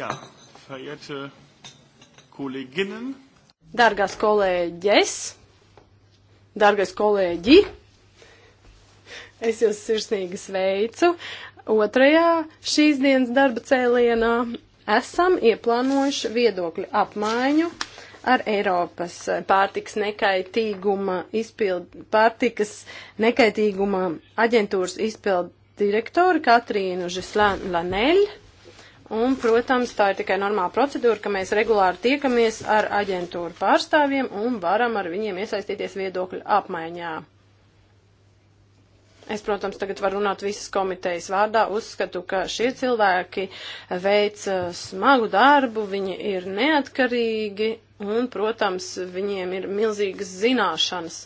Jā, verehrte Kolleginnen. Dargās kolēģes, dargais kolēģi, es jūs sirsnīgi sveicu. Otrajā šīs dienas darba cēlienā esam ieplānojuši viedokļu apmaiņu ar Eiropas pārtikas nekaitīguma, izpild, pārtikas nekaitīguma aģentūras izpildu direktoru Katrīnu Žislānu Laneļu. Un, protams, tā ir tikai normāla procedūra, ka mēs regulāri tiekamies ar aģentūru pārstāvjiem un varam ar viņiem iesaistīties viedokļu apmaiņā. Es, protams, tagad varu runāt visas komitejas vārdā, uzskatu, ka šie cilvēki veic eh, smagu darbu, viņi ir neatkarīgi Un, protams, viņiem ir milzīgas zināšanas.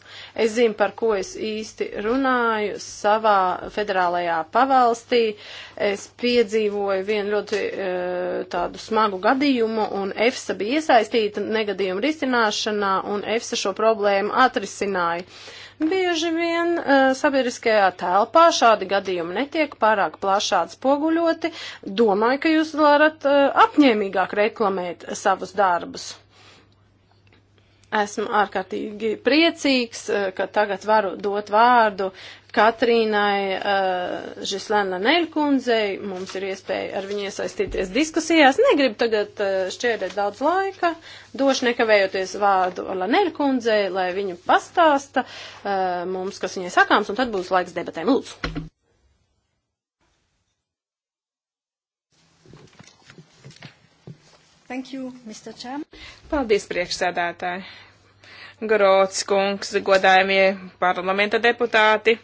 Es zinu, par ko es īsti runāju savā federālajā pavalstī. Es piedzīvoju vienu ļoti e, tādu smagu gadījumu, un EFSA bija iesaistīta negadījumu risināšanā, un EFSA šo problēmu atrisināja. Bieži vien uh, sabiedriskajā telpā šādi gadījumi netiek pārāk plaši atspoguļoti. Domāju, ka jūs varat uh, apņēmīgāk reklamēt savus darbus. Esmu ārkārtīgi priecīgs, eh, ka tagad varu dot vārdu Katrīnai uh, eh, Žislēna Neļkundzei. Mums ir iespēja ar viņu iesaistīties diskusijās. Negribu tagad uh, eh, šķērēt daudz laika. Došu nekavējoties vārdu Laneļkundzei, lai viņu pastāsta uh, mums, kas viņai sakāms, un tad būs laiks debatēm. Lūdzu! Thank you, Mr. Chairman. Paldies, priekšsēdētāji. Grots kungs, godājumie parlamenta deputāti,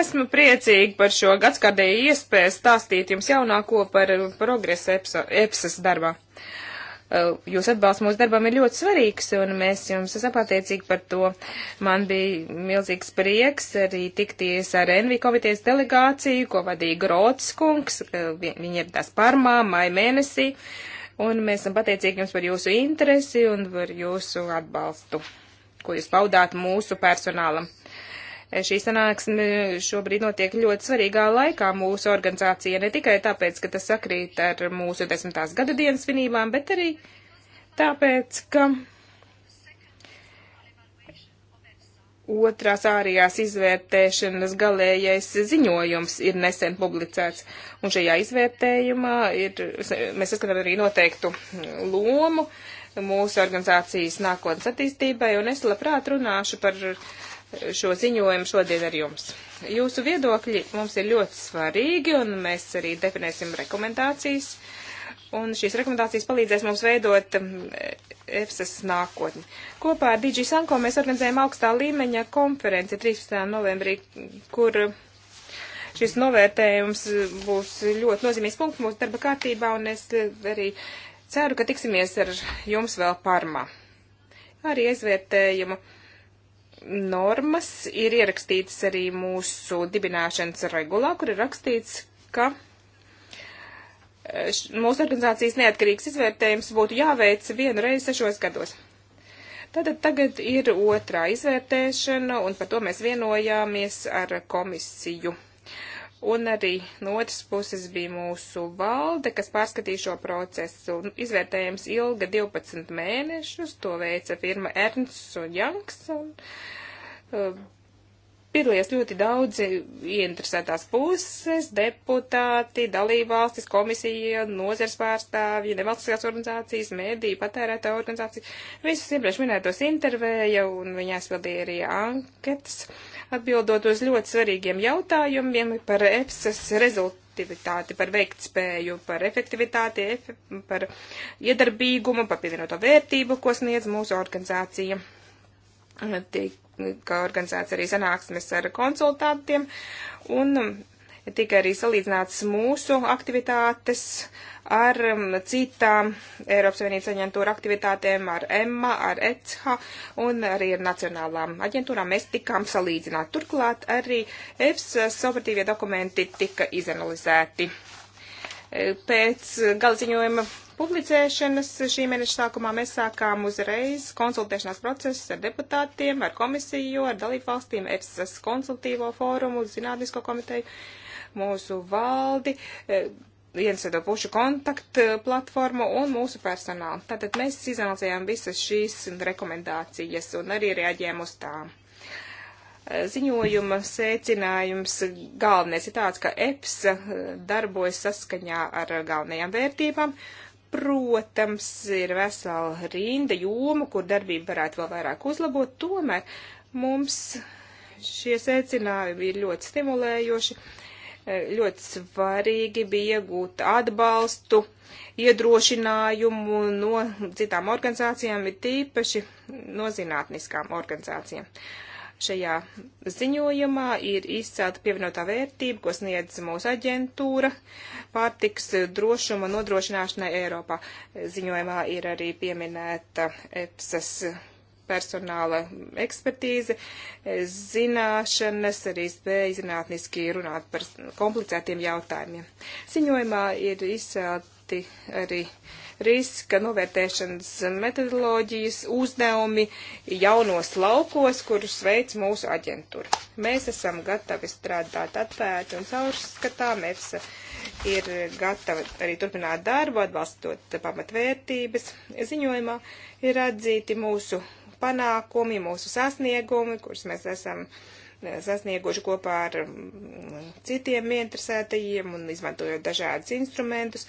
esmu priecīgi par šo gadskārdēju iespēju stāstīt jums jaunāko par progresu EPSA, EPSAS darbā. Uh, jūs atbalsts mūsu darbam ir ļoti svarīgs, un mēs jums esam pateicīgi par to. Man bija milzīgs prieks arī tikties ar Envi komitejas delegāciju, ko vadīja Grots kungs, uh, viņa ir tās parmā, mai mēnesī. Uh, un mēs esam pateicīgi jums par jūsu interesi un par jūsu atbalstu, ko jūs paudāt mūsu personālam. E, šī sanāksme šobrīd notiek ļoti svarīgā laikā mūsu organizācija, ne tikai tāpēc, ka tas sakrīt ar mūsu desmitās gada dienas svinībām, bet arī tāpēc, ka otrās ārējās izvērtēšanas galējais ziņojums ir nesen publicēts. Un šajā izvērtējumā ir, mēs saskatām arī noteiktu lomu mūsu organizācijas nākotnes attīstībai, un es labprāt runāšu par šo ziņojumu šodien ar jums. Jūsu viedokļi mums ir ļoti svarīgi, un mēs arī definēsim rekomendācijas. Uh, un šīs rekomendācijas palīdzēs mums veidot um, EFSAS nākotni. Kopā ar DG Sanko mēs organizējam augstā līmeņa konferenci 13. novembrī, kur šis novērtējums būs ļoti nozīmīgs punkts mūsu darba kārtībā, un es arī ceru, ka tiksimies ar jums vēl parmā. Arī aizvērtējumu normas ir ierakstītas arī mūsu dibināšanas regulā, kur ir rakstīts, ka mūsu organizācijas neatkarīgs izvērtējums būtu jāveic vienu reizi sešos gados. Tātad tagad ir otrā izvērtēšana, un par to mēs vienojāmies ar komisiju. Un arī no otras puses bija mūsu valde, kas pārskatīja šo procesu. Izvērtējums ilga 12 mēnešus, to veica firma Ernsts un Janks. Un, uh, Piedalījās ļoti daudzi ieinteresētās puses, deputāti, dalībvalstis, komisija, nozars pārstāvji, nevalstiskās organizācijas, mēdīja, patērētā organizācija. Visus iepriekš minētos intervēja un viņās pildīja arī anketas, atbildot uz ļoti svarīgiem jautājumiem par EPSAS rezultātu efektivitāti, par veiktspēju, par efektivitāti, par iedarbīgumu, par pievienoto vērtību, ko sniedz mūsu organizācija. Tiek kā organizēts arī sanāksmes ar konsultantiem, un um, tika arī salīdzināts mūsu aktivitātes ar um, citām Eiropas Savienības aģentūra aktivitātēm, ar EMMA, ar ECHA un arī ar nacionālām aģentūrām. Mēs tikām salīdzināti. Turklāt arī EFSAS operatīvie dokumenti tika izanalizēti. E, pēc gala ziņojuma publicēšanas šī mēneša sākumā mēs sākām uzreiz konsultēšanās procesus ar deputātiem, ar komisiju, ar dalībvalstīm, EFSAS konsultīvo fórumu, zinātnisko komiteju, mūsu valdi, eh, viensēdo pušu kontaktplatformu eh, un mūsu personālu. Tātad mēs izanalizējām visas šīs rekomendācijas un arī reaģējām uz tām. Eh, ziņojuma secinājums galvenais ir tāds, ka EPS darbojas saskaņā ar galvenajām vērtībām Protams, ir vesela rinda jomu, kur darbība varētu vēl vairāk uzlabot, tomēr mums šie secinājumi ir ļoti stimulējoši. Ļoti svarīgi bija iegūt atbalstu, iedrošinājumu no citām organizācijām, ir tīpaši no zinātniskām organizācijām. Uh, Šajā ziņojumā ir izcelta pievienotā vērtība, ko sniedz mūsu aģentūra pārtiks drošuma nodrošināšanai Eiropā. Ziņojumā ir arī pieminēta EPSAS personāla ekspertīze, zināšanas, arī spēja zinātniski runāt par komplicētiem jautājumiem. Ziņojumā ir izcelti arī uh, riska novērtēšanas metodoloģijas uzdevumi jaunos laukos, kurus veic mūsu aģentūra. Mēs esam gatavi strādāt atvērti un caurskatām. EFSA ir gatava arī turpināt darbu, atbalstot pamatvērtības. Ziņojumā ir atzīti mūsu panākumi, mūsu sasniegumi, kurus mēs esam uh, sasnieguši kopā ar mm, citiem interesētajiem un izmantojot dažādus instrumentus.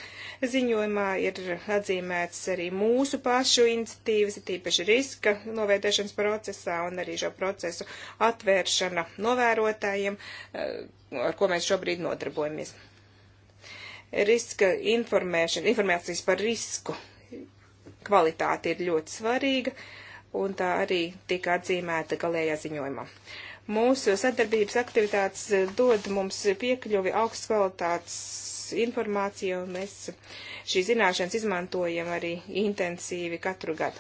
Ziņojumā ir atzīmēts arī mūsu pašu iniciatīvas, tīpaši riska novērtēšanas procesā un arī šo procesu atvēršana novērotājiem, eh, ar ko mēs šobrīd nodarbojamies. Riska informēšana, informācijas par risku kvalitāte ir ļoti svarīga, un tā arī tika atzīmēta galējā ziņojumā. Uh, Mūsu sadarbības aktivitātes eh, dod mums piekļuvi augsts kvalitātes informāciju, un mēs šīs zināšanas izmantojam arī intensīvi katru gadu.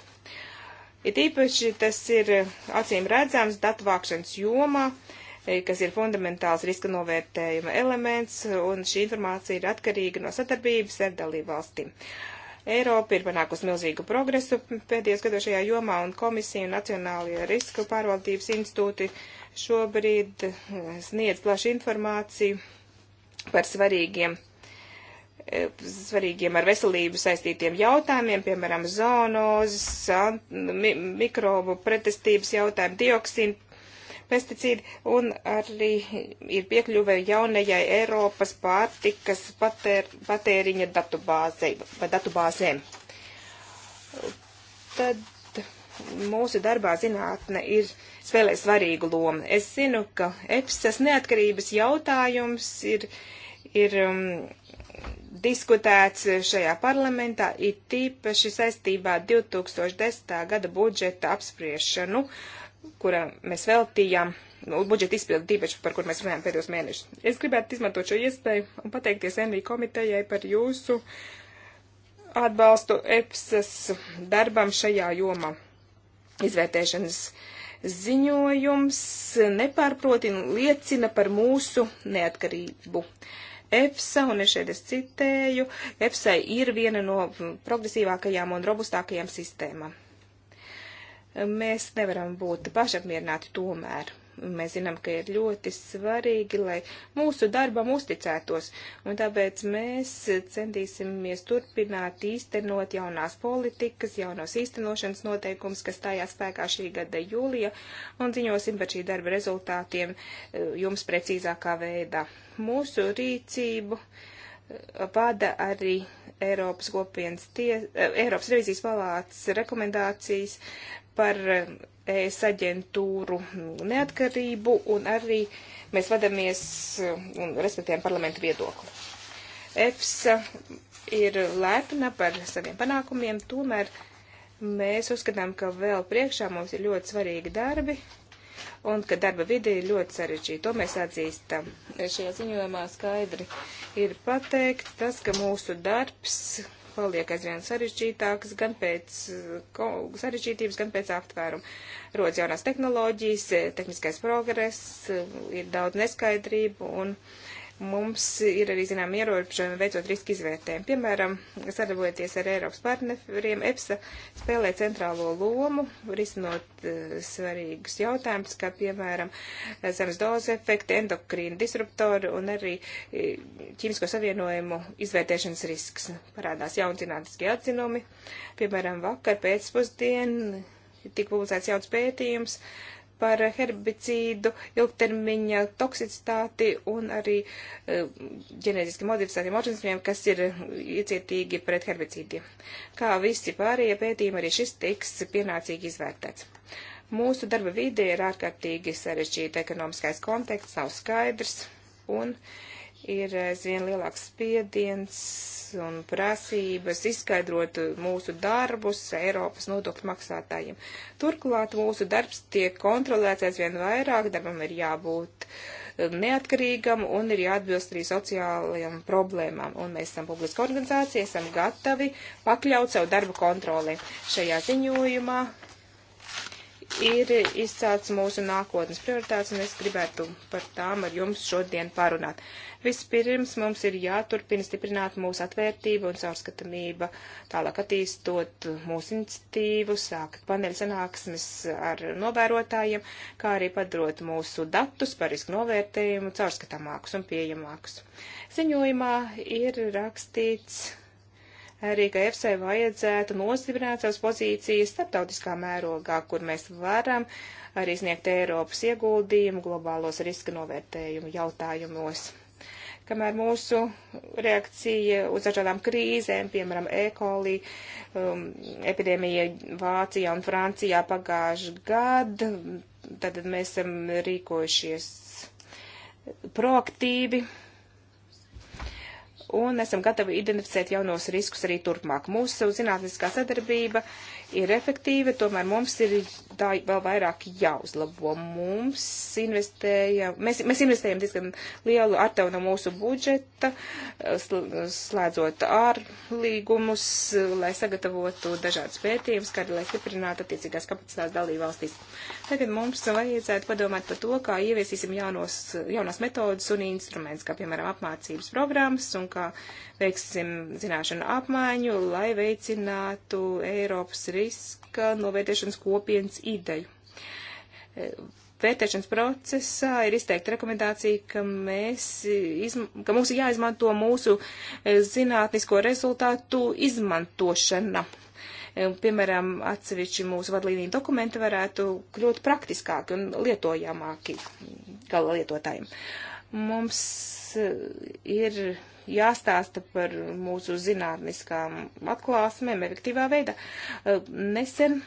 It īpaši tas ir eh, acīm redzams datu vākšanas jomā, eh, kas ir fundamentāls riska novērtējuma elements, un šī informācija ir atkarīga no sadarbības ar dalību valstīm. Eiropa ir panākusi milzīgu progresu pēdējos gados šajā jomā, un komisija un Nacionālajie riska pārvaldības institūti uh, šobrīd eh, sniedz plašu informāciju par svarīgiem, eh, svarīgiem ar veselību saistītiem jautājumiem, piemēram, zoonozes, mikrobu pretestības jautājumu, dioksīnu, pesticīdu, un arī ir piekļuve jaunajai Eiropas pārtikas patēr, patēriņa datubāzei, datubāzēm. Tad mūsu darbā zinātne ir spēlē svarīgu lomu. Es zinu, ka EPSAS neatkarības jautājums ir, ir um, diskutēts šajā parlamentā, ir tīpaši saistībā 2010. gada budžeta apspriešanu, kura mēs veltījām, nu, budžeta izpildu tīpaši, par kur mēs runājām pēdējos mēnešus. Es gribētu izmantot šo iespēju un pateikties NV komitejai par jūsu atbalstu EPSAS darbam šajā jomā izvērtēšanas ziņojums nepārprotin liecina par mūsu neatkarību. EFSA, un es šeit es citēju, EFSA ir viena no progresīvākajām un robustākajām sistēmām. Mēs nevaram būt pašapmierināti tomēr. Mēs zinām, ka ir ļoti svarīgi, lai mūsu darbam uzticētos, un tāpēc mēs centīsimies turpināt īstenot jaunās politikas, jaunos īstenošanas noteikums, kas stājās spēkā šī gada jūlija, un ziņosim par šī darba rezultātiem e, jums precīzākā veidā. Mūsu rīcību e, vada arī Eiropas kopienas tie, e, Eiropas revizijas palātas rekomendācijas par eh, ES aģentūru neatkarību un arī mēs vadamies eh, un respektējam parlamentu viedokli. EFSA ir lepna par saviem panākumiem, tomēr mēs uzskatām, ka vēl priekšā mums ir ļoti svarīgi darbi un ka darba vide ir ļoti sarežģīta. To mēs atzīstam. Šajā ziņojumā skaidri ir pateikt tas, ka mūsu darbs paliek aizvien sarežģītāks, gan pēc eh, sarežģītības, gan pēc aptvērumu. Rodas jaunās tehnoloģijas, eh, tehniskais progress, eh, ir daudz neskaidrību un mums ir arī, zinām, ierobežojumi veicot riska izvērtējumu. Piemēram, sadarbojoties ar Eiropas partneriem, EPSA spēlē centrālo lomu, risinot uh, svarīgus jautājumus, kā, piemēram, zemes dozu efekti, endokrīna disruptori un arī eh, ķīmisko savienojumu izvērtēšanas risks. Parādās jaunzinātniski atzinumi. Piemēram, vakar pēcpusdien tika publicēts jauns pētījums, uh, par herbicīdu ilgtermiņa toksicitāti un arī e, ģenētiski modificētiem organismiem, kas ir iecietīgi pret herbicīdiem. Kā visi pārējie pētījumi, arī šis tiks pienācīgi izvērtēts. Mūsu darba vide ir ārkārtīgi sarežģīta, ekonomiskais konteksts nav skaidrs un uh, ir aizvien eh, lielāks spiediens un prasības izskaidrot eh, mūsu darbus Eiropas nodokļu maksātājiem. Turklāt mūsu darbs tiek kontrolēts aizvien vairāk, darbam ir jābūt eh, neatkarīgam un ir jāatbilst arī sociālajām problēmām. Un mēs esam publiska organizācija, esam gatavi pakļaut savu darbu kontroli. Šajā ziņojumā ir izcelts mūsu nākotnes prioritātes, un es gribētu par tām ar jums šodien pārunāt. Vispirms mums ir jāturpina stiprināt mūsu atvērtību un caurskatamība, tālāk attīstot mūsu iniciatīvu, sākt paneļa sanāksmes ar novērotājiem, kā arī padarot mūsu datus par risku novērtējumu caurskatāmākus un pieejamākus. Ziņojumā ir rakstīts arī, ka EFSA vajadzētu nostiprināt savas pozīcijas starptautiskā mērogā, kur mēs varam arī sniegt Eiropas ieguldījumu globālos riska novērtējumu jautājumos. Kamēr mūsu reakcija uz dažādām krīzēm, piemēram, e-kolī, um, epidēmija Vācijā un Francijā pagājuši gadu, tad mēs esam rīkojušies proaktīvi, un esam gatavi identificēt jaunos riskus arī turpmāk. Mūsu zinātniskā sadarbība ir efektīva, tomēr mums ir tā vēl vairāk jāuzlabo. Mums investējam, mēs, mēs investējam diezgan lielu atdevu no mūsu budžeta, slēdzot ar līgumus, lai sagatavotu dažādas pētījumus, kā arī lai stiprinātu attiecīgās kapacitātes dalībvalstīs. Tagad mums vajadzētu padomāt par to, kā ieviesīsim jaunos, jaunās metodas un instrumentus, kā piemēram apmācības programmas un kā. Ka veiksim zināšanu apmaiņu, lai veicinātu Eiropas riska novērtēšanas kopienas ideju. E, vērtēšanas procesā ir izteikta rekomendācija, ka, mēs, ka mums ir jāizmanto mūsu e, zinātnisko rezultātu izmantošana. E, piemēram, atsevišķi mūsu vadlīniju dokumenti varētu kļūt praktiskāki un lietojamāki gala lietotājiem. Uh, Mums eh, ir jāstāsta par mūsu zinātniskām atklāsmēm efektīvā veidā. Eh, nesen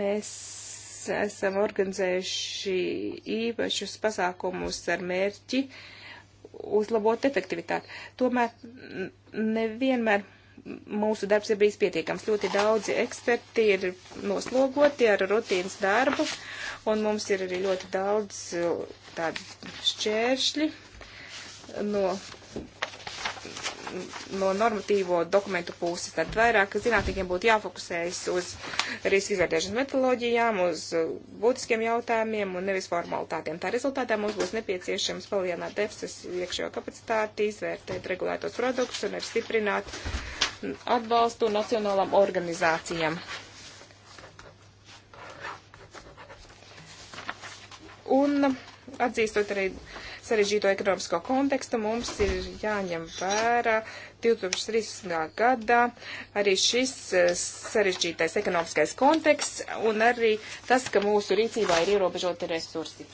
mēs esam organizējuši īpašus pasākumus ar mērķi uzlabot efektivitāti. Tomēr nevienmēr mūsu darbs ir bijis pietiekams. Ļoti daudzi eksperti ir noslogoti ar rutīnas darbu, un mums ir arī ļoti daudz uh, tādu šķēršļi no, no normatīvo dokumentu puses. Tad vairāk zinātniekiem būtu jāfokusējas uz riska izvērtēšanas metodoloģijām, uz uh, būtiskiem jautājumiem un nevis formalitātiem. Tā rezultātā mums būs nepieciešams palielināt EFSAS iekšējo kapacitāti, izvērtēt regulētos produktus un arī stiprināt uh, atbalstu nacionālām organizācijām. Un atzīstot arī sarežģīto ekonomisko kontekstu, mums ir jāņem vērā 2030. gadā arī šis eh, sarežģītais ekonomiskais konteksts un arī tas, ka mūsu rīcībā ir ierobežoti resursi.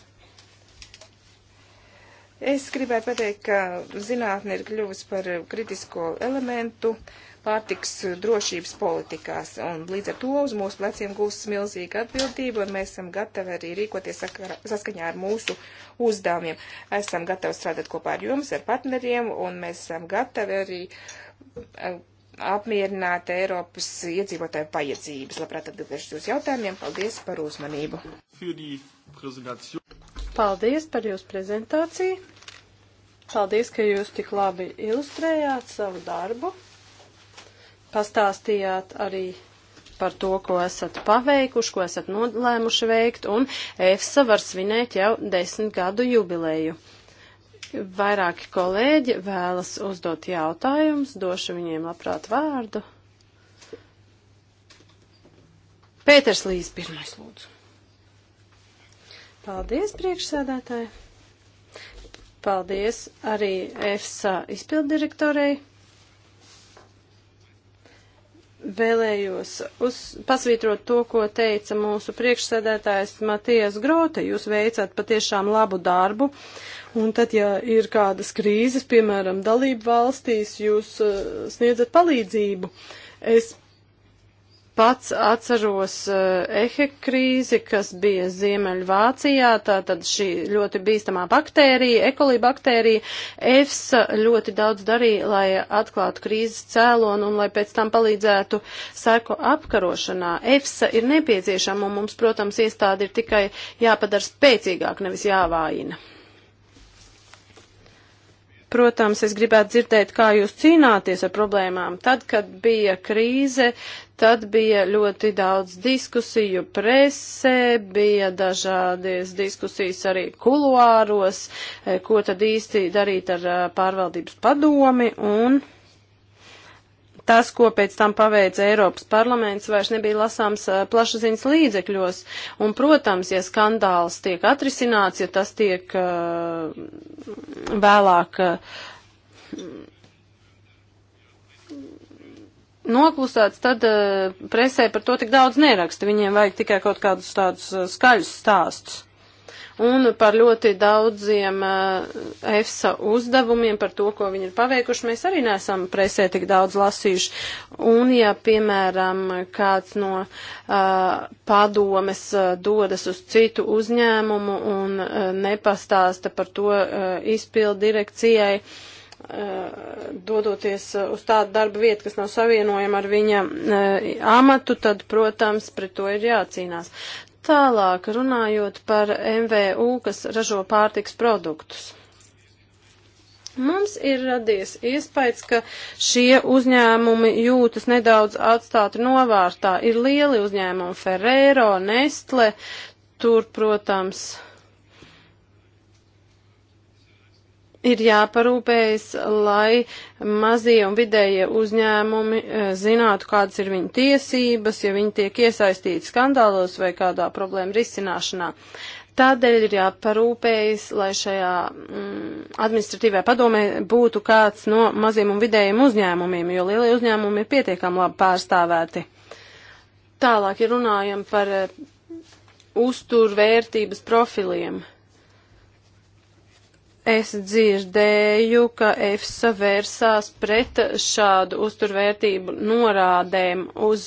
Es gribētu pateikt, ka zinātne ir kļuvusi par kritisko elementu uh, pārtiks drošības politikās. Un līdz ar to uz mūsu pleciem gūstas milzīga atbildība, un mēs esam gatavi arī rīkoties saskaņā ar mūsu uzdevumiem. Esam gatavi strādāt kopā ar jums, ar partneriem, un mēs esam gatavi arī eh, apmierināt Eiropas iedzīvotāju vajadzības. Labprāt atbildēšu uz jautājumiem. Paldies par uzmanību. Paldies par jūsu prezentāciju. Paldies, ka jūs tik labi ilustrējāt savu darbu pastāstījāt arī par to, ko esat paveikuši, ko esat nolēmuši veikt, un EFSA var svinēt jau desmit gadu jubileju. Vairāki kolēģi vēlas uzdot jautājumus, došu viņiem labprāt vārdu. Pēters Līs pirmais lūdzu. Paldies, priekšsēdētāji. Paldies arī EFSA izpildirektorei vēlējos uz, pasvītrot to, ko teica mūsu priekšsēdētājs Matijas Grote. Jūs veicat patiešām labu darbu, un tad, ja ir kādas krīzes, piemēram, dalību valstīs, jūs uh, sniedzat palīdzību. Es pats atceros eh, ehe krīzi, kas bija Ziemeļvācijā, tātad šī ļoti bīstamā baktērija, ekolī baktērija. EFSA ļoti daudz darīja, lai atklātu krīzes cēlonu un lai pēc tam palīdzētu sēko apkarošanā. EFSA ir nepieciešama un mums, protams, iestādi ir tikai jāpadara spēcīgāk, nevis jāvājina. Protams, es gribētu dzirdēt, kā jūs cīnāties ar problēmām. Tad, kad bija krīze, tad bija ļoti daudz diskusiju presē, bija dažādies diskusijas arī kuluāros, e, ko tad īsti darīt ar e, pārvaldības padomi un tas, ko pēc tam paveica Eiropas parlaments, vairs nebija lasāms plašsaziņas līdzekļos. Un, protams, ja skandāls tiek atrisināts, ja tas tiek uh, vēlāk uh, noklusēts, tad uh, presē par to tik daudz neraksta. Viņiem vajag tikai kaut kādus tādus skaļus stāstus un par ļoti daudziem eh, EFSA uzdevumiem, par to, ko viņi ir paveikuši, mēs arī neesam presē tik daudz lasījuši. Un, ja, piemēram, kāds no uh, padomes uh, dodas uz citu uzņēmumu un uh, nepastāsta par to uh, izpildu direkcijai, dodoties uz tādu darba vietu, kas nav savienojama ar viņa amatu, tad, protams, pret to ir jācīnās. Tālāk runājot par MVU, kas ražo pārtiks produktus. Mums ir radies iespējas, ka šie uzņēmumi jūtas nedaudz atstāti novārtā. Ir lieli uzņēmumi Ferrero, Nestle, tur, protams, uh, ir jāparūpējas, lai mazie un vidējie uzņēmumi e, zinātu, kādas ir viņu tiesības, ja viņi tiek iesaistīti skandālos vai kādā problēma risināšanā. Tādēļ ir jāparūpējas, lai šajā mm, administratīvajā padomē būtu kāds no maziem un vidējiem uzņēmumiem, jo lielie uzņēmumi ir pietiekami labi pārstāvēti. Tālāk ir runājam par e, uzturvērtības profiliem. Es dzirdēju, ka EFSA vērsās pret šādu uzturvērtību norādēm uz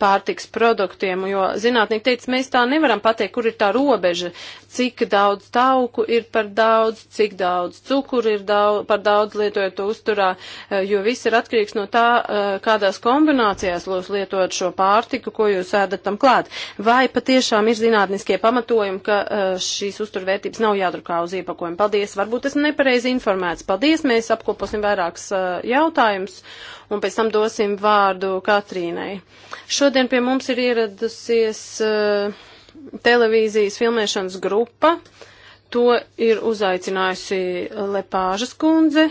pārtiks produktiem, jo zinātnieki teica, mēs tā nevaram pateikt, kur ir tā robeža, cik daudz tauku ir par daudz, cik daudz cukuru ir daudz, par daudz lietojot uzturā, eh, jo viss ir atkarīgs no tā, eh, kādās kombinācijās jūs lietojat šo pārtiku, ko jūs ēdat tam klāt. Vai patiešām ir zinātniskie pamatojumi, ka eh, šīs uzturvērtības nav jādrukā uz iepakojumu? Paldies! Varbūt varbūt es nepareizi informēts. Paldies, mēs apkoposim vairākus uh, jautājumus un pēc tam dosim vārdu Katrīnai. Šodien pie mums ir ieradusies uh, televīzijas filmēšanas grupa. To ir uzaicinājusi Lepāžas kundze,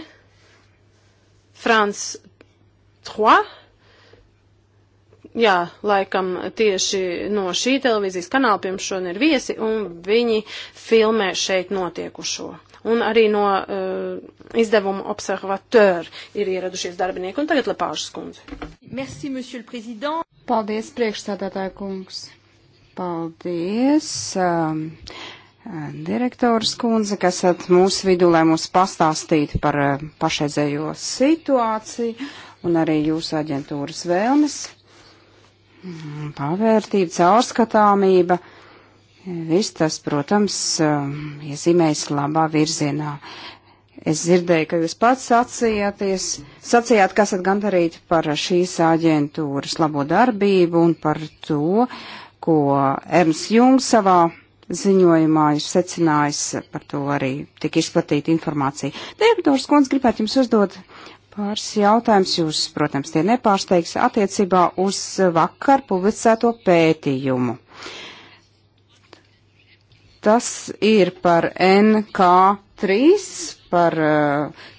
Frans Trois, jā, laikam tieši no šī televīzijas kanāla pirms šodien ir viesi, un viņi filmē šeit notiekušo un arī no uh, izdevuma observateur ir ieradušies darbinieki. Un tagad Lepāžas kundze. Merci, monsieur le président. Paldies, priekšsādātāja kungs. Paldies. Um, direktors kundze, kas esat mūsu vidū, lai mūs pastāstītu par uh, pašreizējo situāciju un arī jūsu aģentūras vēlmes. Mm, pavērtība, caurskatāmība. Uh, Viss tas, protams, um, iezīmējas labā virzienā. Es dzirdēju, ka jūs pats sacījāties, sacījāt, kas esat gandarīti par šīs aģentūras labo darbību un par to, ko Ernsts Jungs savā ziņojumā ir secinājis, par to arī tik izplatīta informācija. Direktors Kons gribētu jums uzdot pāris jautājums, jūs, protams, tie nepārsteigs attiecībā uz vakar publicēto pētījumu Tas ir par NK3, par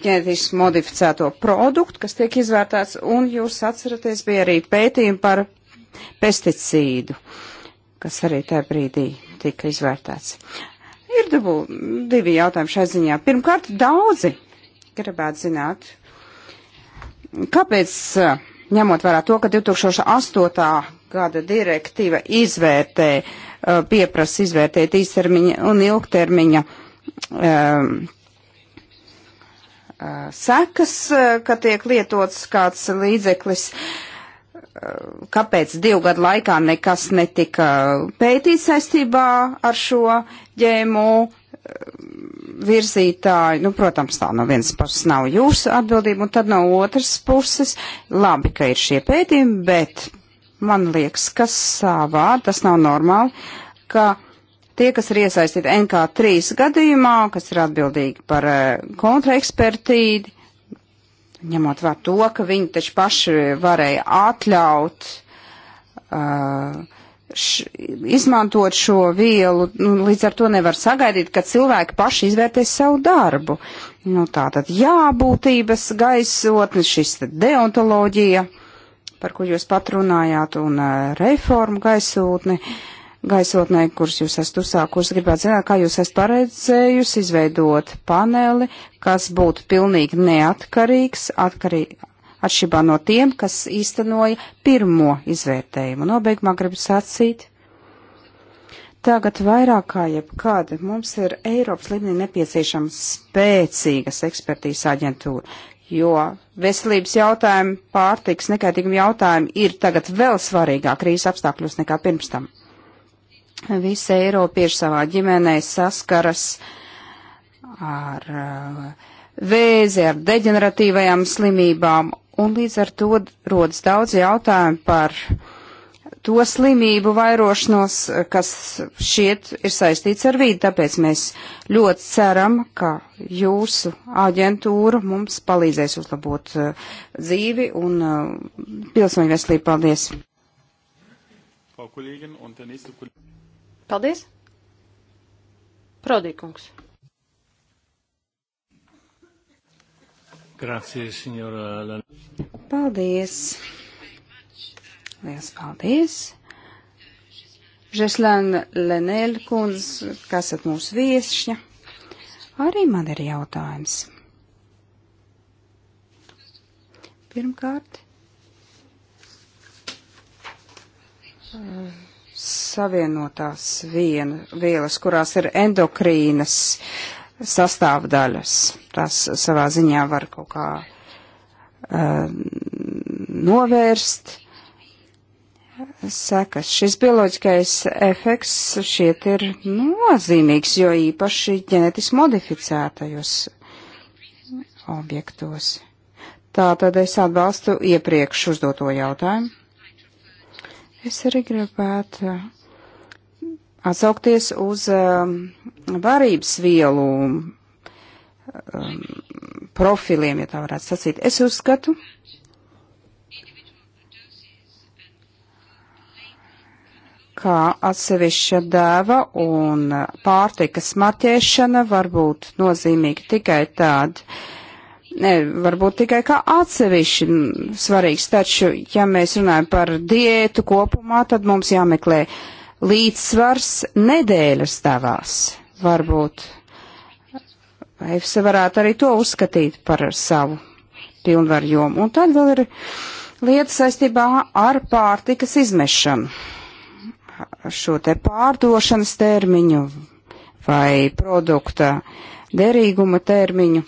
ģenetiski uh, modificēto produktu, kas tiek izvērtēts, un jūs atceraties, bija arī pētījumi par pesticīdu, kas arī tajā brīdī tika izvērtēts. Ir divu, divi jautājumi šai ziņā. Pirmkārt, daudzi gribētu zināt, kāpēc, uh, ņemot vērā to, ka 2008. gada direktīva izvērtē uh, Uh, pieprasa izvērtēt īstermiņa un ilgtermiņa um, uh, sekas, uh, ka tiek lietots kāds līdzeklis, kāpēc divu gadu laikā nekas netika pētīts saistībā ar šo ģēmu virzītāji, nu, protams, tā no vienas puses nav jūsu atbildība, un tad no otras puses labi, ka ir šie pētījumi, bet Man liekas, kas savā, tas nav normāli, ka tie, kas ir iesaistīti NK3 gadījumā, kas ir atbildīgi par eh, kontraekspertīdi, ņemot vērā to, ka viņi taču paši varēja atļaut uh, š, izmantot šo vielu, nu, līdz ar to nevar sagaidīt, ka cilvēki paši izvērtēs savu darbu. Nu, tā tad jābūtības gaisotne, šis deontoloģija. Uh, par ko jūs pat runājāt, un e, reformu gaisotni, gaisotnē, kuras jūs esat uzsākusi, gribētu zināt, kā jūs esat paredzējusi izveidot paneli, kas būtu pilnīgi neatkarīgs, atkarī, atšķirībā no tiem, kas īstenoja pirmo izvērtējumu. Nobeigumā gribu sacīt. Tagad vairāk kā jebkad mums ir Eiropas līmenī nepieciešama spēcīgas ekspertīzes aģentūra, jo veselības jautājumi, pārtiks nekaitīgumi jautājumi ir tagad vēl svarīgāk krīzes apstākļos nekā pirms tam. Visi Eiropieši savā ģimenē saskaras ar uh, vēzi, ar deģeneratīvajām slimībām, un līdz ar to rodas daudz jautājumu par uh, to slimību vairošanos, kas šiet ir saistīts ar vīdu, tāpēc mēs ļoti ceram, ka jūsu aģentūra mums palīdzēs uzlabot uh, dzīvi un uh, pilsoņu veselību. Paldies! Paldies! Prodīkungs! Grazie, signora Paldies! Liels paldies! Žeslēna Lenēļa kundze, kas esat mūsu viesšņa, arī man ir jautājums. Pirmkārt, savienotās vien, vielas, kurās ir endokrīnas sastāvdaļas, tās savā ziņā var kaut kā uh, novērst. Uh, sekas. Šis bioloģiskais efekts šiet ir nozīmīgs, jo īpaši ģenetiski modificētajos objektos. Tātad es atbalstu iepriekš uzdoto jautājumu. Es arī gribētu atsaukties uz um, varības vielu um, profiliem, ja tā varētu sacīt. Es uzskatu, kā atsevišķa dēva un pārtikas marķēšana var būt nozīmīga tikai tāda. Ne, varbūt tikai kā atsevišķi svarīgs, taču, ja mēs runājam par diētu kopumā, tad mums jāmeklē līdzsvars nedēļas tavās. Varbūt EFSA varētu arī to uzskatīt par savu pilnvaru jomu. Un tad vēl ir lieta saistībā ar pārtikas izmešanu šo te pārdošanas termiņu vai produkta derīguma termiņu.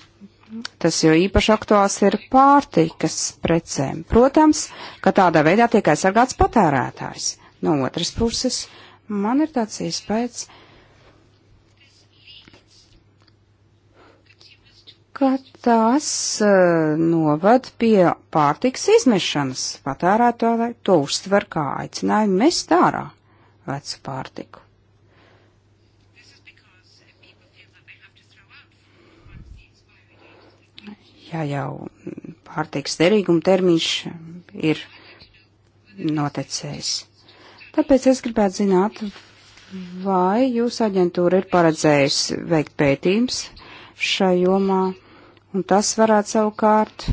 Tas jau īpaši aktuāls ir pārtikas precēm. Protams, ka tādā veidā tiek aizsargāts patērētājs. No otras puses, man ir tāds iespējas, ka tas uh, novad pie pārtikas izmešanas. Patērētāji to uztver kā aicinājumu mest ārā vecu pārtiku. Ja jau pārtiks derīguma termiņš ir noticējis. Tāpēc es gribētu zināt, vai jūsu aģentūra ir paredzējusi veikt pētījums šai jomā, un tas varētu savukārt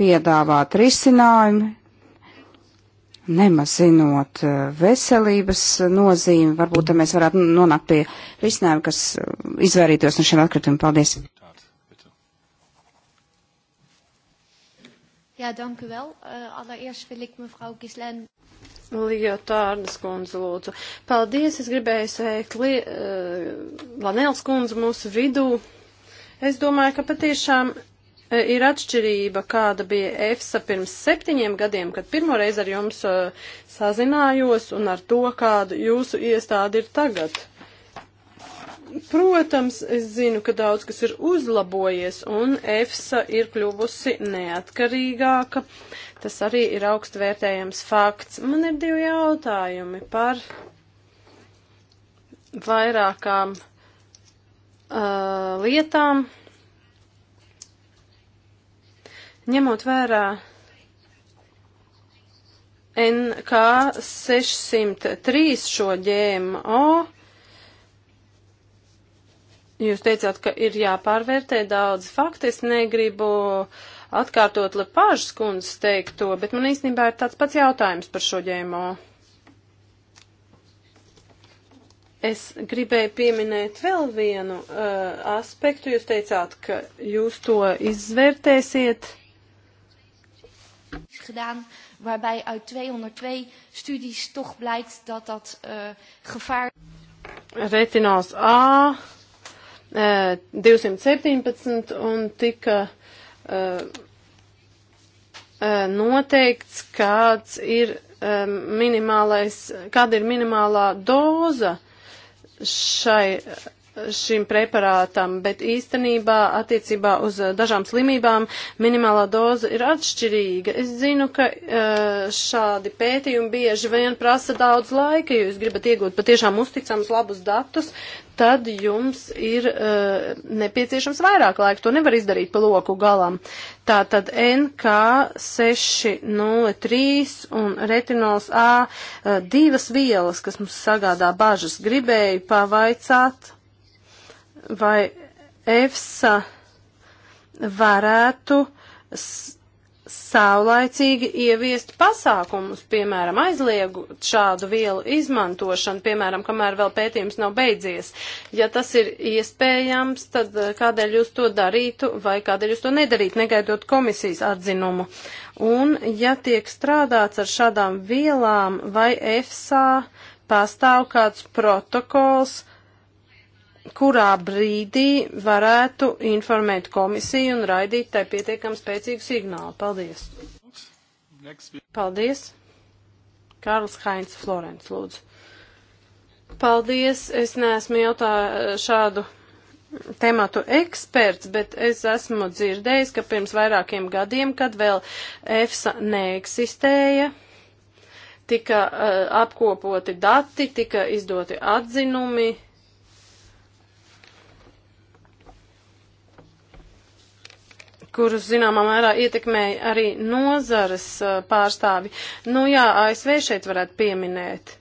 piedāvāt risinājumi nemazinot eh, veselības eh, nozīmi. Varbūt mēs varētu nonākt pie risinājuma, kas eh, izvairītos no šiem atkritumiem. Paldies! Jā, dank u wel. Uh, allereerst wil ik mevrouw Gislen. Liotārdas kundze, lūdzu. Paldies, es gribēju sveikt li, uh, Lanēls kundzi mūsu vidū. Es domāju, ka patiešām ir atšķirība, kāda bija EFSA pirms septiņiem gadiem, kad pirmoreiz ar jums uh, sazinājos un ar to, kāda jūsu iestāde ir tagad. Protams, es zinu, ka daudz kas ir uzlabojies un EFSA ir kļuvusi neatkarīgāka. Tas arī ir augstvērtējams fakts. Man ir divi jautājumi par vairākām uh, lietām Ņemot vērā NK 603 šo GMO, jūs teicāt, ka ir jāpārvērtē daudz faktu. Es negribu atkārtot Lepāžas kundzes teikto, bet man īstenībā ir tāds pats jautājums par šo GMO. Es gribēju pieminēt vēl vienu uh, aspektu. Jūs teicāt, ka jūs to izvērtēsiet gedaan, waarbij uit 202 studies toch blijkt dat dat uh, gevaar. Retinols A uh, 217 un tika. Uh, noteikts, kāds ir minimālais, kāda ir minimālā doza šai šim preparātam, bet īstenībā attiecībā uz dažām slimībām minimālā doza ir atšķirīga. Es zinu, ka e, šādi pētījumi bieži vien prasa daudz laika, jo jūs gribat iegūt patiešām uzticamus labus datus, tad jums ir uh, nepieciešams vairāk laika. To nevar izdarīt pa loku galam. Tā tad NK603 un retinols A uh, divas vielas, kas mums sagādā bažas, gribēju pavaicāt vai EFSA varētu saulaicīgi ieviest pasākumus, piemēram, aizliegut šādu vielu izmantošanu, piemēram, kamēr vēl pētījums nav beidzies. Ja tas ir iespējams, tad eh, kādēļ jūs to darītu vai kādēļ jūs to nedarītu, negaidot komisijas atzinumu? Un, ja tiek strādāts ar šādām vielām vai EFSA, pastāv kāds protokols, kurā brīdī varētu informēt komisiju un raidīt tai pietiekam spēcīgu signālu. Paldies! Paldies! Kārls Hainz Florence, lūdzu. Paldies! Es neesmu jautā šādu tematu eksperts, bet es esmu dzirdējis, ka pirms vairākiem gadiem, kad vēl EFSA neeksistēja, tika uh, apkopoti dati, tika izdoti atzinumi kurus zināmā mērā ietekmēja arī nozares pārstāvi. Nu jā, ASV šeit varētu pieminēt.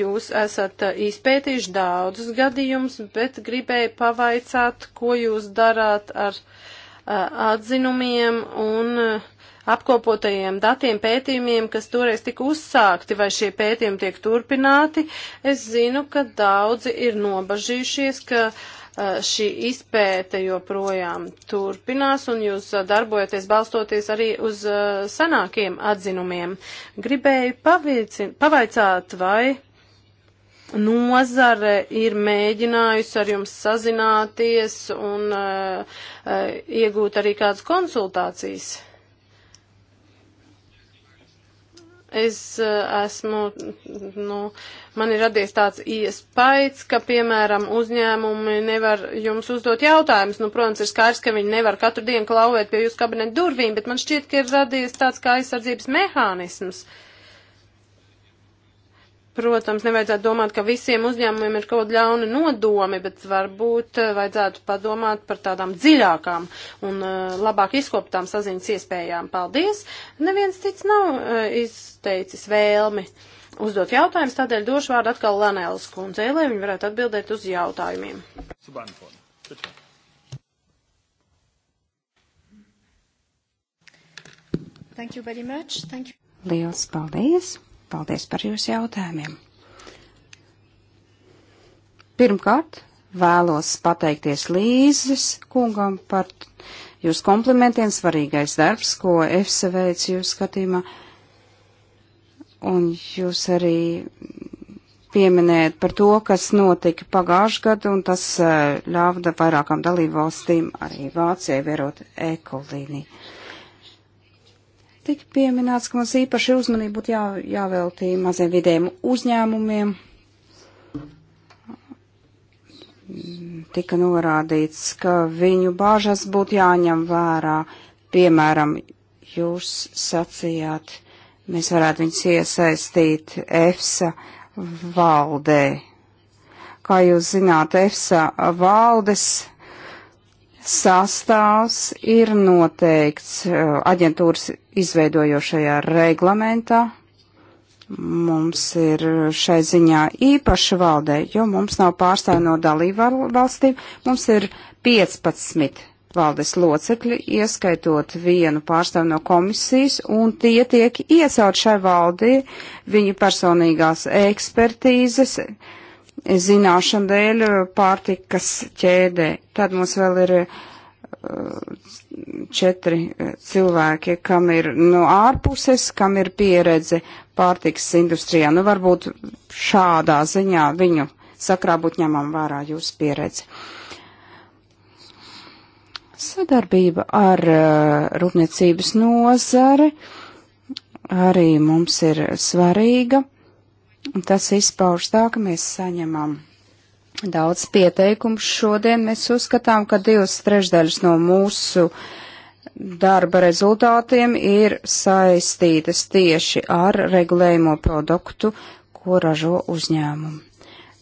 Jūs esat izpētījuši daudzus gadījumus, bet gribēju pavaicāt, ko jūs darāt ar atzinumiem un apkopotajiem datiem pētījumiem, kas toreiz tika uzsākti, vai šie pētījumi tiek turpināti. Es zinu, ka daudzi ir nobažījušies, ka uh, Eh, šī izpēte joprojām turpinās, un jūs eh, darbojaties balstoties arī uz eh, senākiem atzinumiem. Gribēju pavicin, pavaicāt, vai nozare ir mēģinājusi ar jums sazināties un uh, iegūt arī kādas konsultācijas? es eh, esmu, nu, man ir radies tāds iespējas, ka, piemēram, uzņēmumi nevar jums uzdot jautājumus. Nu, protams, ir skaidrs, ka viņi nevar katru dienu klauvēt pie jūsu kabineta durvīm, bet man šķiet, ka ir radies tāds kā aizsardzības mehānisms. Uh, Protams, nevajadzētu domāt, ka visiem uzņēmumiem ir kaut ļauna nodomi, bet varbūt eh, vajadzētu padomāt par tādām dziļākām un eh, labāk izkoptām saziņas iespējām. Paldies! Neviens cits nav eh, izteicis vēlmi uzdot jautājumus, tādēļ došu vārdu atkal Lanēlas kundzei, lai viņi varētu atbildēt uz jautājumiem. Thank you very much. Thank you. Liels paldies! Paldies par jūsu jautājumiem. Pirmkārt, vēlos pateikties Līzes kungam par jūs komplimentiem, svarīgais darbs, ko EFSA veic jūs skatījumā. Un jūs arī pieminējat par to, kas notika pagājušajā gadu, un tas eh, ļāva vairākām dalībvalstīm, arī Vācijai, vērot ekolīniju. Tik pieminēts, ka mums īpaši uzmanību būtu jā, jāveltī maziem vidējiem uzņēmumiem. Tika norādīts, ka viņu bāžas būtu jāņem vērā. Piemēram, jūs sacījāt, mēs varētu viņus iesaistīt EFSA valdē. Kā jūs zināt, EFSA valdes sastāvs ir noteikts uh, aģentūras izveidojošajā reglamentā. Mums ir šai ziņā īpaša valdē, jo mums nav pārstāvi no dalību valstīm. Mums ir 15 valdes locekļi, ieskaitot vienu pārstāvi no komisijas, un tie tiek iecelt šai valdī viņu personīgās ekspertīzes zināšanu dēļ pārtikas ķēdē. Tad mums vēl ir uh, četri eh, cilvēki, kam ir no ārpuses, kam ir pieredze pārtiks industrijā. Nu, varbūt šādā ziņā viņu sakrā būtu ņemam vērā jūsu pieredze. Sadarbība ar uh, rūpniecības nozari arī mums ir svarīga. Tas izpauž tā, ka mēs saņemam daudz pieteikumu. Šodien mēs uzskatām, ka divas trešdaļas no mūsu darba rezultātiem ir saistītas tieši ar regulējumu produktu, ko ražo uzņēmumu.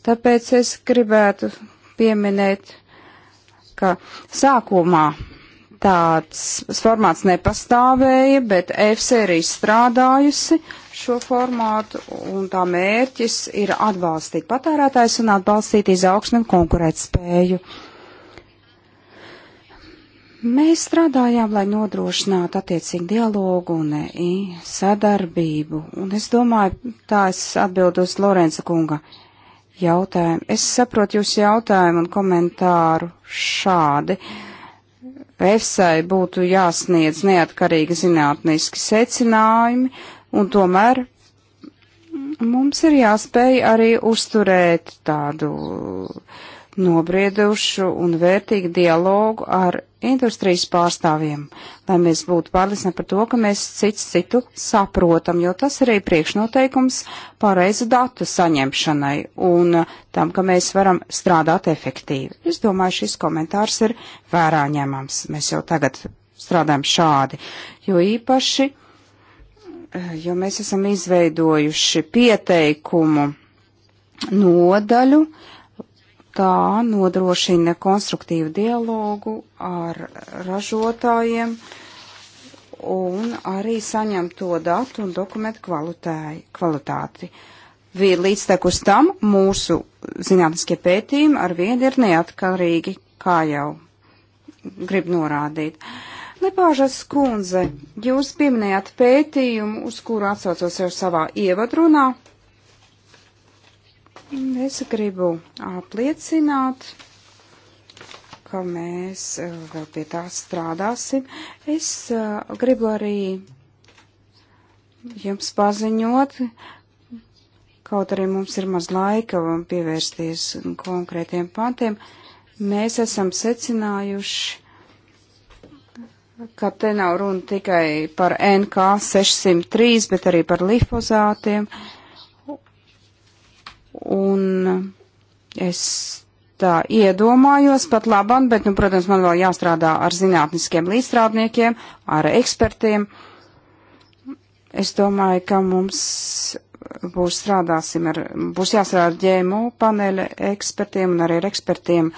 Tāpēc es gribētu pieminēt, ka sākumā tāds formāts nepastāvēja, bet EFSA ir izstrādājusi šo formātu, un tā mērķis ir atbalstīt patērētājs un atbalstīt izaugsmi un konkurēt spēju. Mēs strādājām, lai nodrošinātu attiecīgu dialogu un e, sadarbību, un es domāju, tā es atbildu uz Lorenza kunga jautājumu. Es saprotu jūsu jautājumu un komentāru šādi. EFSAI būtu jāsniedz neatkarīgi zinātniski secinājumi Un tomēr mums ir jāspēj arī uzturēt tādu nobriedušu un vērtīgu dialogu ar industrijas pārstāvjiem, lai mēs būtu pārliecināti par to, ka mēs cits citu saprotam, jo tas arī priekšnoteikums pareizu datu saņemšanai un tam, ka mēs varam strādāt efektīvi. Es domāju, šis komentārs ir vērā ņemams. Mēs jau tagad strādājam šādi, jo īpaši jo mēs esam izveidojuši pieteikumu nodaļu, tā nodrošina konstruktīvu dialogu ar ražotājiem un arī saņem to datu un dokumentu kvalitāti. Līdztekus tam mūsu zinātniskie pētījumi ar vienu ir neatkarīgi, kā jau grib norādīt. Uh, Lepāžas kundze, jūs pieminējāt pētījumu, uz kuru atsaucos jau savā ievadrunā. Es gribu apliecināt, ka mēs eh, vēl pie tā strādāsim. Es eh, gribu arī jums paziņot, kaut arī mums ir maz laika pievērsties konkrētiem pantiem. Mēs esam secinājuši ka te nav runa tikai par NK603, bet arī par lifozātiem. Un es tā iedomājos pat labam, bet, nu, protams, man vēl jāstrādā ar zinātniskiem līdzstrādniekiem, ar ekspertiem. Es domāju, ka mums būs strādāsim ar, būs jāstrādā ar ģēmu paneļa ekspertiem un arī ar ekspertiem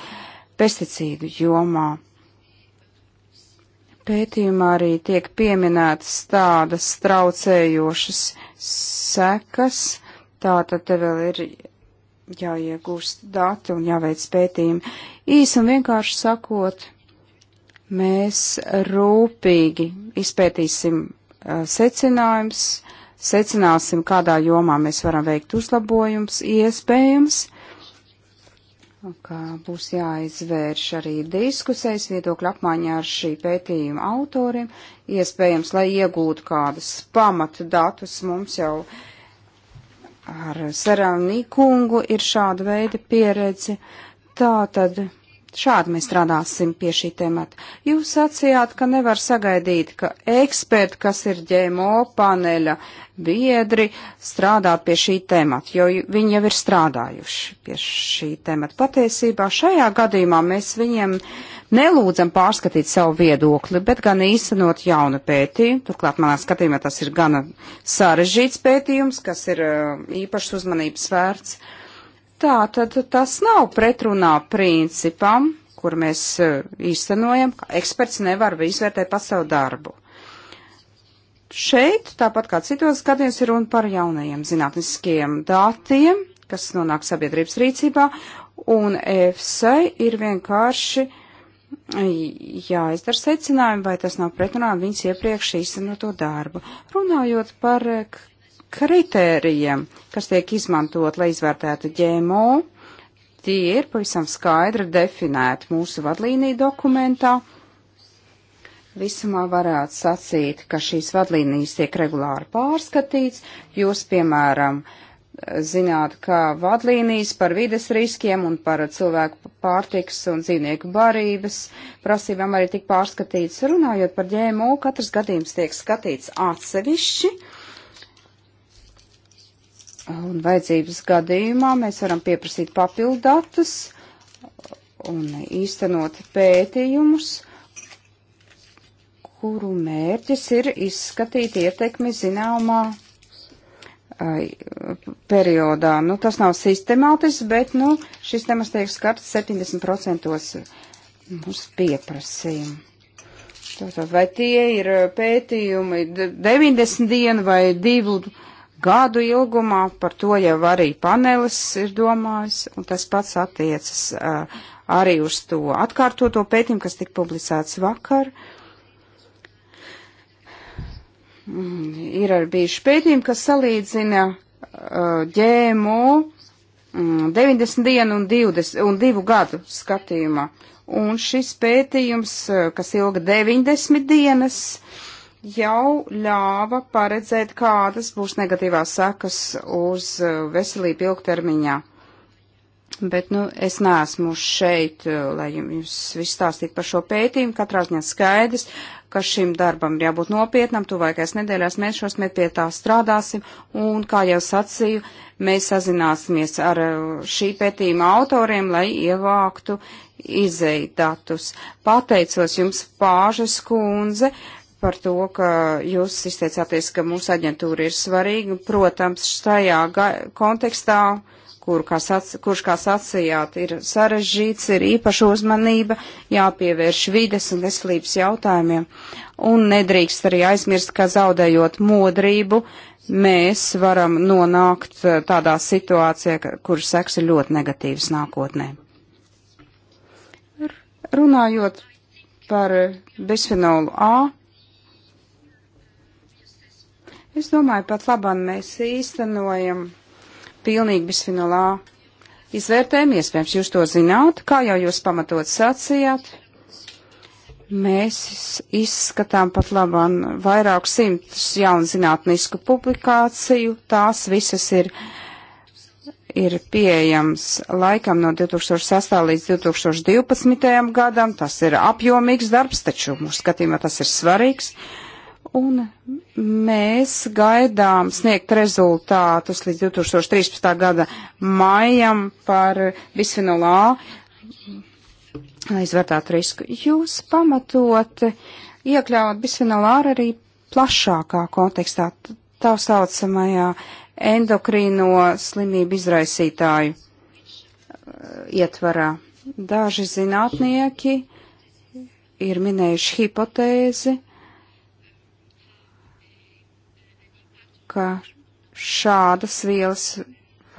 pesticīdu jomā. Pētījumā arī tiek pieminētas tādas traucējošas sekas, tātad te vēl ir jāiegūst dati un jāveic pētījumi. Īs un vienkārši sakot, mēs rūpīgi izpētīsim uh, secinājums, secināsim, kādā jomā mēs varam veikt uzlabojums, iespējams, ka būs jāizvērš arī diskusijas viedokļu apmaiņā ar šī pētījuma autoriem. Iespējams, lai iegūtu kādus pamatu datus, mums jau ar Seranī kungu ir šāda veida pieredze. Tā tad Šādi mēs strādāsim pie šī temata. Jūs sacījāt, ka nevar sagaidīt, ka eksperti, kas ir ģēmo paneļa biedri, strādā pie šī temata, jo viņi jau ir strādājuši pie šī temata. Patiesībā šajā gadījumā mēs viņiem nelūdzam pārskatīt savu viedokli, bet gan īstenot jaunu pētījumu. Turklāt manā skatījumā tas ir gana sarežģīts pētījums, kas ir īpašs uzmanības vērts. Uh, Tā tad tas nav pretrunā principam, kur mēs e, īstenojam, ka eksperts nevar izvērtēt pats savu darbu. Šeit, tāpat kā citos gadījumos, ir runa par jaunajiem zinātniskiem datiem, kas nonāk sabiedrības rīcībā, un EFSA ir vienkārši e, jāizdara secinājumi, vai tas nav pretrunā viņas iepriekš īstenoto darbu. Runājot par e, kritērijiem, kas tiek izmantot, lai izvērtētu ģēmo, tie ir pavisam skaidri definēti mūsu vadlīniju dokumentā. Visumā varētu sacīt, ka šīs vadlīnijas tiek regulāri pārskatīts. Jūs, piemēram, zināt, ka vadlīnijas par vides riskiem un par cilvēku pārtiks un dzīvnieku barības prasībām arī tik pārskatīts. Runājot par ģēmo, katrs gadījums tiek skatīts atsevišķi. Uh, Un vajadzības gadījumā mēs varam pieprasīt papildatus un īstenot pētījumus, kuru mērķis ir izskatīt ietekmi zināmā periodā. Nu, tas nav sistemātisks, bet nu, šis temats tiek skarts 70% mums pieprasījumu. Tātad, vai tie ir pētījumi 90 dienu vai divu gadu ilgumā, par to jau arī panelis ir domājis, un tas pats attiecas uh, arī uz to atkārtoto pētījumu, kas tika publicēts vakar. Mm, ir arī bijuši pētījumi, kas salīdzina uh, ģēmo mm, 90 dienu un, 20, un 2 gadu skatījumā. Un šis pētījums, kas ilga 90 dienas, uh, jau ļāva paredzēt, kādas būs negatīvās sekas uz uh, veselību ilgtermiņā. Bet, nu, es neesmu šeit, uh, lai jums viss stāstītu par šo pētījumu. Katrā ziņā skaidrs, ka šim darbam ir jābūt nopietnam. Tuvākais nedēļās mēs šos mēs pie tā strādāsim. Un, kā jau sacīju, mēs sazināsimies ar uh, šī pētījuma autoriem, lai ievāktu izeidatus. Pateicos jums, Pāžas kundze. Uh, par to, ka jūs izteicāties, ka mūsu aģentūra ir svarīga. Protams, šajā kontekstā, kur, kā sac, kurš, kā sacījāt, ir sarežģīts, ir īpaša uzmanība, jāpievērš vides un veselības jautājumiem. Un nedrīkst arī aizmirst, ka zaudējot modrību, mēs varam nonākt eh, tādā situācijā, kur seks ir ļoti negatīvs nākotnē. Runājot par bisfenolu A, Es domāju, pat labam mēs īstenojam pilnīgi bisfinolā izvērtējumu, iespējams, jūs to zināt, kā jau jūs pamatot sacījāt. Mēs izskatām pat labam vairāk simtus jaunu zinātnisku publikāciju, tās visas ir ir pieejams laikam no 2008. līdz 2012. gadam. Tas ir apjomīgs darbs, taču mūsu skatījumā tas ir svarīgs un mēs gaidām sniegt rezultātus līdz 2013. gada maijam par bisfenolu A, lai izvērtātu risku. Jūs pamatot iekļaut bisfenolu A arī plašākā kontekstā, tā saucamajā endokrīno slimību izraisītāju uh, ietvarā. Daži zinātnieki ir minējuši hipotēzi, ka šādas vielas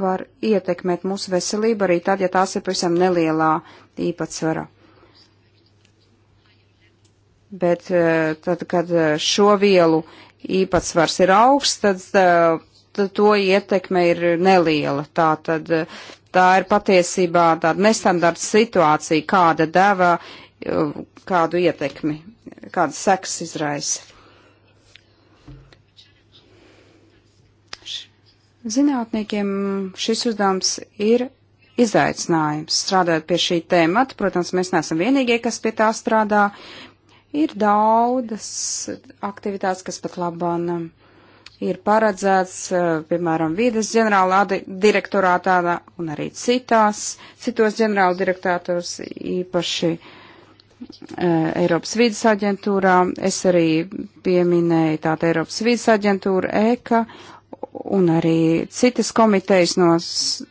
var ietekmēt mūsu veselību arī tad, ja tās ir pavisam nelielā īpatsvara. Bet eh, tad, kad eh, šo vielu īpatsvars ir augsts, tad, eh, tad to ietekme ir neliela. Tā tad tā ir patiesībā tāda nestandarta situācija, kāda deva kādu ietekmi, kādas seks izraisa. Zinātniekiem šis uzdevums ir izaicinājums strādāt pie šī tēmata. Protams, mēs neesam vienīgie, kas pie tā strādā. Ir daudzas aktivitātes, kas pat labāk um, ir paredzēts, uh, piemēram, vīdes ģenerālā direktorātā un arī citās, citos ģenerāla direktātos, īpaši uh, Eiropas vīdes aģentūrā. Es arī pieminēju tātad Eiropas vīdes aģentūru EKA un arī citas komitejas no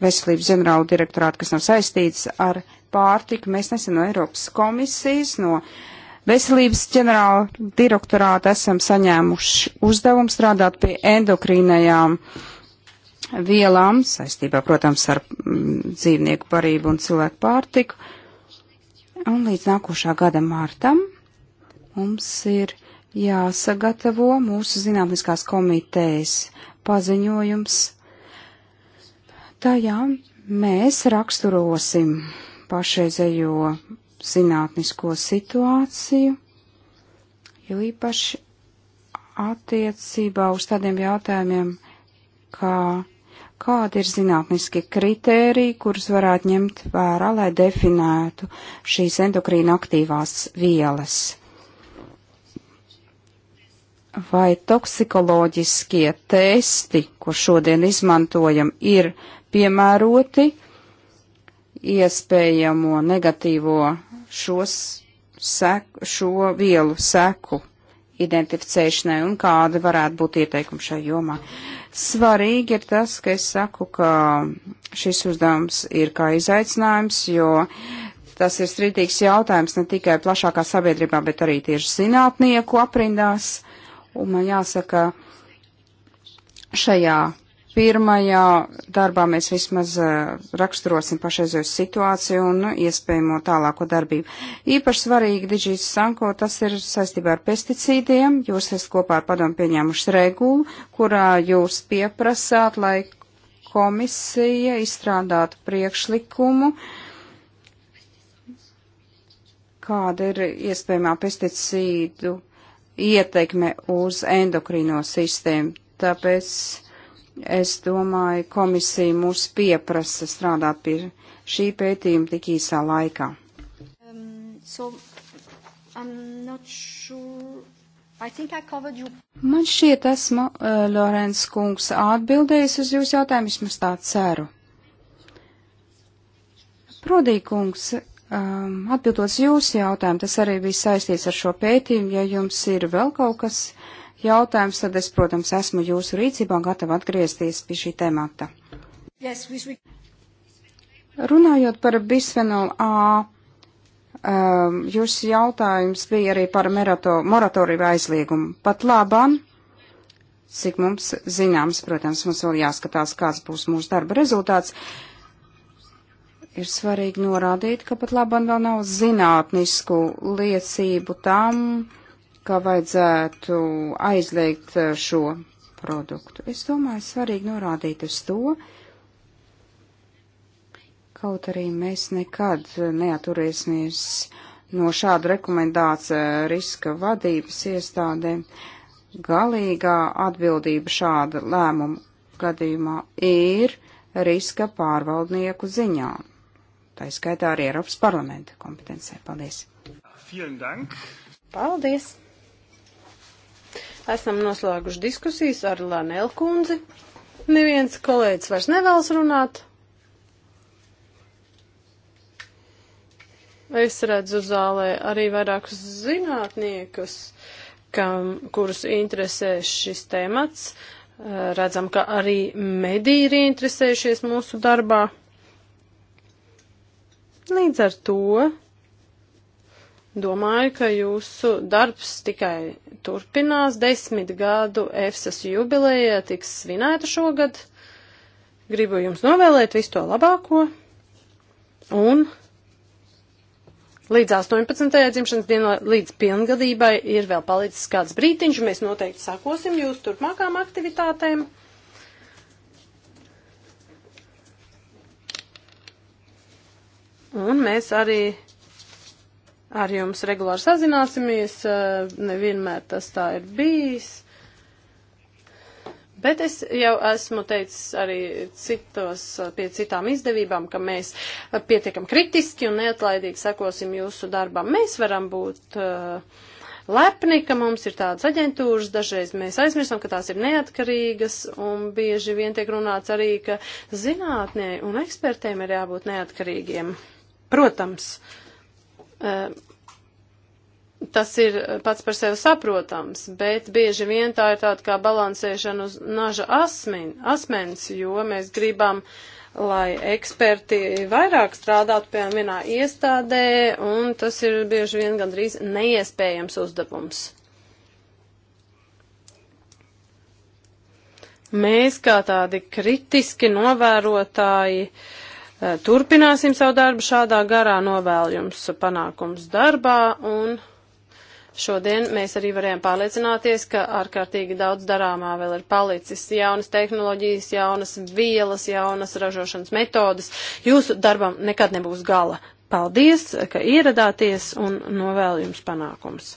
veselības ģenerāla direktorāta, kas nav saistīts ar pārtiku. Mēs nesen no Eiropas komisijas, no veselības ģenerāla direktorāta esam saņēmuši uzdevumu strādāt pie endokrīnajām vielām, saistībā, protams, ar mm, dzīvnieku barību un cilvēku pārtiku. Un līdz nākošā gada mārtam mums ir jāsagatavo mūsu zinātniskās komitejas paziņojums. Tajā mēs raksturosim pašreizējo zinātnisko situāciju, jo īpaši attiecībā uz tādiem jautājumiem, kā kādi ir zinātniski kritēriji, kurus varētu ņemt vērā, lai definētu šīs endokrīna aktīvās vielas vai toksikoloģiskie testi, ko šodien izmantojam, ir piemēroti iespējamo negatīvo šos seku, šo vielu seku identificēšanai un kāda varētu būt ieteikuma šai jomā. Svarīgi ir tas, ka es saku, ka šis uzdevums ir kā izaicinājums, jo tas ir strīdīgs jautājums ne tikai plašākā sabiedrībā, bet arī tieši zinātnieku aprindās Un man jāsaka, šajā pirmajā darbā mēs vismaz uh, raksturosim pašreizējo situāciju un nu, iespējamo tālāko darbību. Īpaši svarīgi Digīs Sanko tas ir saistībā ar pesticīdiem. Jūs esat kopā ar padomu pieņēmuši regulu, kurā jūs pieprasāt, lai komisija izstrādātu priekšlikumu, kāda ir iespējamā pesticīdu ietekme uz endokrino sistēmu. Tāpēc es domāju, komisija mūs pieprasa strādāt pie šī pētījuma tik īsā laikā. Um, so sure. I I Man šķiet, esmu uh, Lorenz kungs atbildējis uz jūsu jautājumu, vismaz tā ceru. Prodīkungs, Um, atbildot uz jūsu jautājumu, tas arī bija saistīts ar šo pētījumu. Ja jums ir vēl kaut kas jautājums, tad es, protams, esmu jūsu rīcībā un gatava atgriezties pie šī temata. Yes, we, we... Runājot par bisfenolu A, um, jūsu jautājums bija arī par merato, moratoriju aizliegumu. Pat labam, cik mums zināms, protams, mums vēl jāskatās, kāds būs mūsu darba rezultāts. Uh, ir svarīgi norādīt, ka pat labam vēl nav zinātnisku liecību tam, ka vajadzētu aizliegt eh, šo produktu. Es domāju, svarīgi norādīt uz to, kaut arī mēs nekad neaturēsimies no šāda rekomendācija eh, riska vadības iestādēm. Galīgā atbildība šāda lēmuma gadījumā ir riska pārvaldnieku ziņām. Tā izskaitā arī Eiropas parlamenta kompetencija. Paldies! Paldies! Esam noslēguši diskusijas ar Lanelu kundzi. Neviens kolēģis vairs nevēlas runāt. Es redzu zālē arī vairākus zinātniekus, kam, kurus interesē šis temats. Redzam, ka arī mediji ir interesējušies mūsu darbā. Līdz ar to domāju, ka jūsu darbs tikai turpinās. Desmit gadu EFSAS jubilejā tiks svinēta šogad. Gribu jums novēlēt visu to labāko. Un līdz 18. dzimšanas dienā, līdz pilngadībai ir vēl palicis kāds brītiņš. Mēs noteikti sakosim jūs turpmākām aktivitātēm. Un mēs arī ar jums regulāri sazināsimies, eh, nevienmēr tas tā ir bijis. Bet es jau esmu teicis arī citos, eh, pie citām izdevībām, ka mēs eh, pietiekam kritiski un neatlaidīgi sekosim jūsu darbam. Mēs varam būt uh, lepni, ka mums ir tādas aģentūras, dažreiz mēs aizmirstam, ka tās ir neatkarīgas, un bieži vien tiek runāts arī, ka zinātnē un ekspertiem ir jābūt neatkarīgiem. Protams, e, tas ir pats par sevi saprotams, bet bieži vien tā ir tāda kā balansēšana uz naža asmen, asmens, jo mēs gribam uh, lai eksperti vairāk strādātu pie vienā iestādē, un tas ir bieži vien gandrīz neiespējams uzdevums. Mēs kā tādi kritiski novērotāji uh, Eh, turpināsim savu darbu šādā garā, novēlu jums panākums darbā un. Šodien mēs arī varējām pārliecināties, ka ārkārtīgi daudz darāmā vēl ir palicis jaunas tehnoloģijas, jaunas vielas, jaunas ražošanas metodas. Jūsu darbam nekad nebūs gala. Paldies, ka ieradāties un novēlu jums panākums!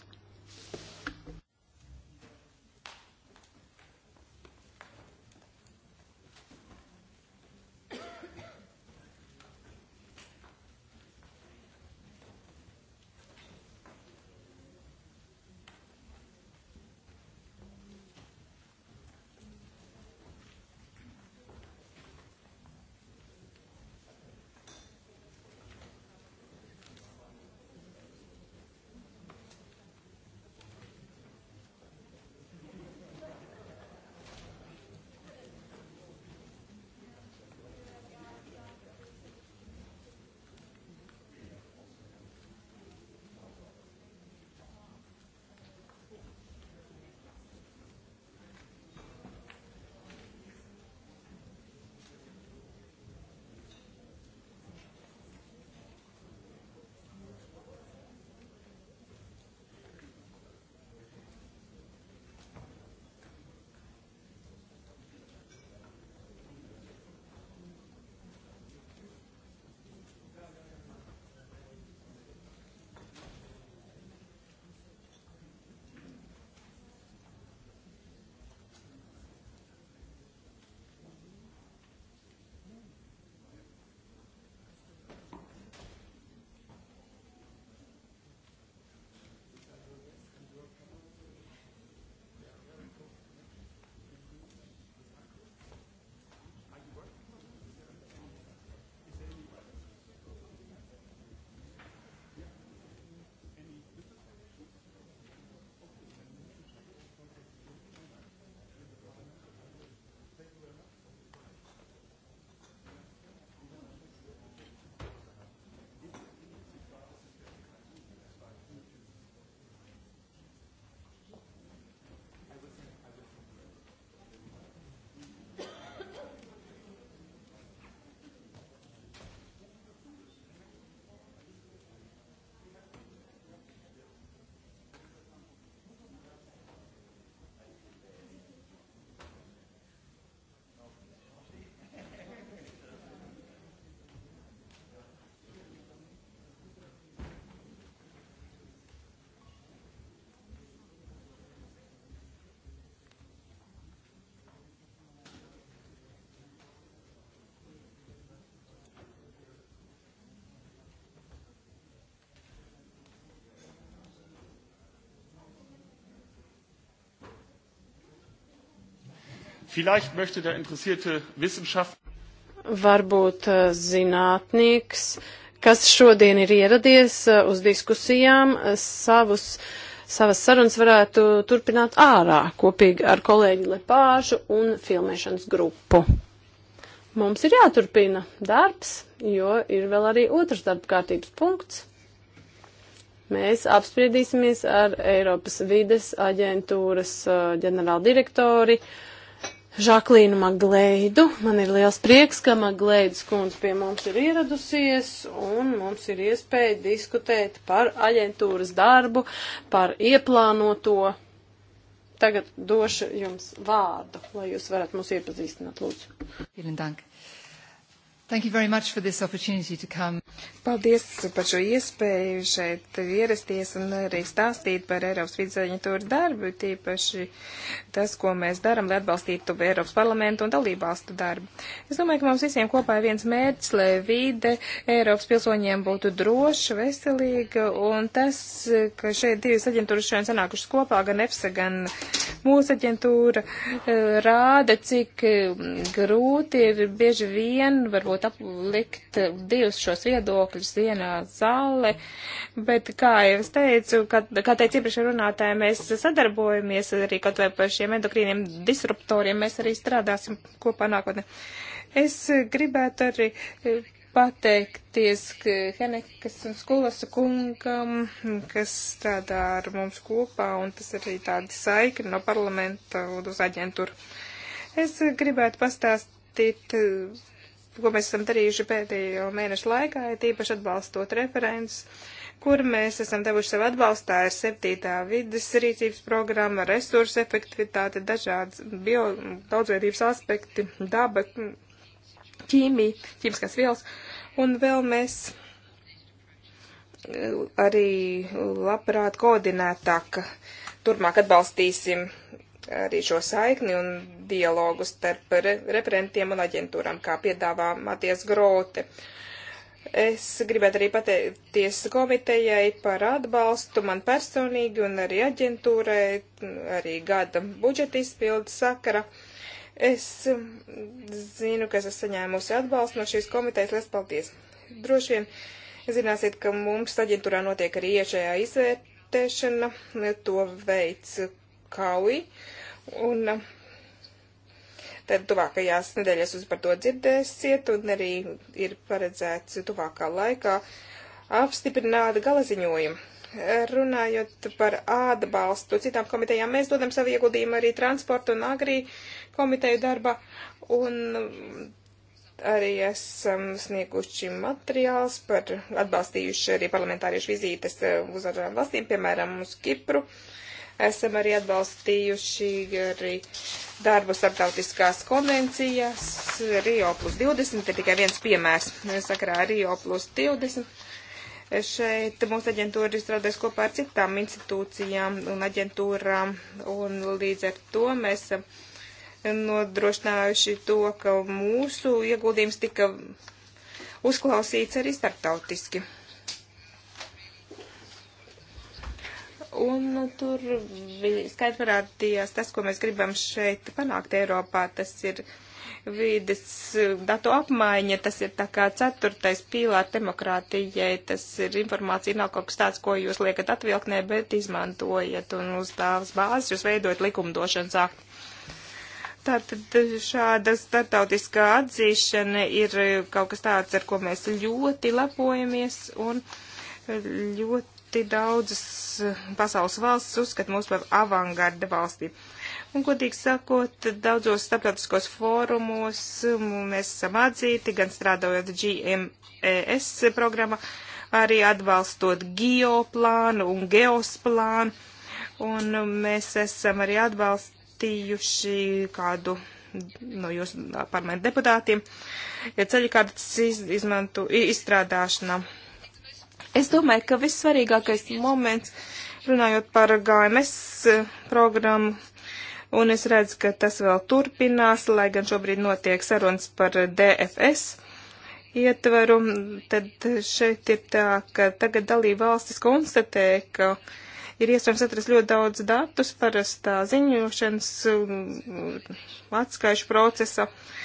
Vielleicht möchte der interessierte Wissenschaftler. Varbūt eh, zinātnieks, kas šodien ir ieradies eh, uz diskusijām, eh, savus, savas sarunas varētu turpināt ārā kopīgi ar kolēģi Lepāžu un filmēšanas grupu. Mums ir jāturpina darbs, jo ir vēl arī otrs darba kārtības punkts. Mēs apspriedīsimies ar Eiropas vides aģentūras ģenerāldirektori. direktori Žaklīnu Magleidu. Man ir liels prieks, ka Magleidas kundze pie mums ir ieradusies un mums ir iespēja diskutēt par aģentūras darbu, par ieplānoto. Tagad došu jums vārdu, lai jūs varat mūs iepazīstināt, lūdzu. Vielen dank. Thank you very much for this opportunity to come. Paldies par šo iespēju šeit ierasties un arī stāstīt par Eiropas vidas aģentūras darbu, tīpaši tas, ko mēs darām, lai atbalstītu Eiropas parlamentu un dalībvalstu darbu. Es domāju, ka mums visiem kopā ir viens mērķis, lai vide Eiropas pilsoņiem būtu droša, veselīga, un tas, ka šeit divas aģentūras šodien sanākušas kopā, gan EFSA, gan mūsu aģentūra, eh, rāda, cik mm, grūti ir bieži vien, varbūt, varbūt aplikt divus šos viedokļus vienā zālē, bet, kā jau es teicu, kā, kā teicu iepriekšējā runātāja, mēs sadarbojamies arī kaut vai par šiem endokrīniem disruptoriem, mēs arī strādāsim kopā nākotnē. Es gribētu arī pateikties Henekas un Skulas kungam, kas strādā ar mums kopā, un tas arī tādi saikni no parlamenta un uz aģentūru. Es gribētu pastāstīt ko mēs esam darījuši pēdējo mēnešu laikā, ir tīpaši atbalstot referents, kur mēs esam devuši savu atbalstu. Tā ir septītā vidas rīcības programma, resursu efektivitāte, dažādas bio daudzveidības aspekti, daba, ķīmija, ķīmiskās vielas. Un vēl mēs eh, arī labprāt koordinētāk turpmāk atbalstīsim arī šo saikni un dialogu starp re referentiem un aģentūram, kā piedāvā Maties Grote. Es gribētu arī pateikties komitejai par atbalstu man personīgi un arī aģentūrai, arī gada budžeta izpildu sakara. Es mm, zinu, ka esmu saņēmusi atbalstu no šīs komitejas. Lies paldies! Droši vien zināsiet, ka mums aģentūrā notiek arī iešējā izvērtēšana, to veids Kauji. Uh, Un uh, tad tuvākajās nedēļas jūs par to dzirdēsiet, un arī ir paredzēts tuvākā laikā apstiprināt galaziņojumu. Runājot par atbalstu citām komitejām, mēs dodam savu ieguldījumu arī transportu un agrī komiteju darba, un um, arī esam snieguši materiāls par atbalstījuši arī parlamentāriešu vizītes uh, uz ārām valstīm, piemēram, uz Kipru. Uh, Esam arī atbalstījuši arī darbu starptautiskās konvencijās. Rio plus 20 ir tikai viens piemērs. Sakarā Rio plus 20. Šeit mūsu aģentūra izstrādājas kopā ar citām institūcijām un aģentūrām, un līdz ar to mēs esam nodrošinājuši to, ka mūsu ieguldījums tika uzklausīts arī starptautiski. Un nu, tur skaidri parādījās tas, ko mēs gribam šeit panākt Eiropā. Tas ir vīdes eh, datu apmaiņa, tas ir tā kā ceturtais pīlārs demokrātijai, tas ir informācija, nav kaut kas tāds, ko jūs liekat atvilknē, bet izmantojat un uz tās bāzes jūs veidojat likumdošanas aktu. Tātad šāda startautiskā atzīšana ir kaut kas tāds, ar ko mēs ļoti lepojamies un ļoti ļoti daudzas eh, pasaules valsts uzskata mūs par avangarda valstīm. Un, godīgi sakot, daudzos starptautiskos fórumos eh, mēs esam atzīti, gan strādājot GMES programmā, arī atbalstot geoplānu un geosplānu. Un eh, mēs esam arī atbalstījuši kādu no nu, jūsu parlamenta deputātiem ja ceļu kārtas izmantu, izstrādāšanā. Uh, Es domāju, ka vissvarīgākais moments, runājot par GMS eh, programmu, un es redzu, ka tas vēl turpinās, lai gan šobrīd notiek sarunas par DFS ietveru, tad šeit ir tā, ka tagad dalība valstis konstatē, ka ir iespējams atrast ļoti daudz datus parastā ziņošanas mm, atskaišu procesa uh,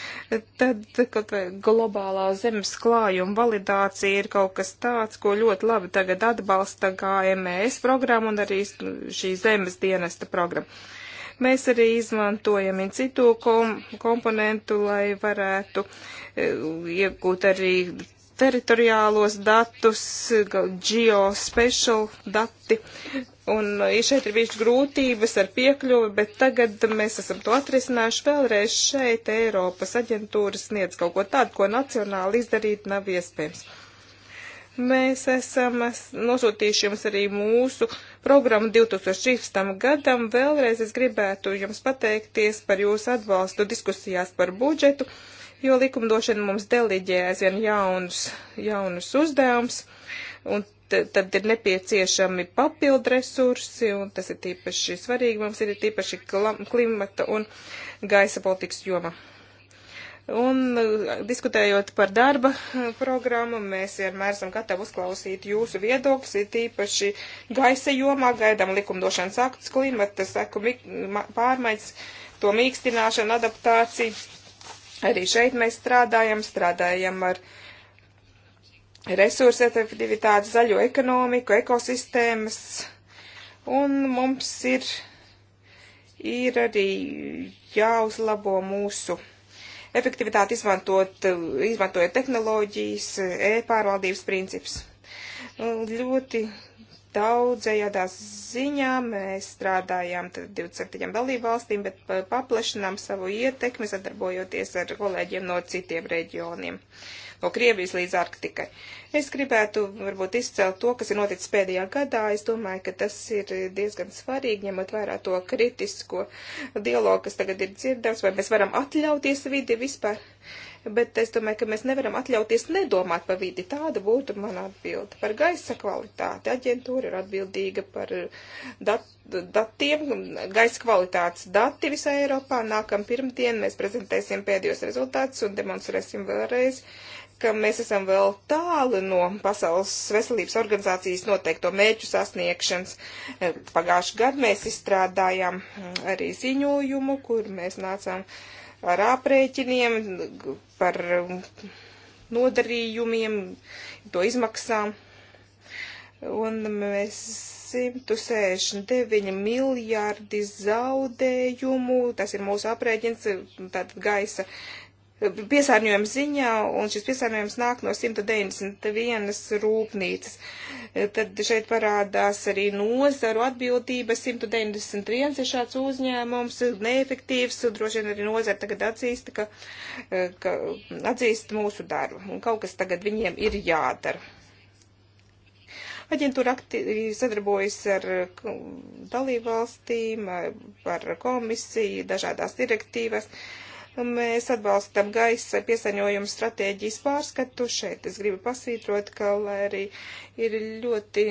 tad kaut vai globālā zemes klājuma validācija ir kaut kas tāds, ko ļoti labi tagad atbalsta GMS programma un arī šī zemes dienesta programma. Mēs arī izmantojam citu kom komponentu, lai varētu e, iegūt arī teritoriālos datus, geospecial dati. Un šeit ir bijušas grūtības ar piekļuvi, bet tagad mēs esam to atrisinājuši vēlreiz šeit. Eiropas aģentūras sniedz kaut ko tādu, ko nacionāli izdarīt nav iespējams. Mēs esam nosūtījuši jums arī mūsu programmu 2013. gadam. Vēlreiz es gribētu jums pateikties par jūsu atbalstu diskusijās par budžetu. Uh, jo likumdošana mums deliģē aizvien jaunus, jaunus uzdevums, un tad ir nepieciešami papildu resursi, un tas ir tīpaši svarīgi, mums ir tīpaši klimata un gaisa politikas joma. Un uh, diskutējot par darba uh, programmu, mēs vienmēr esam gatavi uzklausīt jūsu viedokļus, ir tīpaši gaisa jomā gaidām likumdošanas aktus, klimata seku pārmaiņas, to mīkstināšanu, adaptāciju Arī šeit mēs strādājam, strādājam ar resursu efektivitāti, zaļo ekonomiku, ekosistēmas, un mums ir, ir arī jāuzlabo mūsu efektivitāti izmantot, izmantojot tehnoloģijas, e-pārvaldības princips. Ļoti daudzējādās ziņā. Mēs strādājām 27 dalību valstīm, bet paplašinām savu ietekmi, sadarbojoties ar kolēģiem no citiem reģioniem, no Krievijas līdz Arktikai. Es gribētu varbūt izcelt to, kas ir noticis pēdējā gadā. Es domāju, ka tas ir diezgan svarīgi, ņemot vērā to kritisko dialogu, kas tagad ir dzirdams, vai mēs varam atļauties vidi vispār bet es domāju, ka mēs nevaram atļauties nedomāt par vidi. Tāda būtu mana atbilde. Par gaisa kvalitāti aģentūra ir atbildīga par dat datiem, gaisa kvalitātes dati visā Eiropā. Nākam pirmdien mēs prezentēsim pēdējos rezultātus un demonstrēsim vēlreiz ka mēs esam vēl tālu no Pasaules veselības organizācijas noteikto mērķu sasniegšanas. Pagājuši gadu mēs izstrādājām mm, arī ziņojumu, kur mēs nācām uh, ar aprēķiniem, par nodarījumiem, to izmaksām. Un mēs 169 miljārdi zaudējumu, tas ir mūsu aprēķins, tātad gaisa piesārņojuma ziņā, un šis piesārņojums nāk no 191 rūpnīcas. Uh, Tad šeit parādās arī nozaru atbildība. 191 ir šāds uzņēmums, neefektīvs. Droši vien arī nozara tagad atzīst, ka, ka atzīst mūsu darbu. Un kaut kas tagad viņiem ir jādara. Aģentūra aktīvi sadarbojas ar dalībvalstīm, ar komisiju, dažādās direktīvas. Uh, Mēs atbalstam gaisa piesaņojumu stratēģijas pārskatu. Šeit es gribu pasvītrot, ka, lai arī ir ļoti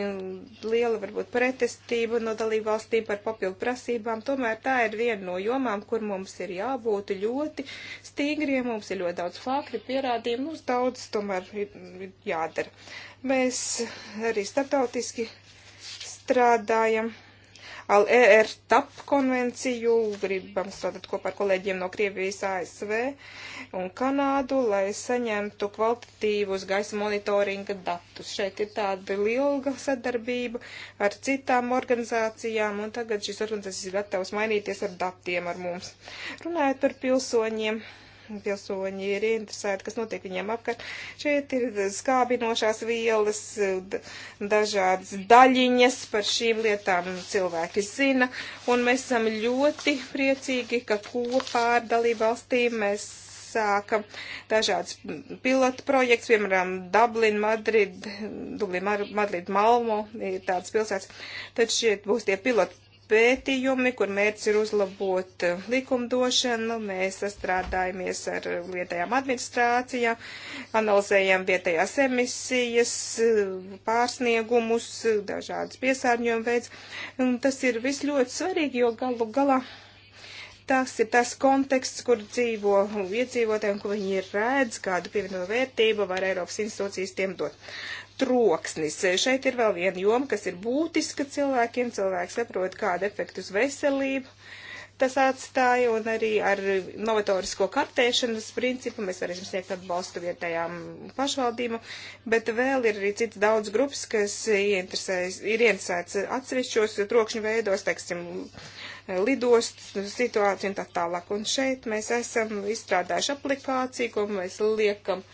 liela varbūt pretestība no dalību valstīm par papildu prasībām, tomēr tā ir viena no jomām, kur mums ir jābūt ļoti stingriem, mums ir ļoti daudz faktu, pierādījumu, mums daudz tomēr ir jādara. Mēs arī starptautiski strādājam. ALER TAP konvenciju, gribam strādāt kopā ar kolēģiem no Krievijas, ASV un Kanādu, lai saņemtu kvalitatīvus gaisa monitoringa datus. Šeit ir tāda ilga sadarbība ar citām organizācijām, un tagad šīs organizācijas ir gatavas mainīties ar datiem ar mums. Runājot par pilsoņiem, pilsoņi ir interesēti, kas notiek viņiem apkārt. Šeit ir skābinošās vielas, dažādas daļiņas par šīm lietām cilvēki zina, un mēs esam ļoti priecīgi, ka kopā ar dalību valstīm mēs sāka dažādas pilotu projekts, piemēram, Dublin, Madrid, Dublin, Madrid, Malmo, ir tādas pilsētas. Tad šeit būs tie pilotu pētījumi, kur mērķis ir uzlabot eh, likumdošanu. Mēs strādājamies ar vietējām administrācijām, analizējam vietējās emisijas, eh, pārsniegumus, eh, dažādas piesārņojuma veids. Un tas ir viss ļoti svarīgi, jo galu galā tas ir tas konteksts, kur dzīvo iedzīvotāji un ko viņi redz, kādu pievienoto vērtību var Eiropas institūcijas tiem dot. Troksnis. Šeit ir vēl viena joma, kas ir būtiska cilvēkiem. Cilvēks saprot, kāda efekta uz veselību tas atstāja, un arī ar novatorisko kartēšanas principu mēs varēsim sniegt atbalstu vietējām pašvaldībām, bet vēl ir arī cits daudz grupas, kas ir ieinteresēts atsevišķos trokšņu veidos, teiksim, lidost situāciju un tā tālāk. Un šeit mēs esam izstrādājuši aplikāciju, ko mēs liekam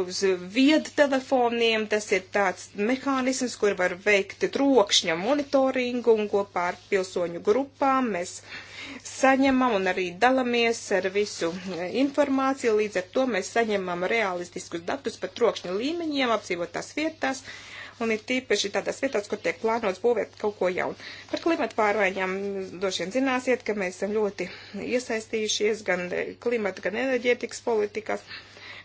uz viedu telefoniem. Tas ir tāds mehānisms, kur var veikt trokšņa monitoringu un kopā ar pilsoņu grupām mēs uh, saņemam un arī dalamies ar visu e, informāciju. Līdz ar to mēs saņemam realistiskus datus par trokšņa līmeņiem apdzīvotās vietās. Un ir tīpaši tādās vietās, kur tiek plānots būvēt kaut ko jaunu. Par klimatu pārmaiņām mm, droši vien zināsiet, ka mēs esam ļoti iesaistījušies gan e, klimata, gan enerģētikas politikās. Uh,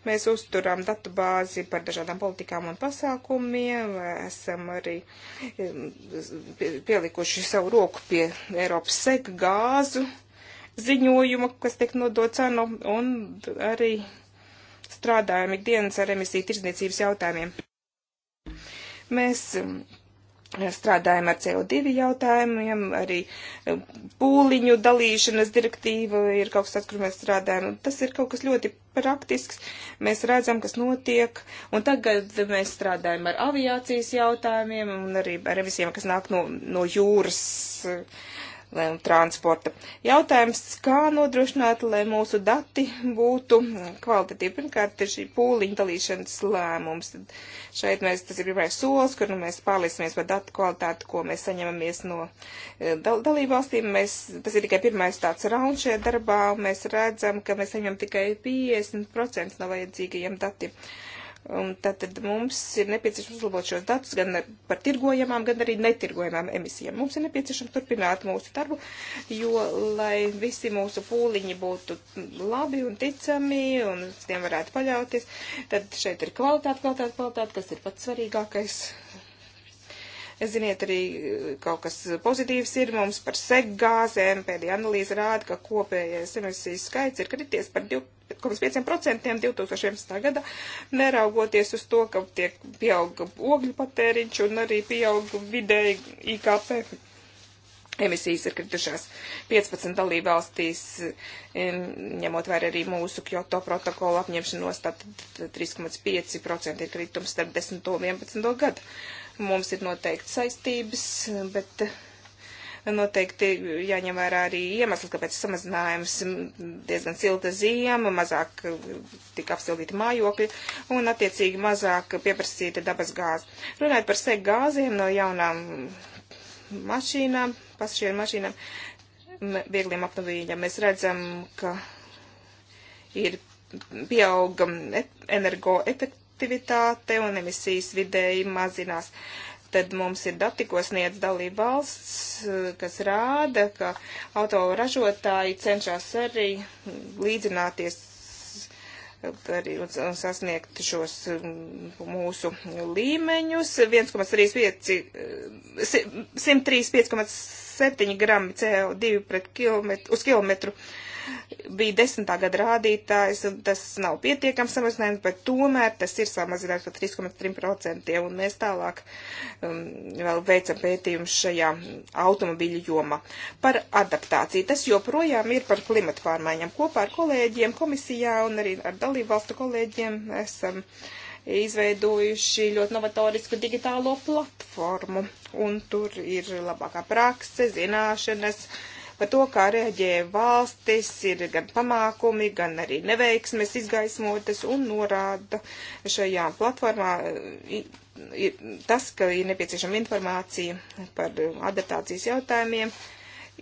Mēs uzturām datu bāzi par dažādām politikām un pasākumiem, esam arī pielikuši savu roku pie Eiropas seka gāzu ziņojuma, kas tiek nodots ANO, un arī strādājam ikdienas ar emisiju tirdzniecības jautājumiem. Mēs strādājam ar CO2 jautājumiem, arī eh, pūliņu dalīšanas direktīva ir kaut kas tāds, kur mēs strādājam. Tas ir kaut kas ļoti praktisks, mēs redzam, kas notiek, un tagad mēs strādājam ar aviācijas jautājumiem un arī ar visiem, kas nāk no, no jūras. Uh, Nu, transporta. Jautājums, kā nodrošināt, lai mūsu dati būtu kvalitatīvi. Pirmkārt, ir šī pūliņa dalīšanas lēmums. Šeit mēs, tas ir pirmais solis, kur nu, mēs pārliesimies par datu kvalitāti, ko mēs saņemamies no eh, dal dalībvalstīm. Mēs, tas ir tikai pirmais tāds rauns šajā darbā. Mēs redzam, ka mēs saņemam tikai 50% no vajadzīgajiem datiem. Un tātad mums ir nepieciešams uzlabot šos datus gan par tirgojamām, gan arī netirgojamām emisijām. Mums ir nepieciešams turpināt mūsu darbu, jo, lai visi mūsu pūliņi būtu labi un ticami un uz tiem varētu paļauties, tad šeit ir kvalitāte, kvalitāte, kvalitāte, kas ir pats svarīgākais Ziniet, arī eh, kaut kas pozitīvs ir mums par seggāzēm. Pēdējā analīze rāda, ka kopējais emisijas skaits ir krities par 2,5% 2011. gada, neraugoties uz to, ka tiek pieauga ogļu patēriņš un arī pieauga vidēji IKP. Emisijas ir kritušās 15 dalībvalstīs, eh, ņemot vērā arī mūsu Kyoto protokola apņemšanos, tad 3,5% ir kritums starp 10 un 11 gadu. Mums ir noteikti saistības, bet eh, noteikti jāņem vērā arī iemesls, kāpēc samazinājums diezgan silta ziema, mazāk eh, tika apsildīti mājokļi un attiecīgi mazāk pieprasīta dabas gāze. Runājot par seg gāziem no jaunām mašīnām, pasažieru mašīnām, viegliem apnovīņiem, mēs redzam, ka ir pieauga energoefektivitāte efektivitāte un emisijas vidēji mazinās. Tad mums ir dati, ko sniedz dalība valsts, kas rāda, ka autoražotāji cenšas arī līdzināties arī un sasniegt šos mūsu līmeņus. 1,35,7 grami CO2 pret kilometru, uz kilometru uh, bija desmitā gada rādītājs, un tas nav pietiekams samazinājums, bet tomēr tas ir samazinājums par 3,3%, un mēs tālāk um, vēl veicam pētījumus šajā automobīļu jomā. Par adaptāciju. Tas joprojām ir par klimatu pārmaiņām. Kopā ar kolēģiem komisijā un arī ar dalību valstu kolēģiem esam izveidojuši ļoti novatorisku digitālo platformu, un tur ir labākā prakse, zināšanas, uh, par to, kā reaģē valstis, ir gan pamākumi, gan arī neveiksmes izgaismotas un norāda šajā platformā ir tas, ka ir nepieciešama informācija par adaptācijas jautājumiem,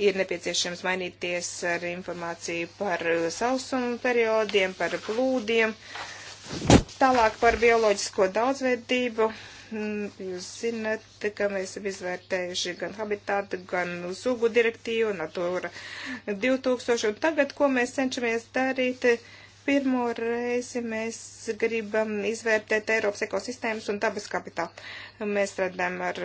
ir nepieciešams mainīties ar informāciju par sausumu periodiem, par plūdiem, tālāk par bioloģisko daudzveidību Mm, jūs zinat, ka mēs esam izvērtējuši gan habitātu, gan sugu direktīvu, Natūra 2000, un tagad, ko mēs cenšamies darīt, pirmo reizi mēs gribam izvērtēt Eiropas ekosistēmas un dabas kapitālu. Mēs strādājam ar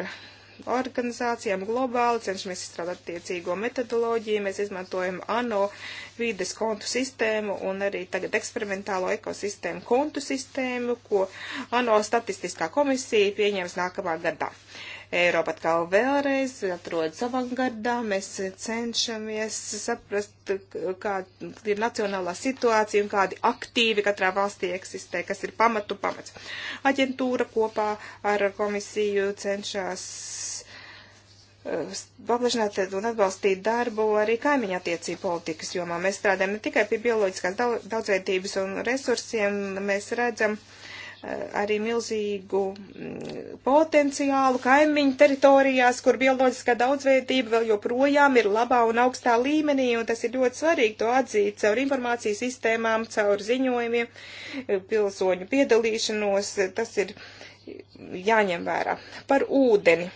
organizācijām globāli, cenšamies izstrādāt tiecīgo metodoloģiju, mēs izmantojam ANO vides kontu sistēmu un arī tagad eksperimentālo ekosistēmu kontu sistēmu, ko ANO statistiskā komisija pieņems nākamā gadā. Uh, Eiropa atkal vēlreiz atrodas avangardā, mēs cenšamies saprast, kāda ir nacionālā situācija un kādi aktīvi katrā valstī eksistē, kas ir pamatu pamats. Aģentūra kopā ar komisiju cenšas eh, paplašināt un atbalstīt darbu arī kaimiņa attiecību politikas jomā. Mēs strādājam ne tikai pie bioloģiskās daudzveidības un resursiem, mēs redzam, uh, arī milzīgu mm, potenciālu kaimiņu teritorijās, kur bioloģiskā daudzveidība vēl joprojām ir labā un augstā līmenī, un tas ir ļoti svarīgi to atzīt caur informācijas sistēmām, caur ziņojumiem, pilsoņu piedalīšanos, tas ir jāņem vērā. Par ūdeni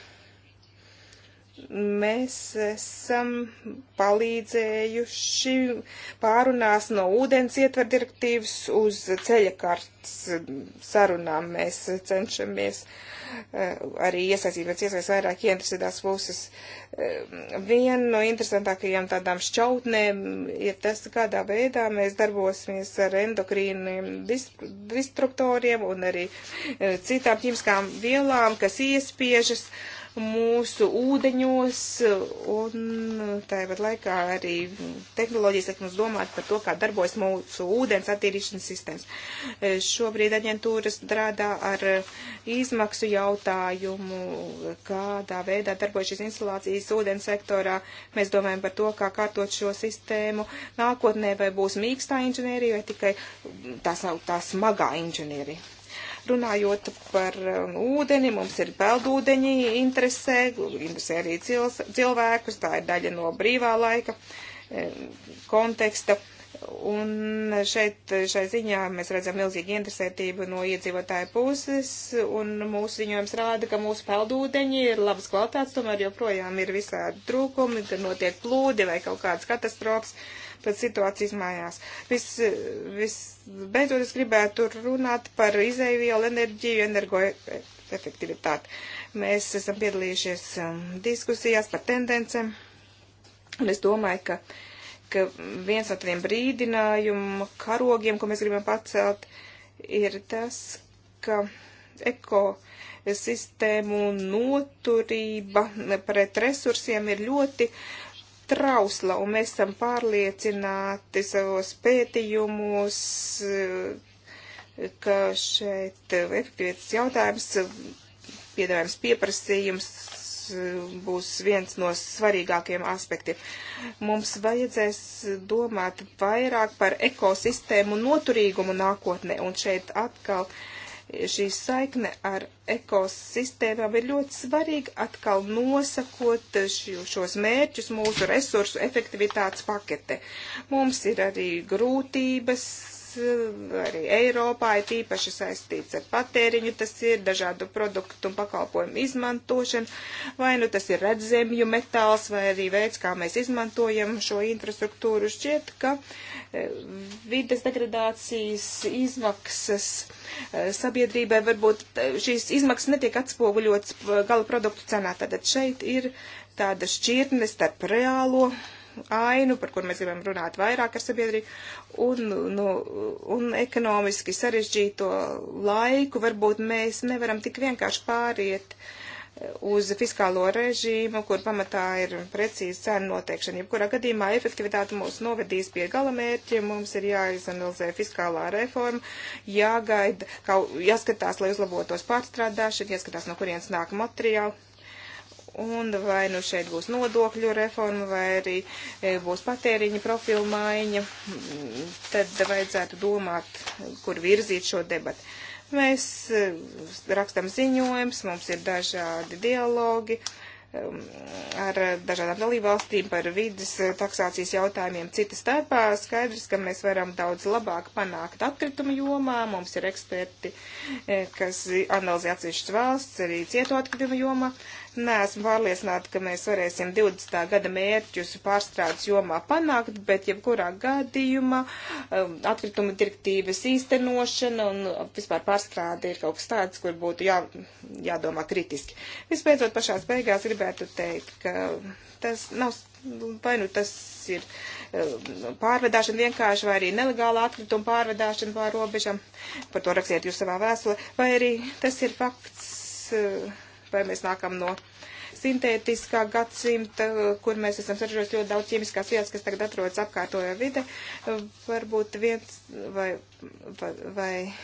mēs esam palīdzējuši pārunās no ūdens ietver direktīvas uz ceļa kārtas sarunām. Mēs cenšamies eh, arī iesaistīt pēc iespējas vairāk ieinteresētās puses. Eh, viena no interesantākajām tādām šķautnēm ir tas, kādā veidā mēs darbosimies ar endokrīniem destruktoriem un arī eh, citām ķīmiskām vielām, kas iespiežas. Uh, mūsu ūdeņos, un tāpat laikā arī tehnoloģijas liek mums domāt par to, kā darbojas mūsu ūdens attīrīšanas sistēmas. E, šobrīd aģentūra strādā ar izmaksu jautājumu, kādā veidā darbojas šīs instalācijas ūdens sektorā. Mēs domājam par to, kā kārtot šo sistēmu nākotnē, vai būs mīkstā inženierija vai tikai tā, tā smagā inženierija. Runājot par um, ūdeni, mums ir peldūdeņi interesē, interesē arī cilvēkus, tā ir daļa no brīvā laika um, konteksta. Un šeit, šai ziņā mēs redzam milzīgu interesētību no iedzīvotāju puses, un mūsu ziņojums rāda, ka mūsu peldūdeņi ir labas kvalitātes, tomēr joprojām ir visādi trūkumi, kad notiek plūdi vai kaut kādas katastrofas. Uh, pēc situācijas mājās. Vis, vis, beidzot, es gribētu runāt par izēvielu enerģiju, energoefektivitāti. Mēs esam piedalījušies um, diskusijās par tendencēm, un es domāju, ka, ka viens no tiem brīdinājumu karogiem, ko mēs gribam pacelt, ir tas, ka eko sistēmu noturība pret resursiem ir ļoti uh, trausla, un mēs esam pārliecināti savos pētījumos, eh, ka šeit eh, efektivitātes jautājums, piedāvājums pieprasījums eh, būs viens no svarīgākiem aspektiem. Mums vajadzēs domāt vairāk par ekosistēmu noturīgumu nākotnē, un šeit atkal uh, šī saikne ar ekosistēmām ir ļoti svarīga atkal nosakot šos mērķus mūsu resursu efektivitātes pakete. Mums ir arī grūtības Eh, arī Eiropā ir tīpaši saistīts ar patēriņu, tas ir dažādu produktu un pakalpojumu izmantošana, vai nu tas ir redzemju metāls, vai arī veids, kā mēs izmantojam šo infrastruktūru. Šķiet, ka eh, vides degradācijas izmaksas eh, sabiedrībai varbūt šīs izmaksas netiek atspoguļotas gala produktu cenā. Tātad šeit ir tāda šķirtne starp reālo ainu, par kur mēs gribam runāt vairāk ar sabiedrību, un, nu, un ekonomiski sarežģīto laiku varbūt mēs nevaram tik vienkārši pāriet eh, uz fiskālo režīmu, kur pamatā ir precīzi cenu noteikšana. Jebkurā gadījumā efektivitāte mūs novedīs pie galamērķa, mums ir jāizanalizē fiskālā reforma, jāgaida, kā, jāskatās, lai uzlabotos pārstrādāšana, jāskatās, no kurienes nāk materiāli Un vai nu šeit būs nodokļu reforma, vai arī e, būs patēriņa profilu maiņa, mm, tad vajadzētu domāt, kur virzīt šo debatu. Mēs e, rakstam ziņojums, mums ir dažādi dialogi um, ar dažādām dalībvalstīm par vidas e, taksācijas jautājumiem citas starpā. Skaidrs, ka mēs varam daudz labāk panākt atkritumu jomā. Mums ir eksperti, kas analizē atsevišķas valsts, arī cietu atkritumu jomā. Uh, Neesmu pārliecināta, ka mēs varēsim 20. gada mērķus pārstrādes jomā panākt, bet jebkurā gadījumā um, atkrituma direktīvas īstenošana un vispār pārstrāde ir kaut kas tāds, kur būtu jā, jādomā kritiski. Vispēcot pašās beigās gribētu teikt, ka tas nav, vai nu tas ir um, pārvedāšana vienkārši, vai arī nelegāla atkrituma pārvedāšana pār robežam, par to rakstiet jūs savā vēstulē, vai arī tas ir fakts uh, vai mēs nākam no sintētiskā gadsimta, kur mēs esam saržojuši ļoti daudz ķīmiskās vielas, kas tagad atrodas apkārtojā vide. Varbūt viens vai vai,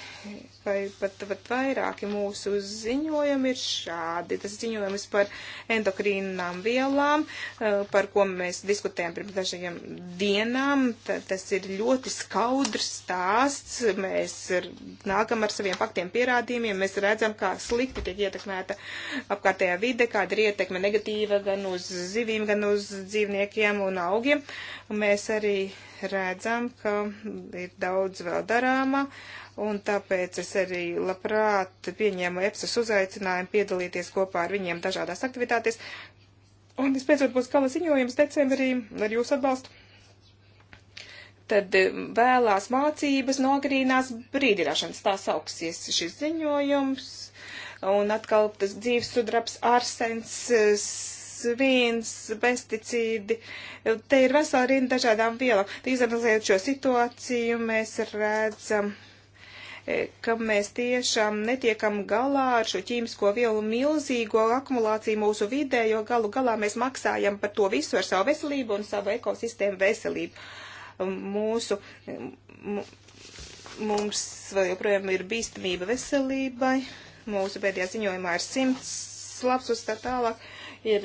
vai pat, pat vairāki mūsu ziņojumi ir šādi. Tas ziņojums par endokrīnām vielām, eh, par ko mēs diskutējam pirms dažiem dienām, T tas ir ļoti skaudrs stāsts. Mēs nākam ar saviem faktiem pierādījumiem, mēs redzam, kā slikti tiek ietekmēta apkārtējā vide, kāda ir ietekme negatīva gan uz zivīm, gan uz dzīvniekiem un augiem. Mēs arī redzam, ka ir daudz vēl darāmā, un tāpēc es arī labprāt pieņēmu EPSAS uzaicinājumu piedalīties kopā ar viņiem dažādās aktivitātēs. Un vispēcot būs gala ziņojums decembrī ar jūsu atbalstu. Tad eh, vēlās mācības nogrīnās brīdināšanas, tā sauksies šis ziņojums. Un atkal tas dzīves sudraps Arsens eh, vīns, pesticīdi. Te ir vesela rinda dažādām vielām. Izanalizējot šo situāciju, mēs redzam, e, ka mēs tiešām netiekam galā ar šo ķīmisko vielu milzīgo akumulāciju mūsu vidē, jo galu galā mēs maksājam par to visu ar savu veselību un savu ekosistēmu veselību. Mūsu, mums vēl joprojām ir bīstamība veselībai, mūsu pēdējā ziņojumā ir simts slaps uz tā tālāk ir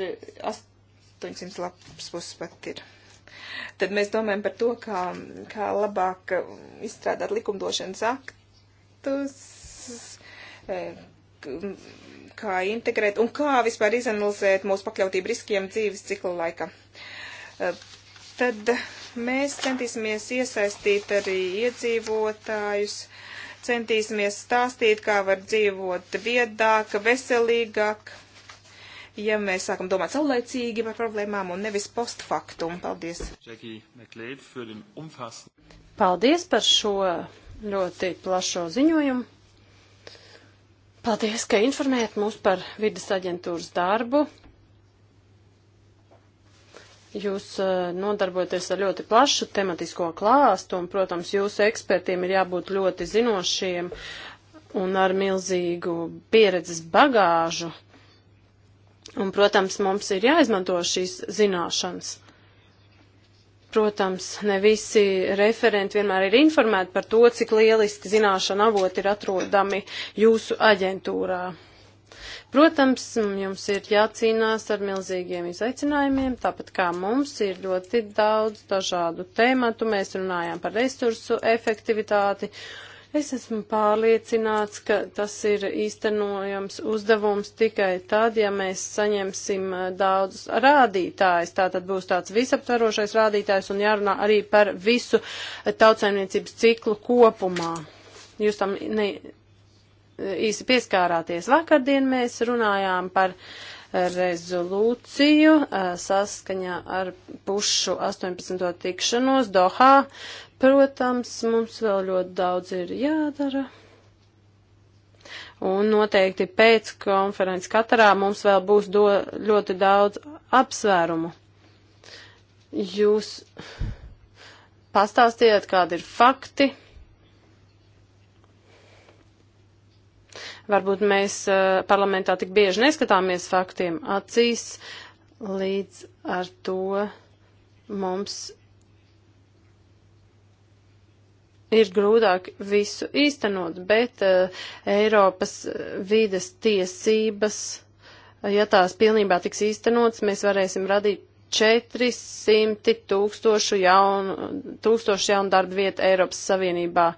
800 lapas puses pat ir. Tad mēs domājam par to, kā, kā labāk izstrādāt likumdošanas aktus, eh, kā integrēt un kā vispār izanalizēt mūsu pakļautību riskiem dzīves cikla laika. Eh, tad mēs centīsimies iesaistīt arī iedzīvotājus, centīsimies stāstīt, kā var dzīvot viedāk, veselīgāk ja mēs sākam domāt saulēcīgi par problēmām un nevis postfaktum. Paldies! Paldies par šo ļoti plašo ziņojumu. Paldies, ka informējat mūs par vidas aģentūras darbu. Jūs eh, nodarbojaties ar ļoti plašu tematisko klāstu, un, protams, jūsu ekspertiem ir jābūt ļoti zinošiem un ar milzīgu pieredzes bagāžu. Un, protams, mums ir jāizmanto šīs zināšanas. Protams, ne visi referenti vienmēr ir informēti par to, cik lieliski zināšana avoti ir atrodami jūsu aģentūrā. Protams, jums ir jācīnās ar milzīgiem izaicinājumiem, tāpat kā mums ir ļoti daudz dažādu tēmatu. Mēs runājām par resursu efektivitāti Es esmu pārliecināts, ka tas ir īstenojams uzdevums tikai tad, ja mēs saņemsim eh, daudz rādītājs. Tā tad būs tāds visaptvarošais rādītājs un jārunā arī par visu eh, tautsaimniecības ciklu kopumā. Jūs tam ne, eh, īsi pieskārāties. Vakardien mēs runājām par rezolūciju saskaņā ar pušu 18. tikšanos Dohā. Protams, mums vēl ļoti daudz ir jādara. Un noteikti pēc konferences katrā mums vēl būs do, ļoti daudz apsvērumu. Jūs pastāstījāt, kādi ir fakti. Varbūt mēs uh, parlamentā tik bieži neskatāmies faktiem acīs, līdz ar to mums ir grūtāk visu īstenot, bet uh, Eiropas eh, vides tiesības, eh, ja tās pilnībā tiks īstenotas, mēs varēsim radīt 400 tūkstošu jaunu, tūkstošu jaunu darba vietu Eiropas Savienībā.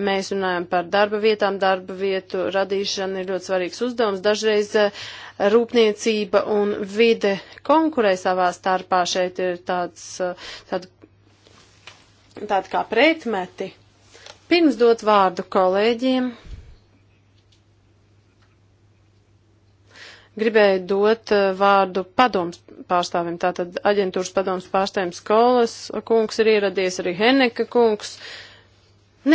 Mēs runājam par darba vietām, darba vietu radīšana ir ļoti svarīgs uzdevums. Dažreiz uh, rūpniecība un vide konkurē savā starpā. Šeit ir tāds, uh, tāda tādi kā pretmeti. Pirms dot vārdu kolēģiem, gribēju dot uh, vārdu padoms pārstāvim, tātad aģentūras padoms pārstāvim skolas kungs ir ieradies, arī Heneka kungs.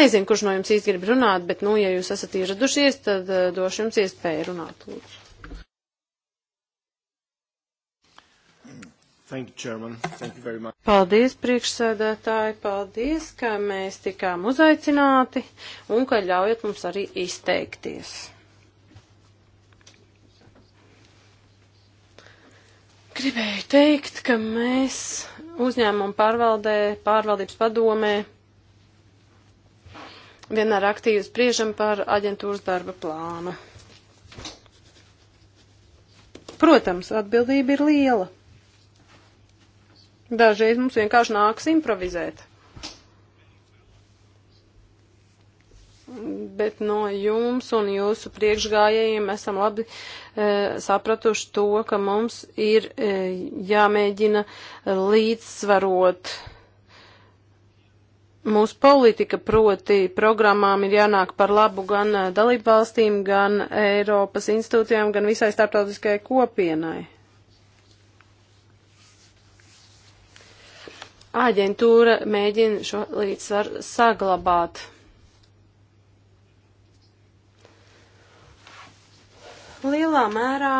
Nezinu, kurš no jums īsti grib runāt, bet, nu, ja jūs esat ieradušies, tad uh, došu jums iespēju runāt, lūdzu. Thank you, Chairman. Thank you very much. Paldies, priekšsēdētāji, paldies, ka mēs tikām uzaicināti un ka ļaujat mums arī izteikties. Gribēju teikt, ka mēs uzņēmumu pārvaldē, pārvaldības padomē vienmēr aktīvi spriežam par aģentūras darba plānu. Protams, atbildība ir liela. Dažreiz mums vienkārši nāks improvizēt. Bet no jums un jūsu priekšgājējiem esam labi e, sapratuši to, ka mums ir e, jāmēģina līdzsvarot mūsu politika, proti programmām ir jānāk par labu gan eh, dalībvalstīm, gan Eiropas institūcijām, gan visai starptautiskajai kopienai. aģentūra mēģina šo līdzsvaru saglabāt. Lielā mērā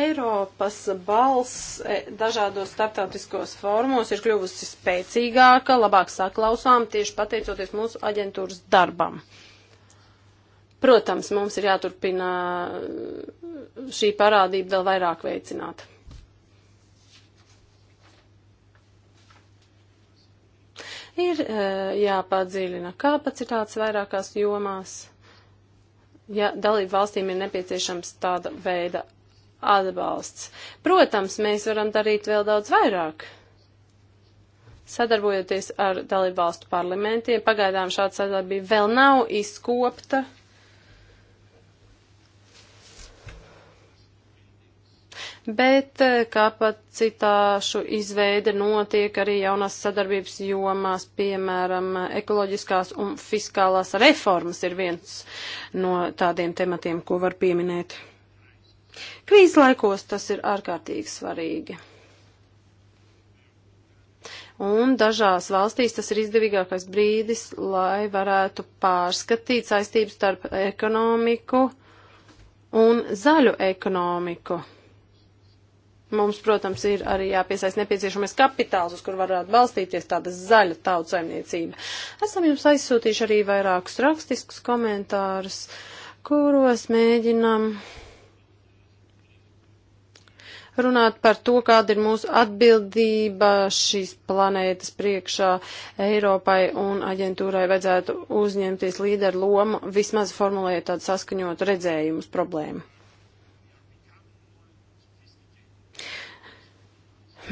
Eiropas balss e, dažādos starptautiskos formos ir kļuvusi spēcīgāka, labāk saklausām tieši pateicoties mūsu aģentūras darbam. Protams, mums ir jāturpina e, šī parādība vēl vairāk veicināt. Ir eh, jāpadziļina kapacitātes vairākās jomās. Ja dalību valstīm ir nepieciešams tāda veida atbalsts. Protams, mēs varam darīt vēl daudz vairāk. Sadarbojoties ar dalībvalstu parlamentiem, pagaidām šāda sadarbība vēl nav izkopta. bet eh, kapacitāšu izveide notiek arī jaunās sadarbības jomās, piemēram, ekoloģiskās un fiskālās reformas ir viens no tādiem tematiem, ko var pieminēt. Krīzes laikos tas ir ārkārtīgi svarīgi. Un dažās valstīs tas ir izdevīgākais brīdis, lai varētu pārskatīt saistības starp ekonomiku un zaļu ekonomiku. Mums, protams, ir arī jāpiesaist nepieciešamais kapitāls, uz kur varētu balstīties tāda zaļa tautsaimniecība. Esam jums aizsūtījuši arī vairākus rakstiskus komentārus, kuros mēģinam runāt par to, kāda ir mūsu atbildība šīs planētas priekšā Eiropai un aģentūrai vajadzētu uzņemties līderu lomu, vismaz formulējot tādu saskaņotu redzējumus problēmu.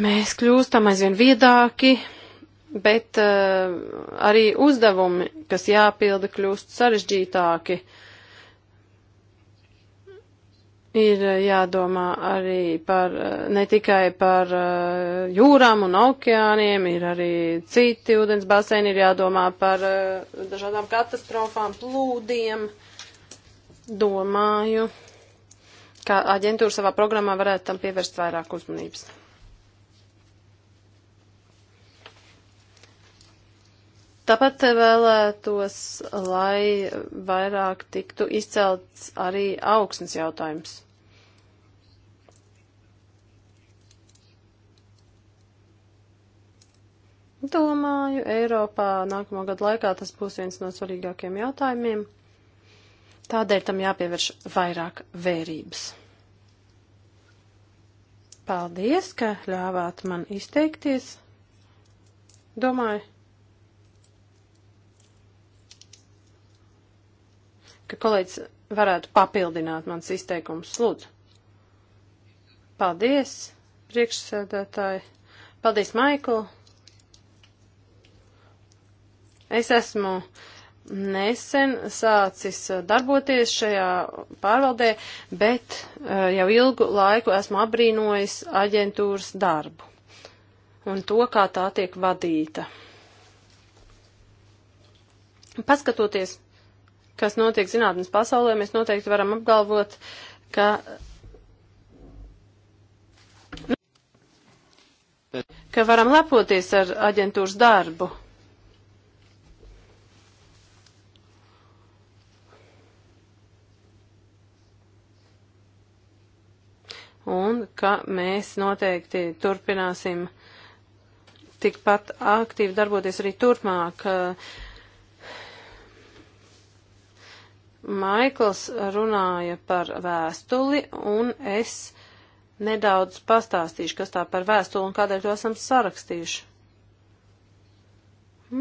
Mēs kļūstam aizvien viedāki, bet uh, arī uzdevumi, kas jāpilda, kļūst sarežģītāki. Ir eh, jādomā arī par, eh, ne tikai par uh, jūrām un okeāniem, ir arī citi ūdens baseini, ir jādomā par uh, dažādām katastrofām, plūdiem. Domāju, ka aģentūra savā programmā varētu tam pievērst vairāk uzmanības. Tāpat vēlētos, lai vairāk tiktu izcelts arī augsnes jautājums. Domāju, Eiropā nākamo gadu laikā tas būs viens no svarīgākiem jautājumiem. Tādēļ tam jāpievērš vairāk vērības. Paldies, ka ļāvāt man izteikties. Domāju, ka kolēģis varētu papildināt mans izteikums. Lūdzu. Paldies, priekšsēdētāji. Paldies, Maikl. Es esmu nesen sācis darboties šajā pārvaldē, bet eh, jau ilgu laiku esmu apbrīnojis aģentūras darbu un to, kā tā tiek vadīta. Paskatoties kas notiek zinātnes pasaulē, mēs noteikti varam apgalvot, ka ka varam lepoties ar aģentūras darbu. Un ka mēs noteikti turpināsim tikpat aktīvi darboties arī turpmāk. Uh, Maikls runāja par vēstuli, un es nedaudz pastāstīšu, kas tā par vēstuli un kādēļ to esam sarakstījuši.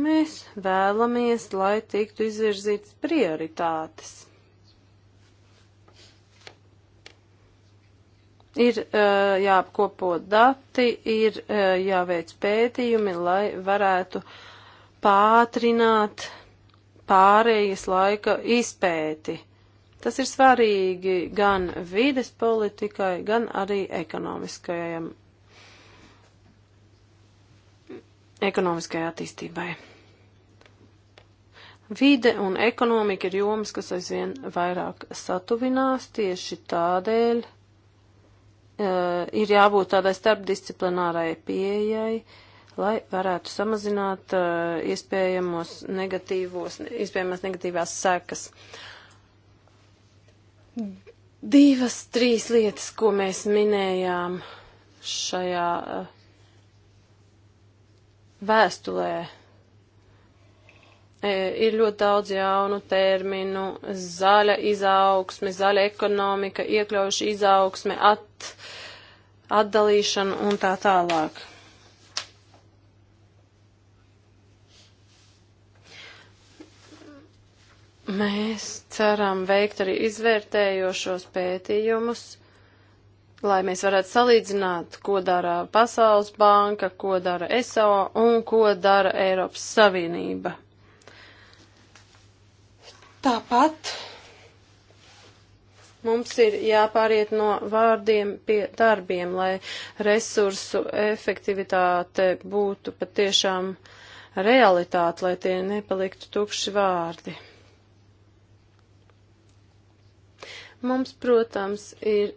Mēs vēlamies, lai tiktu izvirzītas prioritātes. Ir uh, jāapkopo dati, ir uh, jāveic pētījumi, lai varētu pātrināt uh, pārējas laika izpēti. Tas ir svarīgi gan vides politikai, gan arī ekonomiskajam, ekonomiskajai attīstībai. Vide un ekonomika ir jomas, kas aizvien vairāk satuvinās tieši tādēļ. Uh, ir jābūt tādai starpdisciplinārai pieejai, uh, lai varētu samazināt uh, iespējamos negatīvos, iespējamās negatīvās sekas. Divas, trīs lietas, ko mēs minējām šajā uh, vēstulē, e, ir ļoti daudz jaunu terminu - zaļa izaugsme, zaļa ekonomika, iekļaujuša izaugsme, at, atdalīšana un tā tālāk. Mēs ceram veikt arī izvērtējošos pētījumus, lai mēs varētu salīdzināt, ko dara Pasaules banka, ko dara ESO un ko dara Eiropas Savienība. Tāpat mums ir jāpāriet no vārdiem pie darbiem, lai resursu efektivitāte būtu patiešām realitāte, lai tie nepaliktu tukši vārdi. Mums, protams, ir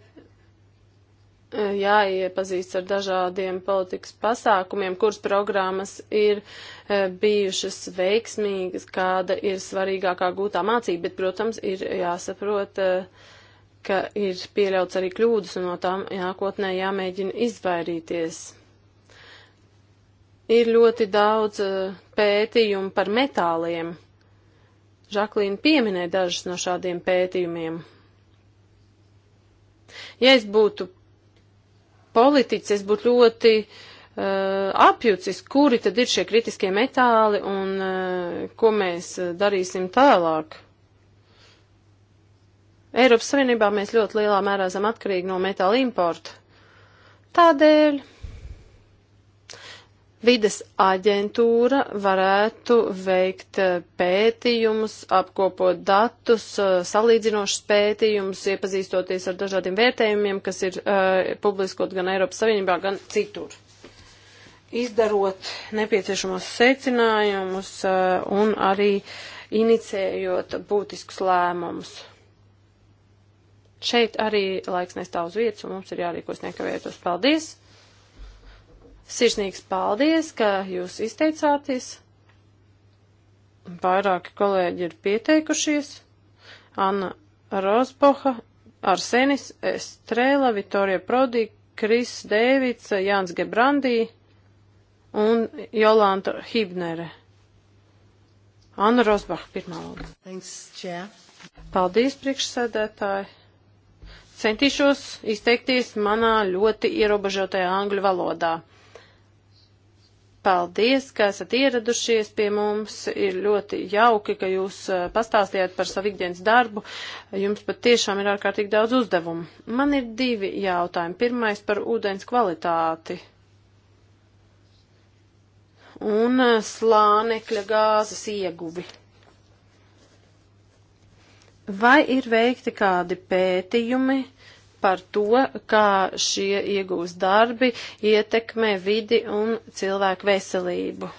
e, jāiepazīst ar dažādiem politikas pasākumiem, kuras programmas ir e, bijušas veiksmīgas, kāda ir svarīgākā gūtā mācība, bet, protams, ir jāsaprot, e, ka ir pieļauts arī kļūdas un no tām nākotnē jāmēģina izvairīties. Ir ļoti daudz pētījumu par metāliem. Žaklīna pieminēja dažus no šādiem pētījumiem. Ja es būtu politiķis, es būtu ļoti uh, apjucis, kuri tad ir šie kritiskie metāli un uh, ko mēs uh, darīsim tālāk. Eiropas Savienībā mēs ļoti lielā mērā esam atkarīgi no metāla importa. Tādēļ Vides aģentūra varētu veikt eh, pētījumus, apkopot datus, eh, salīdzinošus pētījumus, iepazīstoties ar dažādiem vērtējumiem, kas ir uh, publiskot gan Eiropas Savienībā, gan citur. Izdarot nepieciešamos secinājumus uh, un arī inicējot būtiskus lēmumus. Šeit arī laiks nestāv uz vietas, un mums ir jārīkos nekavējoties. Paldies! Sirsnīgs paldies, ka jūs izteicāties. Vairāki kolēģi ir pieteikušies. Anna Rosboha, Arsenis Estrēla, Vitorija Prodī, Kris Dēvids, Jāns Gebrandī un Jolanta Hibnere. Anna Rosbach, pirmā lūdzu. Thanks, Chair. Paldies, priekšsēdētāji. Centīšos izteikties manā ļoti ierobežotajā angļu valodā. Paldies, ka esat ieradušies pie mums. Ir ļoti jauki, ka jūs pastāstījāt par savu ikdienas darbu. Jums pat tiešām ir ārkārtīgi daudz uzdevumu. Man ir divi jautājumi. Pirmais par ūdens kvalitāti un slānekļa gāzes ieguvi. Vai ir veikti kādi pētījumi? par to, kā šie iegūs darbi ietekmē vidi un cilvēku veselību.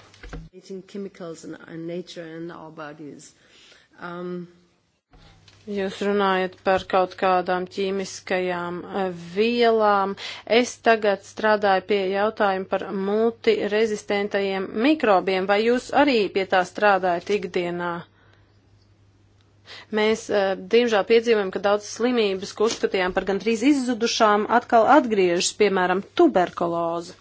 Um, Jūs runājat par kaut kādām ķīmiskajām eh, vielām. Es tagad strādāju pie jautājuma par multirezistentajiem mikrobiem. Vai jūs arī pie tā strādājat ikdienā? Mēs, eh, diemžēl, piedzīvojam, ka daudz slimības, ko uzskatījām par gandrīz izzudušām, atkal atgriežas, piemēram, tuberkuloze.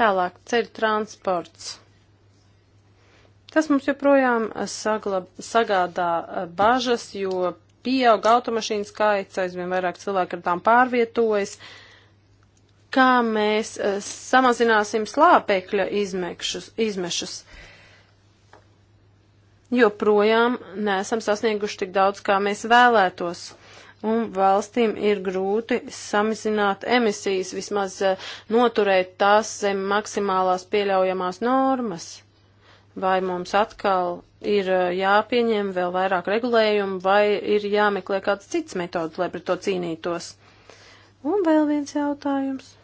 Tālāk ceļu transports. Tas mums joprojām eh, saglab, sagādā eh, bažas, jo pieaug automašīnu skaits, aizvien vairāk cilvēku ar tām pārvietojas. Kā mēs samazināsim slāpekļa izmekšus, izmešus? joprojām nesam sasnieguši tik daudz, kā mēs vēlētos. Un valstīm ir grūti samazināt emisijas, vismaz eh, noturēt tās zem maksimālās pieļaujamās normas. Vai mums atkal ir eh, jāpieņem vēl vairāk regulējumu, vai ir jāmeklē kāds cits metods, lai pret to cīnītos? Un vēl viens jautājums.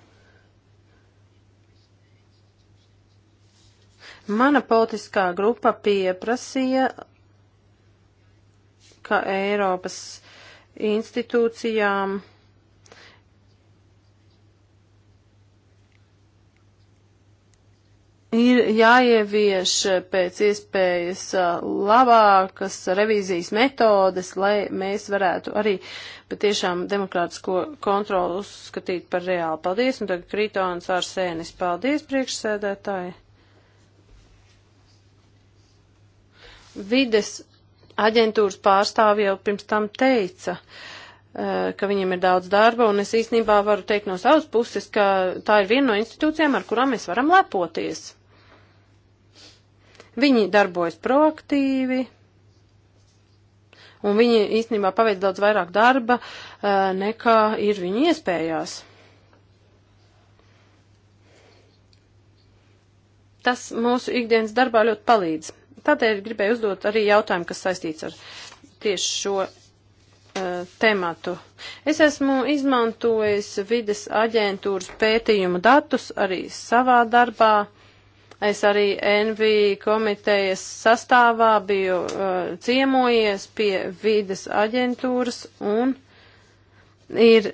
Mana politiskā grupa pieprasīja, ka Eiropas institūcijām ir jāievieš pēc iespējas labākas revīzijas metodes, lai mēs varētu arī patiešām demokrātisko kontroli uzskatīt par reāli. Paldies, un tagad Krītons Arsēnis. Paldies, priekšsēdētāji! Vides aģentūras pārstāvi jau pirms tam teica, eh, ka viņiem ir daudz darba, un es īstenībā varu teikt no savas puses, ka tā ir viena no institūcijām, ar kurām mēs varam lepoties. Viņi darbojas proaktīvi, un viņi īstenībā paveic daudz vairāk darba, eh, nekā ir viņu iespējās. Tas mūsu ikdienas darbā ļoti palīdz. Tādēļ gribēju uzdot arī jautājumu, kas saistīts ar tieši šo uh, tematu. Es esmu izmantojis vides aģentūras pētījumu datus arī savā darbā. Es arī NV komitejas sastāvā biju uh, ciemojies pie vides aģentūras un ir,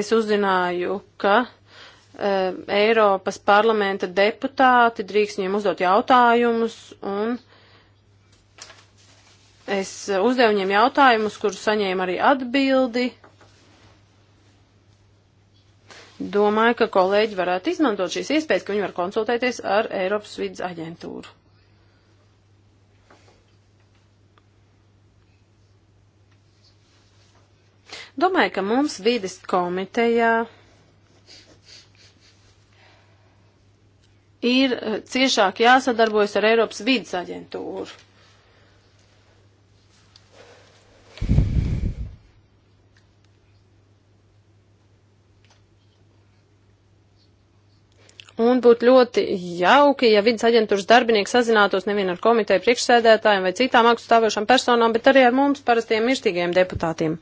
es uzzināju, ka uh, Eiropas parlamenta deputāti drīkst viņiem uzdot jautājumus, un Es uzdevu viņiem jautājumus, kurus saņēmu arī atbildi. Domāju, ka kolēģi varētu izmantot šīs iespējas, ka viņi var konsultēties ar Eiropas vidas aģentūru. Domāju, ka mums vides komitejā ir eh, ciešāk jāsadarbojas ar Eiropas vidas aģentūru. Un būtu ļoti jauki, ja vidas aģentūras darbinieki sazinātos nevien ar komiteju priekšsēdētājiem vai citām augststāvošām personām, bet arī ar mums parastiem mirstīgiem deputātiem.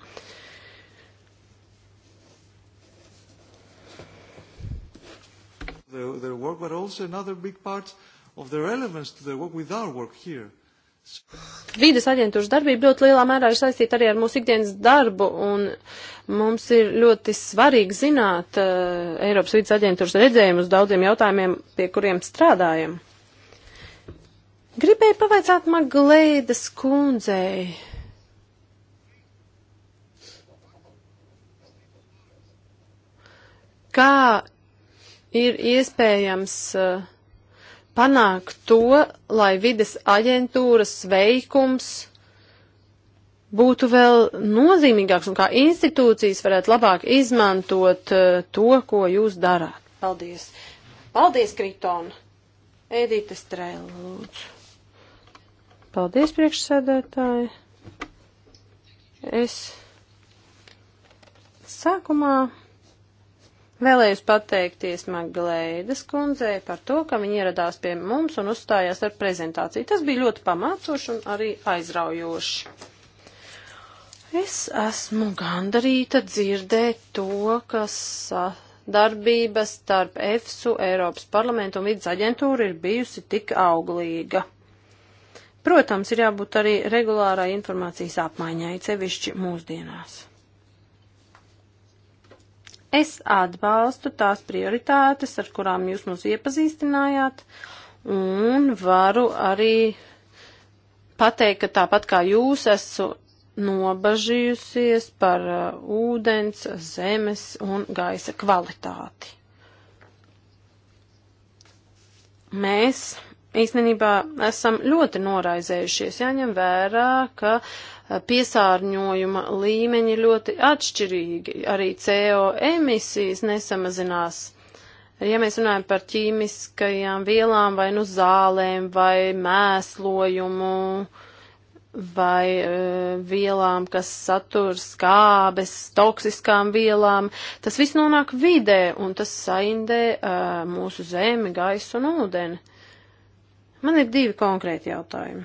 Their, their work, but also another big part of the relevance to their work with our work here Vīdes aģentūras darbība ļoti lielā mērā ir saistīta arī ar mūsu ikdienas darbu, un mums ir ļoti svarīgi zināt uh, Eiropas vīdes aģentūras redzējumu uz daudziem jautājumiem, pie kuriem strādājam. Gribēju pavaicāt Magleidas kundzei. Kā ir iespējams uh, panākt to, lai vides aģentūras veikums būtu vēl nozīmīgāks un kā institūcijas varētu labāk izmantot eh, to, ko jūs darāt. Paldies! Paldies, Kriton! Edita Strēla, lūdzu. Paldies, priekšsēdētāji. Es sākumā Vēlējos pateikties Magdalēdas kundzei par to, ka viņa ieradās pie mums un uzstājās ar prezentāciju. Tas bija ļoti pamācoši un arī aizraujoši. Es esmu gandarīta dzirdēt to, kas darbības starp EFSU, Eiropas parlamentu un vidas aģentūru ir bijusi tik auglīga. Protams, ir jābūt arī regulārai informācijas apmaiņai, cevišķi mūsdienās. Es atbalstu tās prioritātes, ar kurām jūs mūs iepazīstinājāt, un varu arī pateikt, ka tāpat kā jūs esmu nobažījusies par uh, ūdens, zemes un gaisa kvalitāti. Mēs īstenībā esam ļoti noraizējušies, jāņem vērā, ka eh, piesārņojuma līmeņi ļoti atšķirīgi, arī CO emisijas nesamazinās. Ja mēs runājam par ķīmiskajām vielām vai nu zālēm vai mēslojumu vai e, vielām, kas satur skābes, toksiskām vielām, tas viss nonāk vidē un tas saindē e, mūsu zemi, gaisu un ūdeni. Man ir divi konkrēti jautājumi.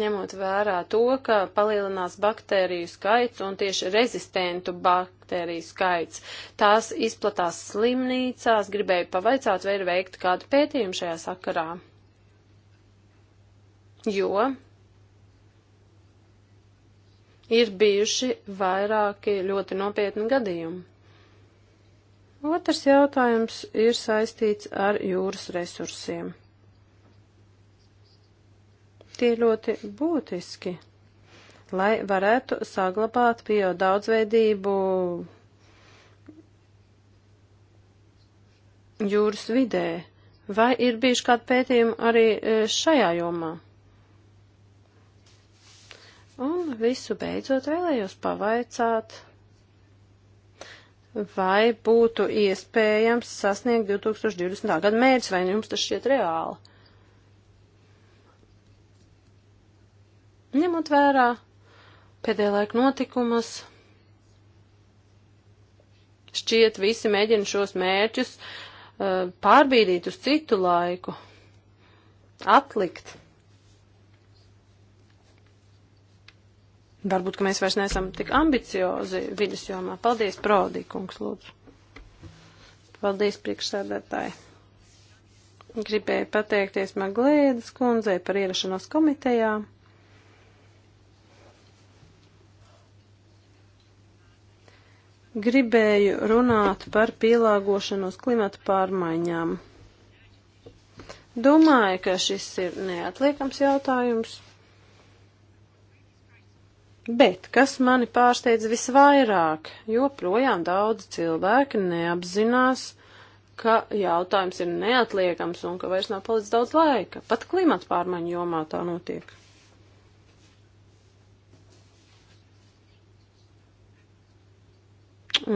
Ņemot vērā to, ka palielinās baktēriju skaits un tieši rezistentu baktēriju skaits, tās izplatās slimnīcās, gribēju pavaicāt, vai ir veikta kāda pētījuma šajā sakarā. Jo ir bijuši vairāki ļoti nopietni gadījumi. Otrs jautājums ir saistīts ar jūras resursiem. Tie ļoti būtiski, lai varētu saglabāt bio daudzveidību jūras vidē. Vai ir bijuši kādi pētījumi arī e, šajā jomā? Un visu beidzot vēlējos pavaicāt vai būtu iespējams sasniegt 2020. gada mērķis, vai nu jums tas šķiet reāli? Ņemot vērā pēdējā laika notikumus, šķiet visi mēģina šos mērķus uh, pārbīdīt uz citu laiku, atlikt. Varbūt, ka mēs vairs neesam tik ambiciozi vidas jomā. Paldies, Prodī, kungs, lūdzu. Paldies, priekšsēdētāji. Gribēju pateikties Maglēdas kundzei par ierašanos komitejā. gribēju runāt par pielāgošanos klimata pārmaiņām. Domāju, ka šis ir neatliekams jautājums. Bet kas mani pārsteidz visvairāk, jo projām daudz cilvēki neapzinās, ka jautājums ir neatliekams un ka vairs nav palicis daudz laika. Pat klimata pārmaiņu jomā tā notiek.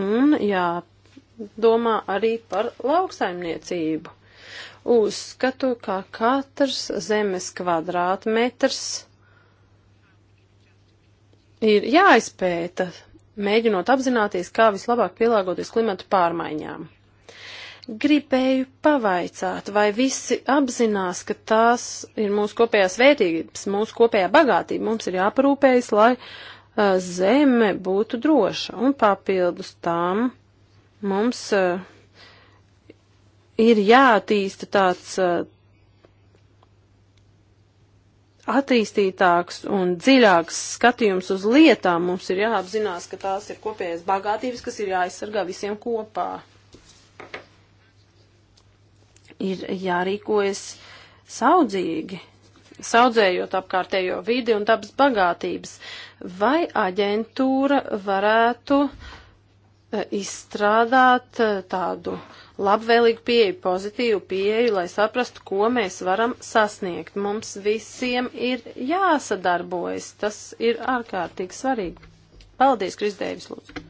Un jādomā arī par lauksaimniecību. Uzskatu, ka katrs zemes kvadrātmetrs ir jāizpēta, mēģinot apzināties, kā vislabāk pielāgoties klimatu pārmaiņām. Gribēju pavaicāt, vai visi apzinās, ka tās ir mūsu kopējās vērtības, mūsu kopējā bagātība. Mums ir jāparūpējas, lai uh, zeme būtu droša. Un papildus tām mums uh, ir jātīsta tāds uh, attīstītāks un dziļāks skatījums uz lietām. Mums ir jāapzinās, ka tās ir kopējais bagātības, kas ir jāaizsargā visiem kopā. Ir jārīkojas saudzīgi, saudzējot apkārtējo vidi un dabas bagātības. Vai aģentūra varētu eh, izstrādāt eh, tādu uh, labvēlīgu pieeju, pozitīvu pieeju, lai saprastu, ko mēs varam sasniegt. Mums visiem ir jāsadarbojas. Tas ir ārkārtīgi svarīgi. Paldies, Kristēvis, lūdzu.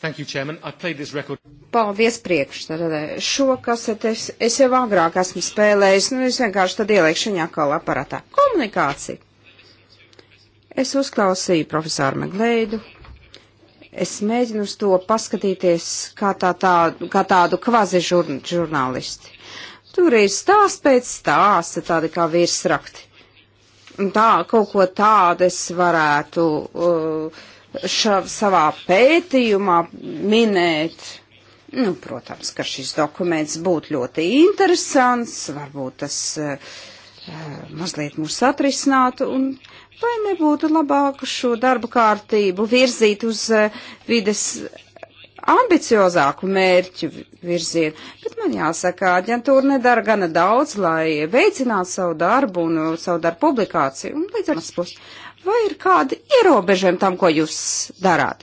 Thank you, Chairman. I played this record. Paldies priekšstādātāji. Šo kaseti es, es jau agrāk esmu spēlējis, nu es vienkārši tad ielieku šajā kala aparātā. Komunikācija. Es uzklausīju profesoru Megleidu, Es mēģinu uz to paskatīties kā, tā, tā, kā tādu kvazi žurn žurnālisti. Tur ir stāsts pēc stāsta, tādi kā virsrakti. Tā, kaut ko tādu es varētu uh, ša, savā pētījumā minēt. Nu, protams, ka šis dokuments būtu ļoti interesants, varbūt tas uh, uh mazliet mūs atrisinātu, un Vai nebūtu labāk šo darbu kārtību virzīt uz eh, vides ambiciozāku mērķu virzienu. Bet man jāsaka, aģentūra nedara gana daudz, lai veicinātu savu darbu un uh, savu darbu publikāciju. Un līdz ar to, vai ir kādi ierobežojumi tam, ko jūs darāt?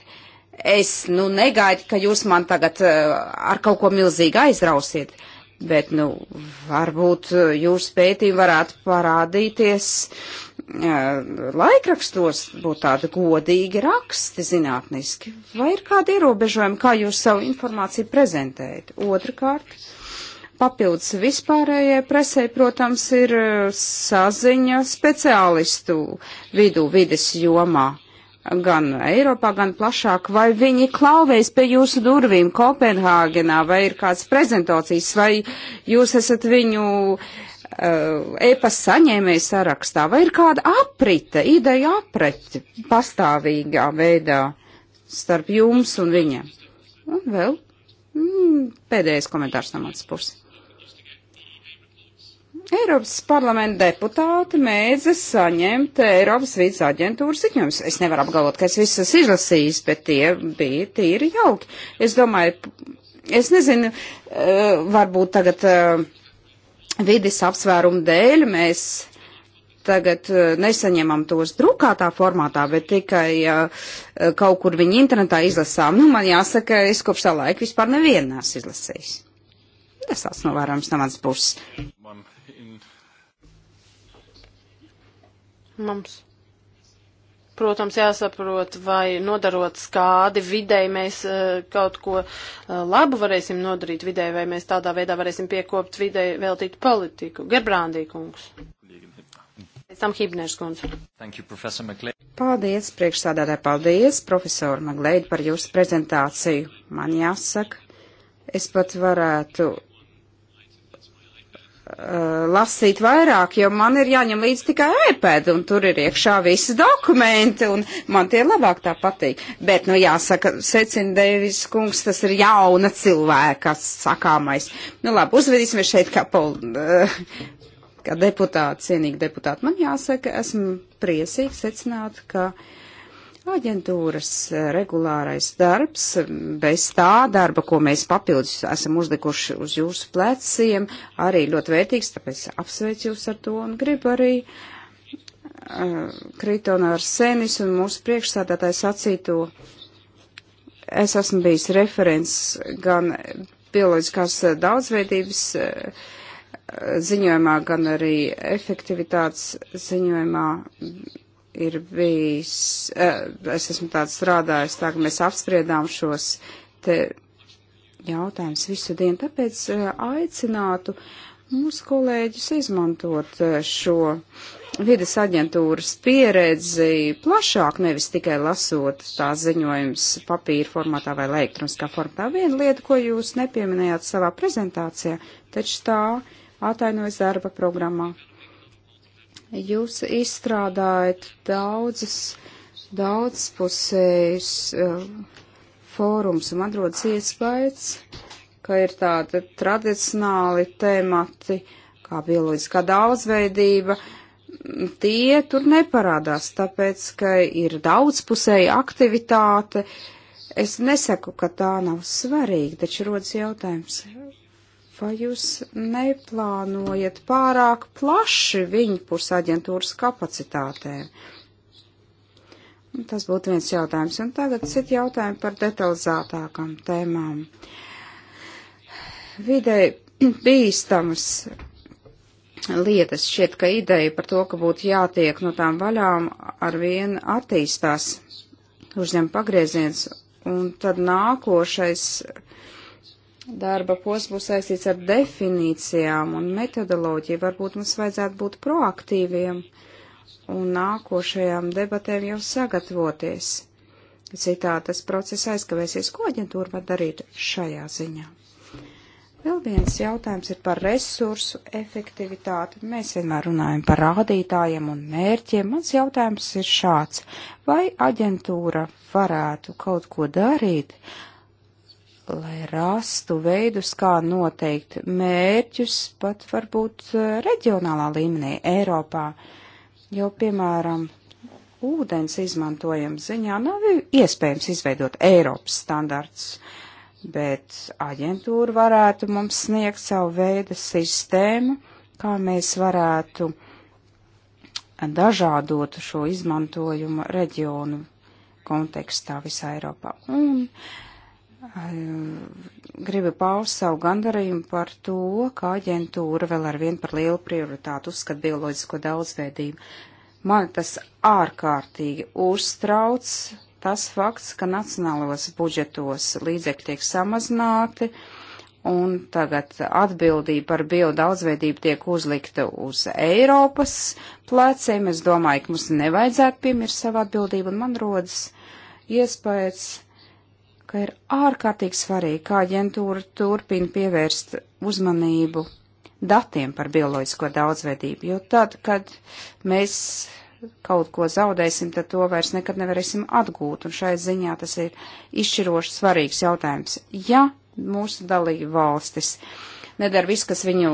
Es, nu, negaidu, ka jūs man tagad uh, ar kaut ko milzīgi aizrausiet, bet, nu, varbūt uh, jūsu pētījumi varētu parādīties laikrakstos būtu tādi godīgi raksti zinātniski, vai ir kādi ierobežojumi, kā jūs savu informāciju prezentējat? Otrakārt, papildus vispārējai presē, protams, ir eh, saziņa speciālistu vidu vides jomā, gan Eiropā, gan plašāk, vai viņi klauvēs pie jūsu durvīm Kopenhāgenā, vai ir kāds prezentācijas, vai jūs esat viņu uh, Eh, e-pasta saņēmēja sarakstā, vai ir kāda aprite, ideja aprite pastāvīgā veidā starp jums un viņa? Un vēl mm, pēdējais komentārs no manas puses. Eiropas parlamenta deputāti mēdz saņemt Eiropas vidas aģentūras ziņojumus. Es nevaru apgalvot, ka es visus izlasījis, bet tie bija tīri jauki. Es domāju, es nezinu, eh, varbūt tagad eh, vidas apsvērumu dēļ mēs tagad eh, nesaņemam tos drukātā formātā, bet tikai uh, kaut kur viņi internetā izlasām. Nu, man jāsaka, es kopš tā laika vispār nevienu nesu izlasījis. Tas tāds novērojams no manas puses. Man in... Mums protams, jāsaprot, vai nodarot skādi videi mēs eh, kaut ko eh, labu varēsim nodarīt videi, vai mēs tādā veidā varēsim piekopt videi veltīt politiku. Gerbrandī kungs. Pēc tam Hibners kundze. Paldies, priekšsādātāji, paldies, profesori Magleidi, par jūsu prezentāciju. Man jāsaka, es pat varētu Eh, lasīt vairāk, jo man ir jāņem līdz tikai iPad, un tur ir iekšā visi dokumenti, un man tie labāk tā patīk. Bet, nu, jāsaka, secina Deivis kungs, tas ir jauna cilvēka sakāmais. Nu, labi, uzvedīsimies šeit kā, pol, eh, kā deputāti, cienīgi deputāti. Man jāsaka, esmu priecīgs secināt, ka. Uh, Aģentūras eh, regulārais darbs, bez tā darba, ko mēs papildus esam uzlikuši uz jūsu pleciem, arī ļoti vērtīgs, tāpēc apsveicu jūs ar to un gribu arī uh, Kritona ar Senis un mūsu priekšsādātāju sacīto. Es esmu bijis referents gan bioloģiskās eh, daudzveidības uh, ziņojumā, gan arī efektivitātes ziņojumā ir bijis, eh, es esmu tāds strādājis, tā ka mēs apspriedām šos te jautājumus visu dienu, tāpēc eh, aicinātu mūsu kolēģus izmantot eh, šo vides aģentūras pieredzi plašāk, nevis tikai lasot tā ziņojums papīra formātā vai elektroniskā formātā. Viena lieta, ko jūs nepieminējāt savā prezentācijā, taču tā atainojas darba programmā Jūs izstrādājat daudzas, daudzpusējus uh, fórums un atrodas iespējas, ka ir tādi tradicionāli temati, kā bioloģiskā daudzveidība, tie tur neparādās, tāpēc, ka ir daudzpusēja aktivitāte. Es nesaku, ka tā nav svarīga, taču rodas jautājums, Vai jūs neplānojat pārāk plaši viņu pus aģentūras kapacitātēm? Tas būtu viens jautājums. Un tagad citi jautājumi par detalizētākām tēmām. Videi bīstamas lietas. Šķiet, ka ideja par to, ka būtu jātiek no tām vaļām, arvien attīstās, uzņem pagrieziens. Un tad nākošais darba posms būs saistīts ar definīcijām un metodoloģiju. Varbūt mums vajadzētu būt proaktīviem un nākošajām debatēm jau sagatavoties. Citādi tas process aizkavēsies, ko aģentūra var darīt šajā ziņā. Vēl viens jautājums ir par resursu efektivitāti. Mēs vienmēr runājam par rādītājiem un mērķiem. Mans jautājums ir šāds. Vai aģentūra varētu kaut ko darīt, lai rastu veidus, kā noteikt mērķus pat varbūt eh, reģionālā līmenī Eiropā. Jo, piemēram, ūdens izmantojuma ziņā nav iespējams izveidot Eiropas standarts, bet aģentūra varētu mums sniegt savu veidu sistēmu, kā mēs varētu dažādot šo izmantojumu reģionu kontekstā visā Eiropā. Un, uh, gribu paust savu gandarījumu par to, ka aģentūra vēl ar vienu par lielu prioritātu uzskat bioloģisko daudzveidību. Man tas ārkārtīgi uztrauc tas fakts, ka nacionālos budžetos līdzekļi tiek samazināti un tagad atbildība par biodaudzveidību tiek uzlikta uz Eiropas pleciem. Es domāju, ka mums nevajadzētu piemirst savu atbildību un man rodas iespējas. Ja ka ir ārkārtīgi svarīgi, kā aģentūra turpina pievērst uzmanību datiem par bioloģisko daudzveidību, jo tad, kad mēs kaut ko zaudēsim, tad to vairs nekad nevarēsim atgūt, un šai ziņā tas ir izšķiroši svarīgs jautājums. Ja mūsu dalība valstis nedara viss, kas viņu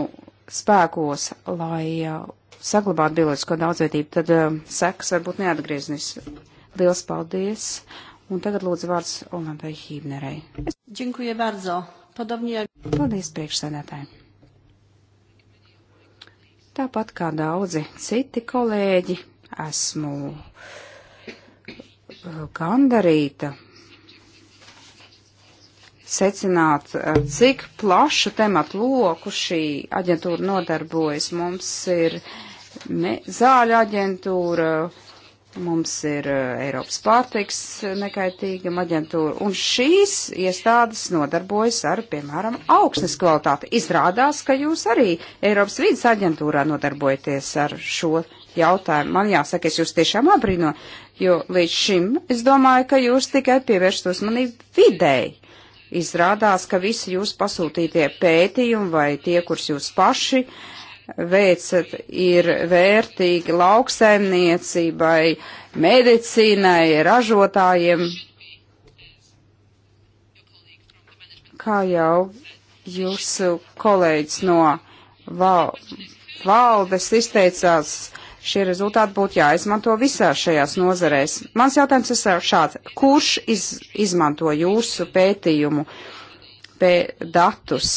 spēkos, lai uh, saglabātu bioloģisko daudzveidību, tad uh, sekas varbūt neatgrieznis. Liels paldies! Un tagad lūdzu vārds Olandai Hībnerei. Dziękuję bardzo. Podobnie jak... Paldies priekšsēdētāji. Tāpat kā daudzi citi kolēģi, esmu eh, gandarīta secināt, eh, cik plašu tematu loku šī aģentūra nodarbojas. Mums ir me, zāļa aģentūra, uh, Mums ir eh, Eiropas pārtiks nekaitīgama aģentūra, un šīs iestādes nodarbojas ar, piemēram, augsnes kvalitāti. Izrādās, ka jūs arī Eiropas vīdes aģentūrā nodarbojaties ar šo jautājumu. Man jāsaka, es jūs tiešām abrīno, jo līdz šim es domāju, ka jūs tikai pievēršat uzmanību videi. Izrādās, ka visi jūs pasūtītie pētījumi vai tie, kurus jūs paši uh, veicat, ir vērtīgi lauksaimniecībai, medicīnai, ražotājiem. Kā jau jūsu kolēģis no val valdes izteicās, šie rezultāti būtu jāizmanto visās šajās nozarēs. Mans jautājums ir šāds. Kurš iz, izmanto jūsu pētījumu pē datus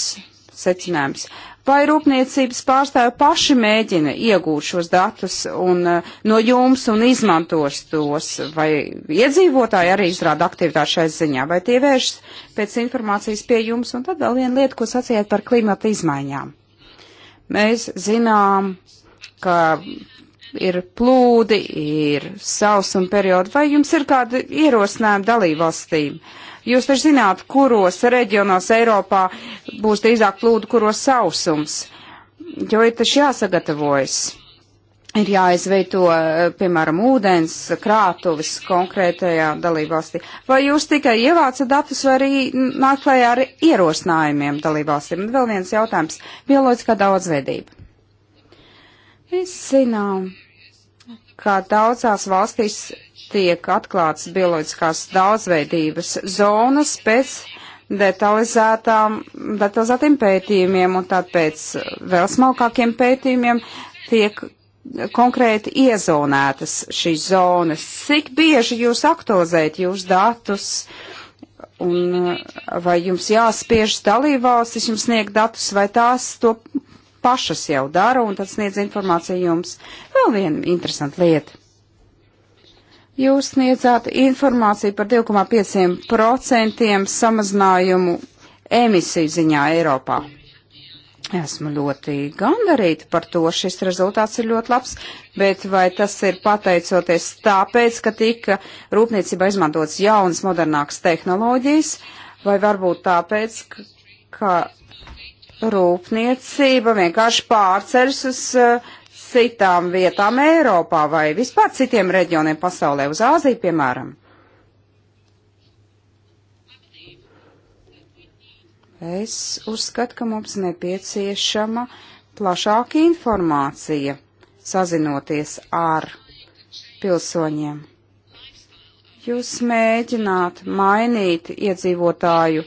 secinājums? vai rūpniecības pārstāvi paši mēģina iegūt šos datus un, eh, no jums un izmantos tos, vai iedzīvotāji arī izrāda aktivitāti šai ziņā, vai tie vēršas pēc informācijas pie jums, un tad vēl viena lieta, ko sacījāt par klimata izmaiņām. Mēs zinām, ka ir plūdi, ir sausuma periodi, vai jums ir kādi ierosinājumi dalībvalstīm? Uh, Jūs taču zināt, kuros reģionos Eiropā būs drīzāk plūdu, kuros sausums, jo ir taču jāsagatavojas. Ir jāizveido, eh, piemēram, ūdens krātuvis konkrētajā dalībvalstī. Vai jūs tikai ievāca datus vai arī nāk klajā ar ierosinājumiem dalībvalstīm? Un vēl viens jautājums - bioloģiskā daudzveidība. Es zinām, ka daudzās valstīs tiek atklāts bioloģiskās daudzveidības zonas pēc detalizētiem pētījumiem, un tad pēc vēl smalkākiem pētījumiem tiek konkrēti iezonētas šīs zonas. Cik bieži jūs aktualizējat jūs datus, un vai jums jāspiež dalībvalstis jums sniegt datus, vai tās to pašas jau dara, un tad sniedz informāciju jums. Vēl viena interesanta lieta. Jūs sniedzāt informāciju par 2,5% samazinājumu emisiju ziņā Eiropā. Esmu ļoti gandarīta par to, šis rezultāts ir ļoti labs, bet vai tas ir pateicoties tāpēc, ka tika rūpniecībā izmantots jaunas, modernākas tehnoloģijas, vai varbūt tāpēc, ka rūpniecība vienkārši pārceļas uz uh, citām vietām Eiropā vai vispār citiem reģioniem pasaulē, uz Āziju, piemēram? Es uzskatu, ka mums nepieciešama plašāka informācija, sazinoties ar pilsoņiem. Jūs mēģināt mainīt iedzīvotāju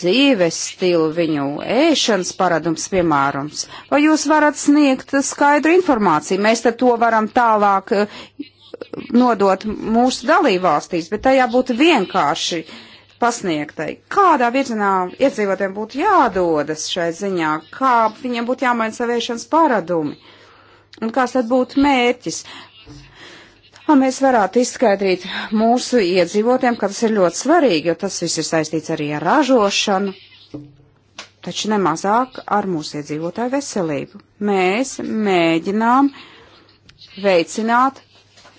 dzīves stilu, viņu ēšanas paradums, piemēram. Vai jūs varat sniegt skaidru informāciju? Mēs tad to varam tālāk eh, nodot mūsu dalībvalstīs, bet tajā būtu vienkārši pasniegtai. Kādā virzienā iedzīvotiem būtu jādodas šai ziņā? Kā viņiem būtu jāmaina saviešanas paradumi? Un kāds tad būtu mērķis? Un mēs varētu izskaidrīt mūsu iedzīvotiem, ka tas ir ļoti svarīgi, jo tas viss ir saistīts arī ar ražošanu, taču nemazāk ar mūsu iedzīvotāju veselību. Mēs mēģinām veicināt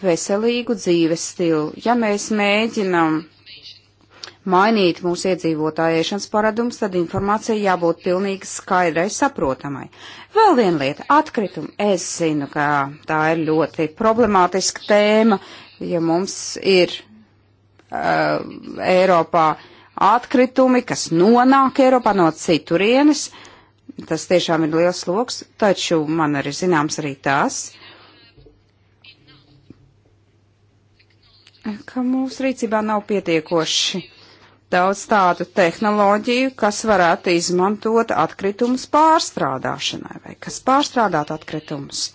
veselīgu dzīves stilu. Ja mēs mēģinām mainīt mūsu iedzīvotāju ēšanas paradums, tad informācija jābūt pilnīgi skaidrai, saprotamai. Vēl viena lieta - atkritumi. Es zinu, ka tā ir ļoti problemātiska tēma, ja mums ir uh, Eiropā atkritumi, kas nonāk Eiropā no citurienes. Tas tiešām ir liels sloks, taču man arī zināms arī tās, ka mūsu rīcībā nav pietiekoši daudz tādu tehnoloģiju, kas varētu izmantot atkritumus pārstrādāšanai vai kas pārstrādāt atkritumus.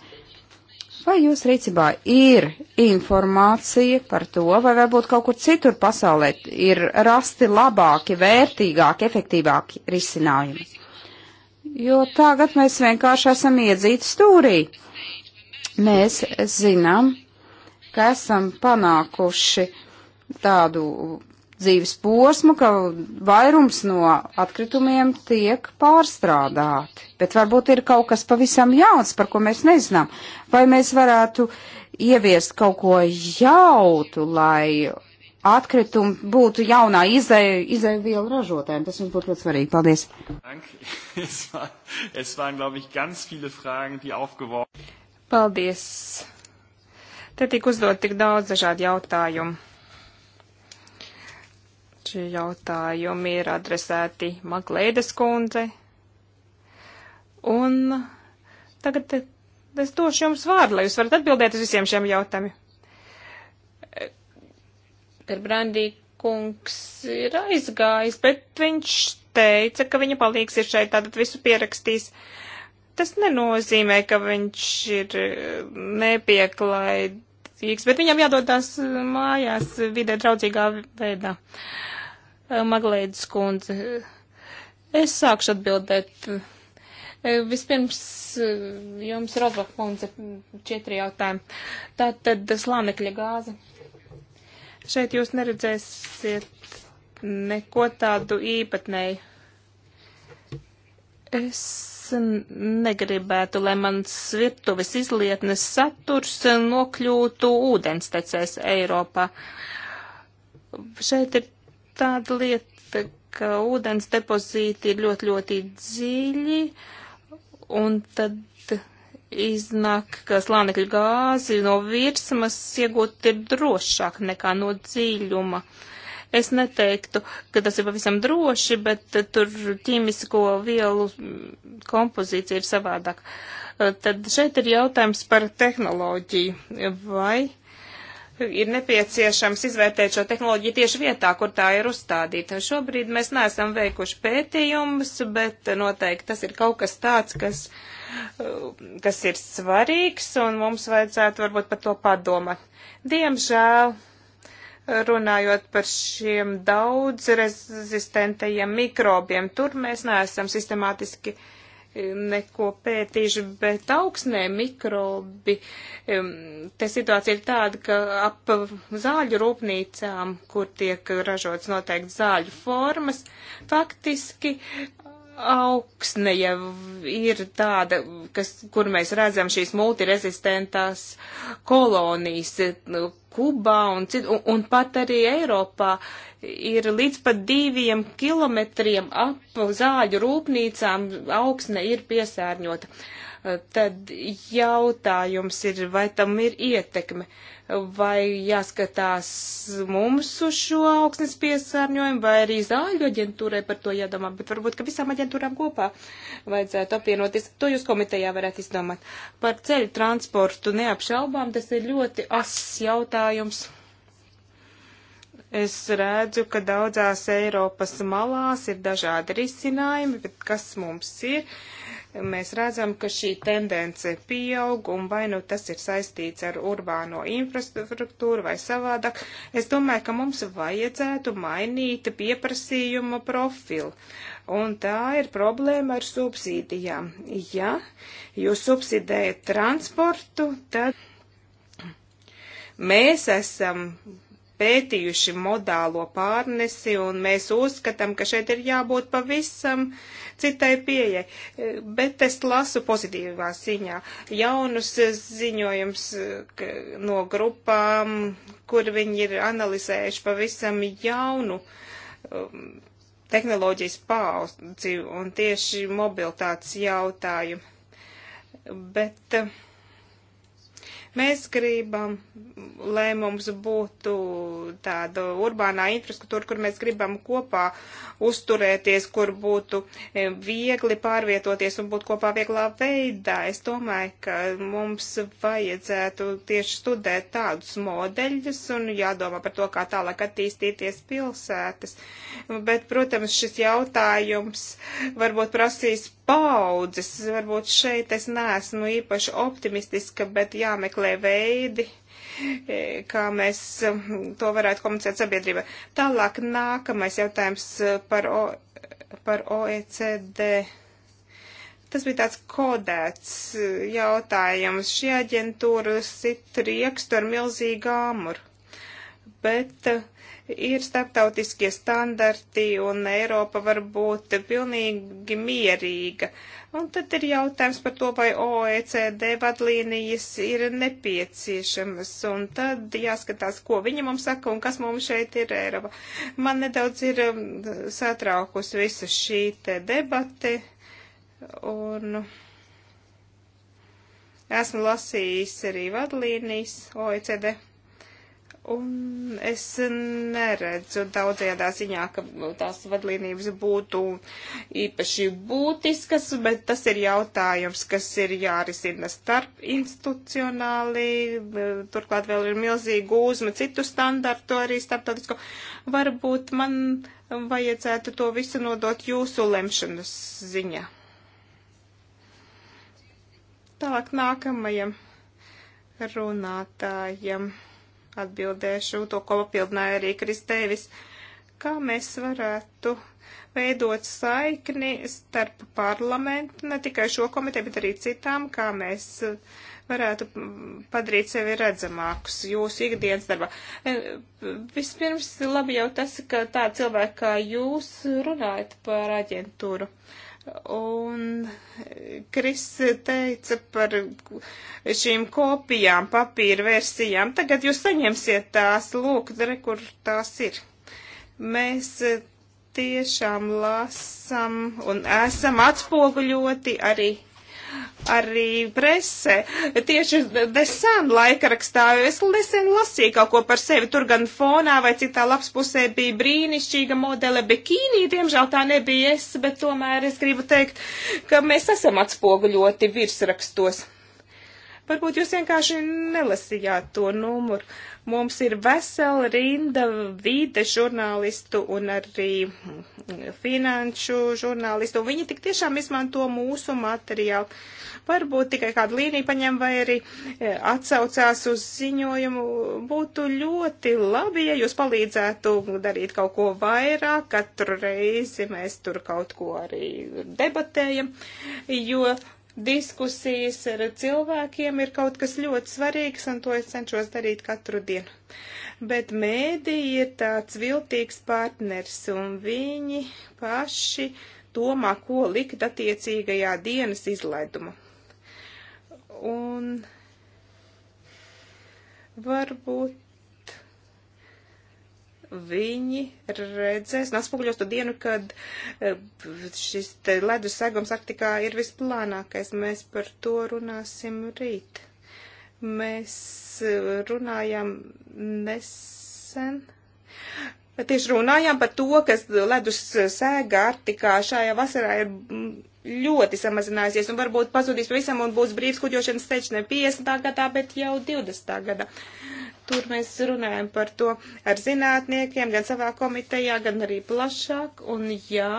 Vai jūs rīcībā ir informācija par to, vai varbūt kaut kur citur pasaulē ir rasti labāki, vērtīgāki, efektīvāki risinājumi? Jo tagad mēs vienkārši esam iedzīti stūrī. Mēs zinām, ka esam panākuši tādu dzīves posmu, ka vairums no atkritumiem tiek pārstrādāti. Bet varbūt ir kaut kas pavisam jauns, par ko mēs nezinām. Vai mēs varētu ieviest kaut ko jautu, lai atkritumi būtu jaunā izēju, izēju vielu ražotājiem. Tas mums būtu ļoti svarīgi. Paldies! Paldies! Te tika uzdot tik daudz dažādu jautājumu. Šie jautājumi ir adresēti Maglēdes kundze. Un tagad es došu jums vārdu, lai jūs varat atbildēt uz visiem šiem jautājumiem. Gerbrandī kungs ir aizgājis, bet viņš teica, ka viņa palīgs ir šeit, tātad visu pierakstīs. Tas nenozīmē, ka viņš ir eh, nepieklaidīgs, bet viņam jādodas mājās vidē draudzīgā veidā. Uh, Eh, Maglēdas kundze. Eh, es sākšu atbildēt. Eh, vispirms jums, Rozva kundze, četri jautājumi. Tātad slānekļa gāze. Šeit jūs neredzēsiet neko tādu īpatnēju. Es negribētu, lai mans virtuves izlietnes saturs nokļūtu ūdenstecēs Eiropā. Šeit ir tāda lieta, ka ūdens depozīti ir ļoti, ļoti dziļi, un tad iznāk, ka slānekļa gāzi no virsmas iegūt ir drošāk nekā no dziļuma. Es neteiktu, ka tas ir pavisam droši, bet eh, tur ķīmisko vielu kompozīcija ir savādāk. Eh, tad šeit ir jautājums par tehnoloģiju. Vai uh, ir nepieciešams izvērtēt šo tehnoloģiju tieši vietā, kur tā ir uzstādīta. Šobrīd mēs neesam veikuši pētījumus, bet noteikti tas ir kaut kas tāds, kas, uh, kas ir svarīgs, un mums vajadzētu varbūt par to padomāt. Diemžēl, runājot par šiem daudz rezistentajiem mikrobiem, tur mēs neesam sistemātiski uh, neko pētīšu, bet augsnē mikrobi, te situācija ir tāda, ka ap zāļu rūpnīcām, kur tiek ražots noteikti zāļu formas, faktiski augsne jau ir tāda, kas, kur mēs redzam šīs multirezistentās kolonijas nu, Kubā un, cit, un, un pat arī Eiropā ir līdz pat diviem kilometriem ap zāļu rūpnīcām augsne ir piesārņota. Uh, tad jautājums ir, vai tam ir ietekme, vai jāskatās mums uz šo augsnes piesārņojumu, vai arī zāļu aģentūrai par to jādomā, bet varbūt, ka visām aģentūrām kopā vajadzētu apvienoties. To jūs komitejā varētu izdomāt. Par ceļu transportu neapšaubām tas ir ļoti ass jautājums. Es redzu, ka daudzās Eiropas malās ir dažādi risinājumi, bet kas mums ir? mēs redzam, ka šī tendence pieaug, un vai nu tas ir saistīts ar urbāno infrastruktūru vai savādāk, es domāju, ka mums vajadzētu mainīt pieprasījuma profilu. Un tā ir problēma ar subsīdijām. Ja jūs subsidējat transportu, tad mēs esam pētījuši modālo pārnesi, un mēs uzskatām, ka šeit ir jābūt pavisam uh, citai pieejai. Bet es lasu pozitīvā ziņā jaunus ziņojums no grupām, kur viņi ir analizējuši pavisam jaunu um, tehnoloģijas paudzi un tieši mobilitātes jautājumu. Bet uh, Mēs gribam, lai mums būtu tāda urbānā infrastruktūra, kur mēs gribam kopā uzturēties, kur būtu e, viegli pārvietoties un būt kopā vieglā veidā. Es domāju, ka mums vajadzētu tieši studēt tādus modeļus un jādomā par to, kā tālāk attīstīties pilsētas. Bet, protams, šis jautājums varbūt prasīs paudzes. Varbūt šeit es neesmu īpaši optimistiska, bet jāmeklē veidi, e, kā mēs um, to varētu komunicēt sabiedrībai. Tālāk nākamais jautājums e, par, o, par OECD. Tas bija tāds kodēts e, jautājums. Šī aģentūra sit riekstu ar milzīgu āmuru. Bet uh, ir starptautiskie standarti un Eiropa var būt pilnīgi mierīga. Un tad ir jautājums par to, vai OECD vadlīnijas ir nepieciešamas. Un tad jāskatās, ko viņi mums saka un kas mums šeit ir Eiropa. Man nedaudz ir um, satraukus visa šī te debate. Un esmu lasījis arī vadlīnijas OECD Un es neredzu daudzajā ziņā, ka tās vadlīnības būtu īpaši būtiskas, bet tas ir jautājums, kas ir jārisina starp institucionāli. Turklāt vēl ir milzīga uzma citu standartu arī starptautisko. Varbūt man vajadzētu to visu nodot jūsu lemšanas ziņā. Tālāk nākamajam runātājam atbildēšu, to, ko papildināja arī Kristēvis. Kā mēs varētu veidot saikni starp parlamentu, ne tikai šo komiteju, bet arī citām, kā mēs varētu padarīt sevi redzamākus jūsu ikdienas darbā. E, vispirms labi jau tas, ka tā cilvēka kā jūs runājat par aģentūru. Uh, Un Kris teica par šīm kopijām, papīra versijām. Tagad jūs saņemsiet tās, lūk, re, kur tās ir. Mēs tiešām lasam un esam atspoguļoti arī arī presē. Tieši desen laikrakstā es nesen lasīju kaut ko par sevi. Tur gan fonā vai citā labs pusē bija brīnišķīga modele bikīnī. Diemžēl tā nebija es, bet tomēr es gribu teikt, ka mēs esam atspoguļoti virsrakstos. Varbūt jūs vienkārši nelasījāt to numuru. Mums ir vesela rinda vīde žurnālistu un arī finanšu žurnālistu, un viņi tik tiešām izmanto mūsu materiālu. Varbūt tikai kādu līniju paņem vai arī e, atsaucās uz ziņojumu. Būtu ļoti labi, ja jūs palīdzētu darīt kaut ko vairāk, katru reizi mēs tur kaut ko arī debatējam, jo diskusijas ar cilvēkiem ir kaut kas ļoti svarīgs, un to es cenšos darīt katru dienu. Bet mēdī ir tāds viltīgs partners, un viņi paši domā, ko likt attiecīgajā dienas izlaiduma. Un varbūt viņi redzēs un atspoguļos to dienu, kad eh, šis ledus segums Arktikā ir visplānākais. Mēs par to runāsim rīt. Mēs eh, runājam nesen. Tieši runājām par to, ka ledus sēga Arktikā šajā vasarā ir mm, ļoti samazinājusies un varbūt pazudīs pavisam un būs brīvs kuģošanas ceļš ne 50. gadā, bet jau 20. gadā. Uh, Tur mēs runājam par to ar zinātniekiem, gan savā komitejā, gan arī plašāk. Un jā,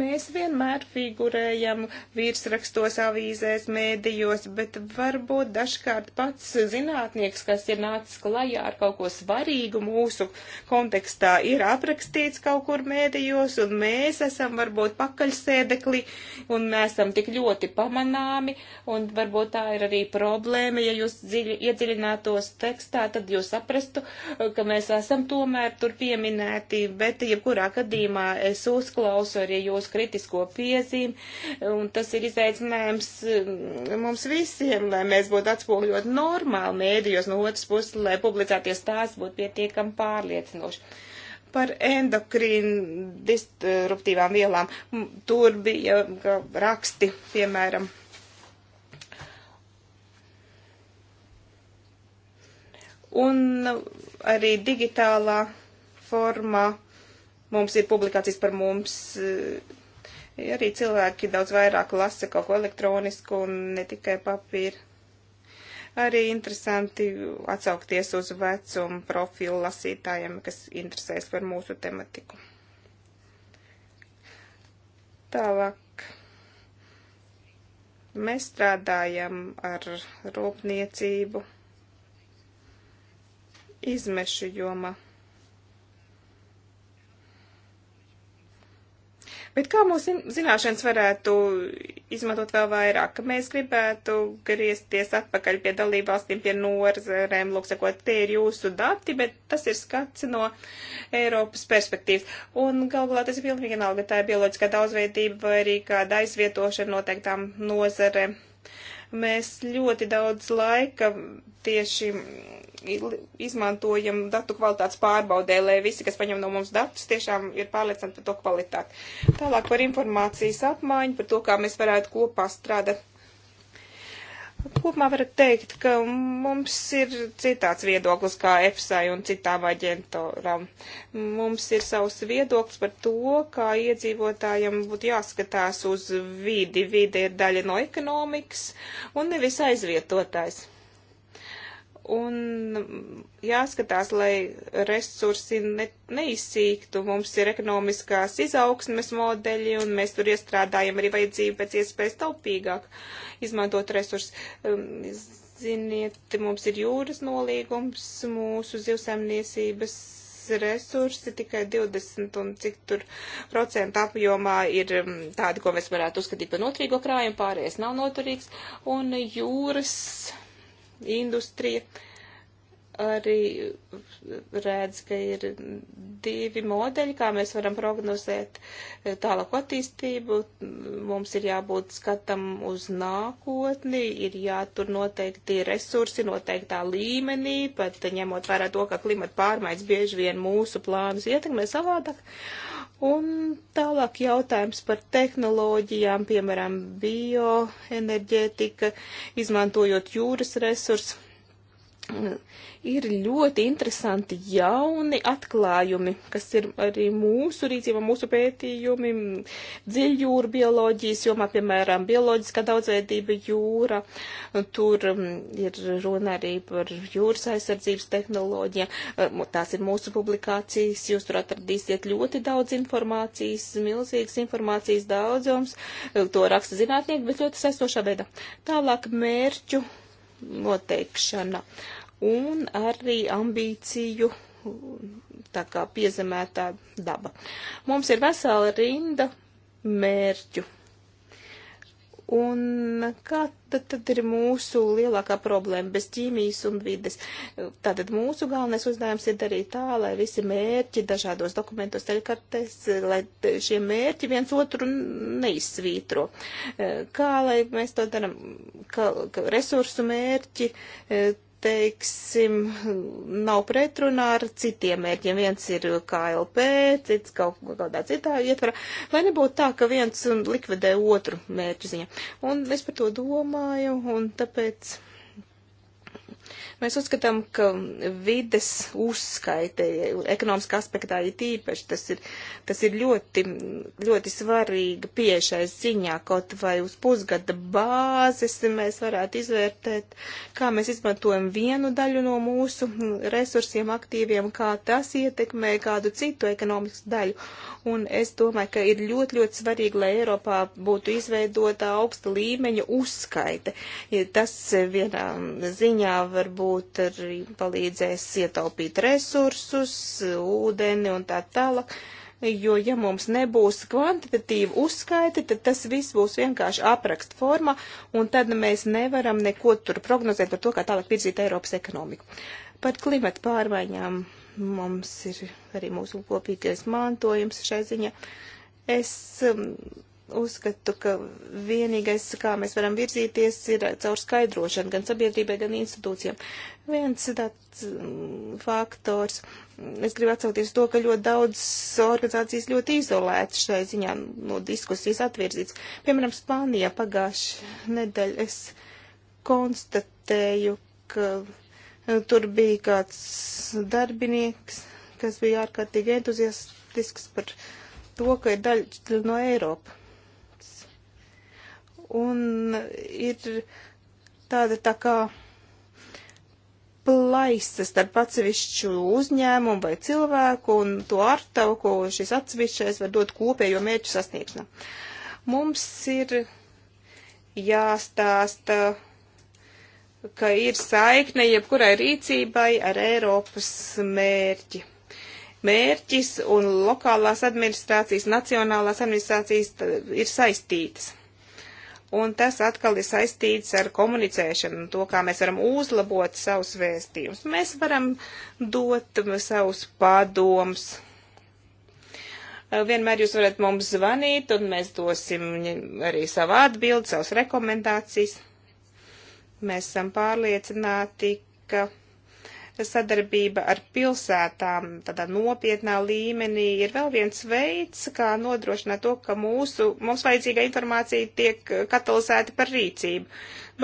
mēs vienmēr figurējam virsrakstos, avīzēs, mēdījos, bet varbūt dažkārt pats zinātnieks, kas ir nācis klajā ar kaut ko svarīgu mūsu kontekstā, ir aprakstīts kaut kur mēdījos, un mēs esam varbūt pakaļsēdekli, un mēs esam tik ļoti pamanāmi, un varbūt tā ir arī problēma, ja jūs dziļi iedziļinātos tekstā, tad jūs saprastu, ka mēs esam tomēr tur pieminēti, bet jebkurā gadījumā es uzklausu arī jūsu kritisko piezīmi, un tas ir izaicinājums mm, mums visiem, lai mēs būtu atspoguļot normāli mēdījos, no otras puses, lai publicēties tās būtu pietiekami pārliecinoši par endokrīnu disruptīvām vielām. Tur bija raksti, piemēram, un arī digitālā formā mums ir publikācijas par mums. E, arī cilvēki daudz vairāk lasa kaut ko elektronisku un ne tikai papīru. Arī interesanti atsaukties uz vecumu profilu lasītājiem, kas interesēs par mūsu tematiku. Tālāk mēs strādājam ar rūpniecību izmešu jomā. Bet kā mūsu zināšanas varētu izmantot vēl vairāk, ka mēs gribētu griezties atpakaļ pie dalībvalstīm, pie norzerēm, lūk, sakot, tie ir jūsu dati, bet tas ir skats no Eiropas perspektīvas. Un galvā tas ir pilnīgi vienalga, tā ir bioloģiskā daudzveidība vai arī kāda aizvietošana noteiktām nozerēm. Mēs ļoti daudz laika tieši izmantojam datu kvalitātes pārbaudē, lai visi, kas paņem no mums datus, tiešām ir pārliecināti par to kvalitāti. Tālāk par informācijas apmaiņu, par to, kā mēs varētu kopā strādāt Kopumā var teikt, ka mums ir citāds viedoklis kā EFSAI un citām aģentūram. Mums ir savs viedoklis par to, kā iedzīvotājiem būtu jāskatās uz vidi. Vide ir daļa no ekonomikas un nevis aizvietotājs un jāskatās, lai resursi ne, neizsīktu. Mums ir ekonomiskās izaugsmes modeļi, un mēs tur iestrādājam arī vajadzību pēc iespējas taupīgāk izmantot resursus. Um, ziniet, mums ir jūras nolīgums, mūsu zivsaimniecības resursi tikai 20 un cik tur procentu apjomā ir um, tādi, ko mēs varētu uzskatīt par noturīgo krājumu, pārējais nav noturīgs, un jūras industrija arī redz, ka ir divi modeļi, kā mēs varam prognozēt tālāku attīstību. Mums ir jābūt skatam uz nākotni, ir jātur noteikti resursi noteiktā līmenī, pat ņemot vērā to, ka klimata pārmaiņas bieži vien mūsu plānus ietekmē savādāk. Un tālāk jautājums par tehnoloģijām, piemēram, bioenerģētika, izmantojot jūras resursus ir ļoti interesanti jauni atklājumi, kas ir arī mūsu rīcībā, mūsu pētījumi dziļjūra bioloģijas jomā, piemēram, bioloģiskā daudzveidība jūra. Tur um, ir runa arī par jūras aizsardzības tehnoloģijām. Um, tās ir mūsu publikācijas. Jūs tur atradīsiet ļoti daudz informācijas, milzīgas informācijas daudzums. Um, to raksta zinātnieki, bet ļoti saistošā veidā. Tālāk mērķu noteikšana. Uh, un arī ambīciju tā kā piezemētā daba. Mums ir vesela rinda mērķu. Un kā tad, tad ir mūsu lielākā problēma bez ķīmijas un vides? Tātad mūsu galvenais uzdevums ir darīt tā, lai visi mērķi dažādos dokumentos ceļkartēs, lai šie mērķi viens otru neizsvītro. Kā lai mēs to darām? Ka, ka resursu mērķi e, teiksim, nav pretrunā ar citiem mērķiem. Viens ir KLP, cits kaut kādā citā ietvarā. Lai nebūtu tā, ka viens likvidē otru mērķu ziņā. Un es par to domāju, un tāpēc Mēs uzskatām, ka vides uzskaite ekonomiskā aspektā ir tīpaši, tas ir, tas ir ļoti, ļoti svarīga piešai ziņā, kaut vai uz pusgada bāzes mēs varētu izvērtēt, kā mēs izmantojam vienu daļu no mūsu resursiem aktīviem, kā tas ietekmē kādu citu ekonomikas daļu. Un es domāju, ka ir ļoti, ļoti svarīgi, lai Eiropā būtu izveidota augsta līmeņa uzskaite. Tas vienā ziņā varbūt arī palīdzēs ietaupīt resursus, ūdeni un tā tālāk. Jo, ja mums nebūs kvantitatīva uzskaita, tad tas viss būs vienkārši aprakst forma, un tad mēs nevaram neko tur prognozēt par to, kā tālāk virzīt Eiropas ekonomiku. Par klimatu pārmaiņām mums ir arī mūsu kopīgais mantojums šai ziņā. Es um, uzskatu, ka vienīgais, kā mēs varam virzīties, ir caur skaidrošanu gan sabiedrībai, gan institūcijām. Viens tāds mm, faktors, es gribu atsaukties to, ka ļoti daudz organizācijas ļoti izolētas šai ziņā no diskusijas atvirzīts. Piemēram, Spānijā pagājuši nedēļ es konstatēju, ka e, tur bija kāds darbinieks, kas bija ārkārtīgi entuziastisks par to, ka ir daļa no Eiropas un ir tāda tā kā plaisa starp atsevišķu uzņēmumu vai cilvēku un to artavu, ko šis atsevišķais var dot kopējo mērķu sasniegšanā. Mums ir jāstāsta, ka ir saikne jebkurai rīcībai ar Eiropas mērķi. Mērķis un lokālās administrācijas, nacionālās administrācijas ir saistītas un tas atkal ir saistīts ar komunicēšanu, to, kā mēs varam uzlabot savus vēstījumus. Mēs varam dot savus padomus. Vienmēr jūs varat mums zvanīt, un mēs dosim arī savu atbildi, savus rekomendācijas. Mēs esam pārliecināti, ka sadarbība ar pilsētām tādā nopietnā līmenī ir vēl viens veids, kā nodrošināt to, ka mūsu, mums vajadzīgā informācija tiek katalizēta par rīcību.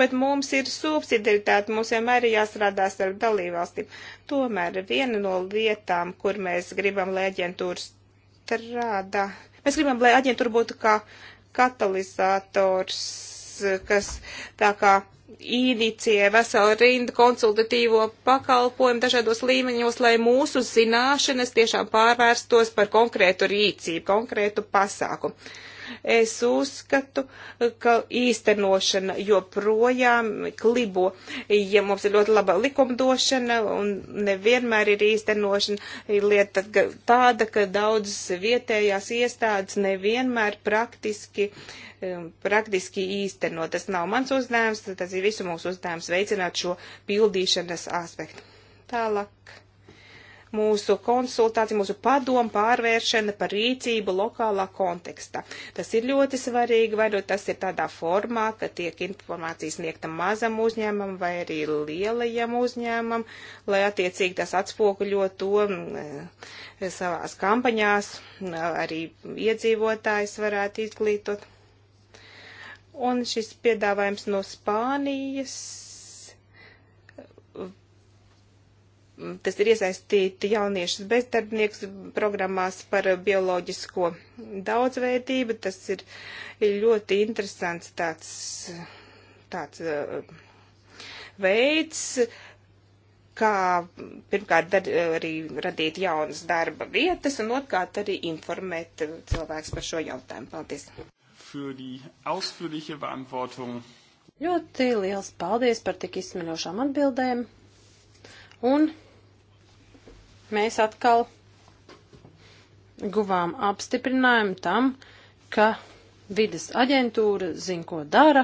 Bet mums ir subsidiaritāte, mums vienmēr ir jāstrādā starp dalībvalstīm. Tomēr viena no lietām, kur mēs gribam, lai aģentūra strādā, mēs gribam, lai aģentūra būtu kā katalizators, kas tā kā inicijē veselu rindu konsultatīvo pakalpojumu dažādos līmeņos, lai mūsu zināšanas tiešām pārvērstos par konkrētu rīcību, konkrētu pasākumu es uzskatu, ka īstenošana joprojām klibo. Ja mums ir ļoti laba likumdošana un nevienmēr ir īstenošana, ir lieta tāda, ka daudzas vietējās iestādes nevienmēr praktiski um, praktiski īstenot. Tas nav mans uzdevums, tas ir visu mūsu uzdevums veicināt šo pildīšanas aspektu. Tālāk mūsu konsultācija, mūsu padomu pārvēršana par rīcību lokālā kontekstā. Tas ir ļoti svarīgi, vai nu tas ir tādā formā, ka tiek informācija sniegta mazam uzņēmumam vai arī lielajam uzņēmumam, lai attiecīgi tas atspoguļo to mm, eh, savās kampaņās, mm, arī iedzīvotājs varētu izglītot. Un šis piedāvājums no Spānijas tas ir iesaistīti jauniešus bezdarbniekus programmās par bioloģisko daudzveidību. Tas ir ļoti interesants tāds, tāds uh, veids, kā pirmkārt dar, arī radīt jaunas darba vietas un otrkārt arī informēt cilvēks par šo jautājumu. Paldies! Ļoti liels paldies par tik izsmeļošām atbildēm. Un mēs atkal guvām apstiprinājumu tam, ka vides aģentūra zin, ko dara,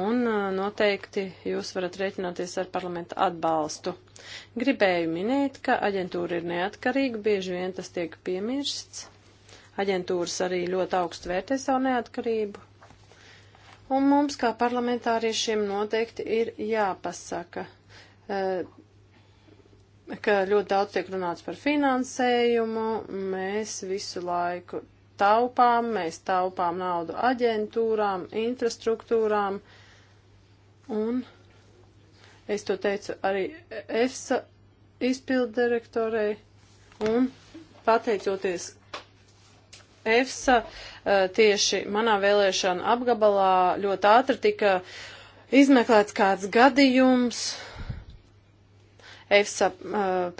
un uh, noteikti jūs varat rēķināties ar parlamenta atbalstu. Gribēju minēt, ka aģentūra ir neatkarīga, bieži vien tas tiek piemirsts. Aģentūras arī ļoti augstu vērtē savu neatkarību. Un mums, kā parlamentāriešiem, noteikti ir jāpasaka, uh, ka ļoti daudz tiek runāts par finansējumu, mēs visu laiku taupām, mēs taupām naudu aģentūrām, infrastruktūrām, un es to teicu arī EFSA izpildirektorei, un pateicoties EFSA eh, tieši manā vēlēšana apgabalā ļoti ātri tika izmeklēts kāds gadījums, EFSA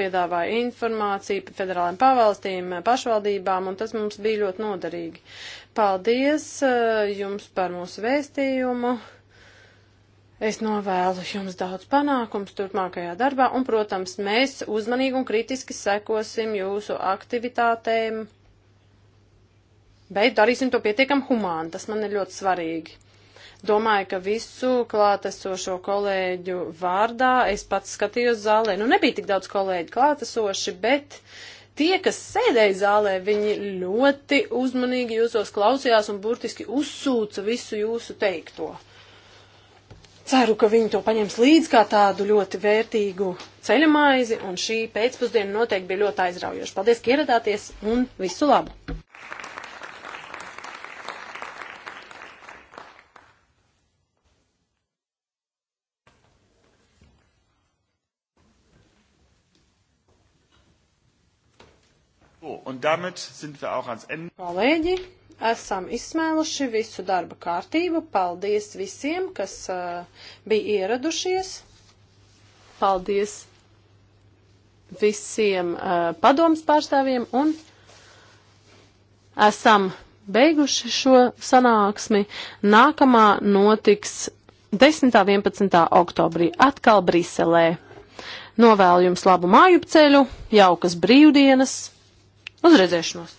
piedāvāja informāciju federālajiem pavalstīm, pašvaldībām, un tas mums bija ļoti noderīgi. Paldies jums par mūsu vēstījumu. Es novēlu jums daudz panākums turpmākajā darbā, un, protams, mēs uzmanīgi un kritiski sekosim jūsu aktivitātēm, bet darīsim to pietiekam humāni, tas man ir ļoti svarīgi. Domāju, ka visu klātesošo kolēģu vārdā es pats skatījos zālē. Nu, nebija tik daudz kolēģu klātesoši, bet tie, kas sēdēja zālē, viņi ļoti uzmanīgi jūsos klausījās un burtiski uzsūca visu jūsu teikto. Ceru, ka viņi to paņems līdzi kā tādu ļoti vērtīgu ceļamaizi, un šī pēcpusdiena noteikti bija ļoti aizraujoša. Paldies, ka ieradāties, un visu labu! Un damit sind wir auch ans Ende. Kolēģi, esam izsmēluši visu darba kārtību. Paldies visiem, kas uh, bija ieradušies. Paldies visiem uh, padomas pārstāvjiem un esam beiguši šo sanāksmi. Nākamā notiks 10. un 11. oktobrī atkal Briselē. Novēlu jums labu mājup ceļu, jaukas brīvdienas! Uz redzēšanos!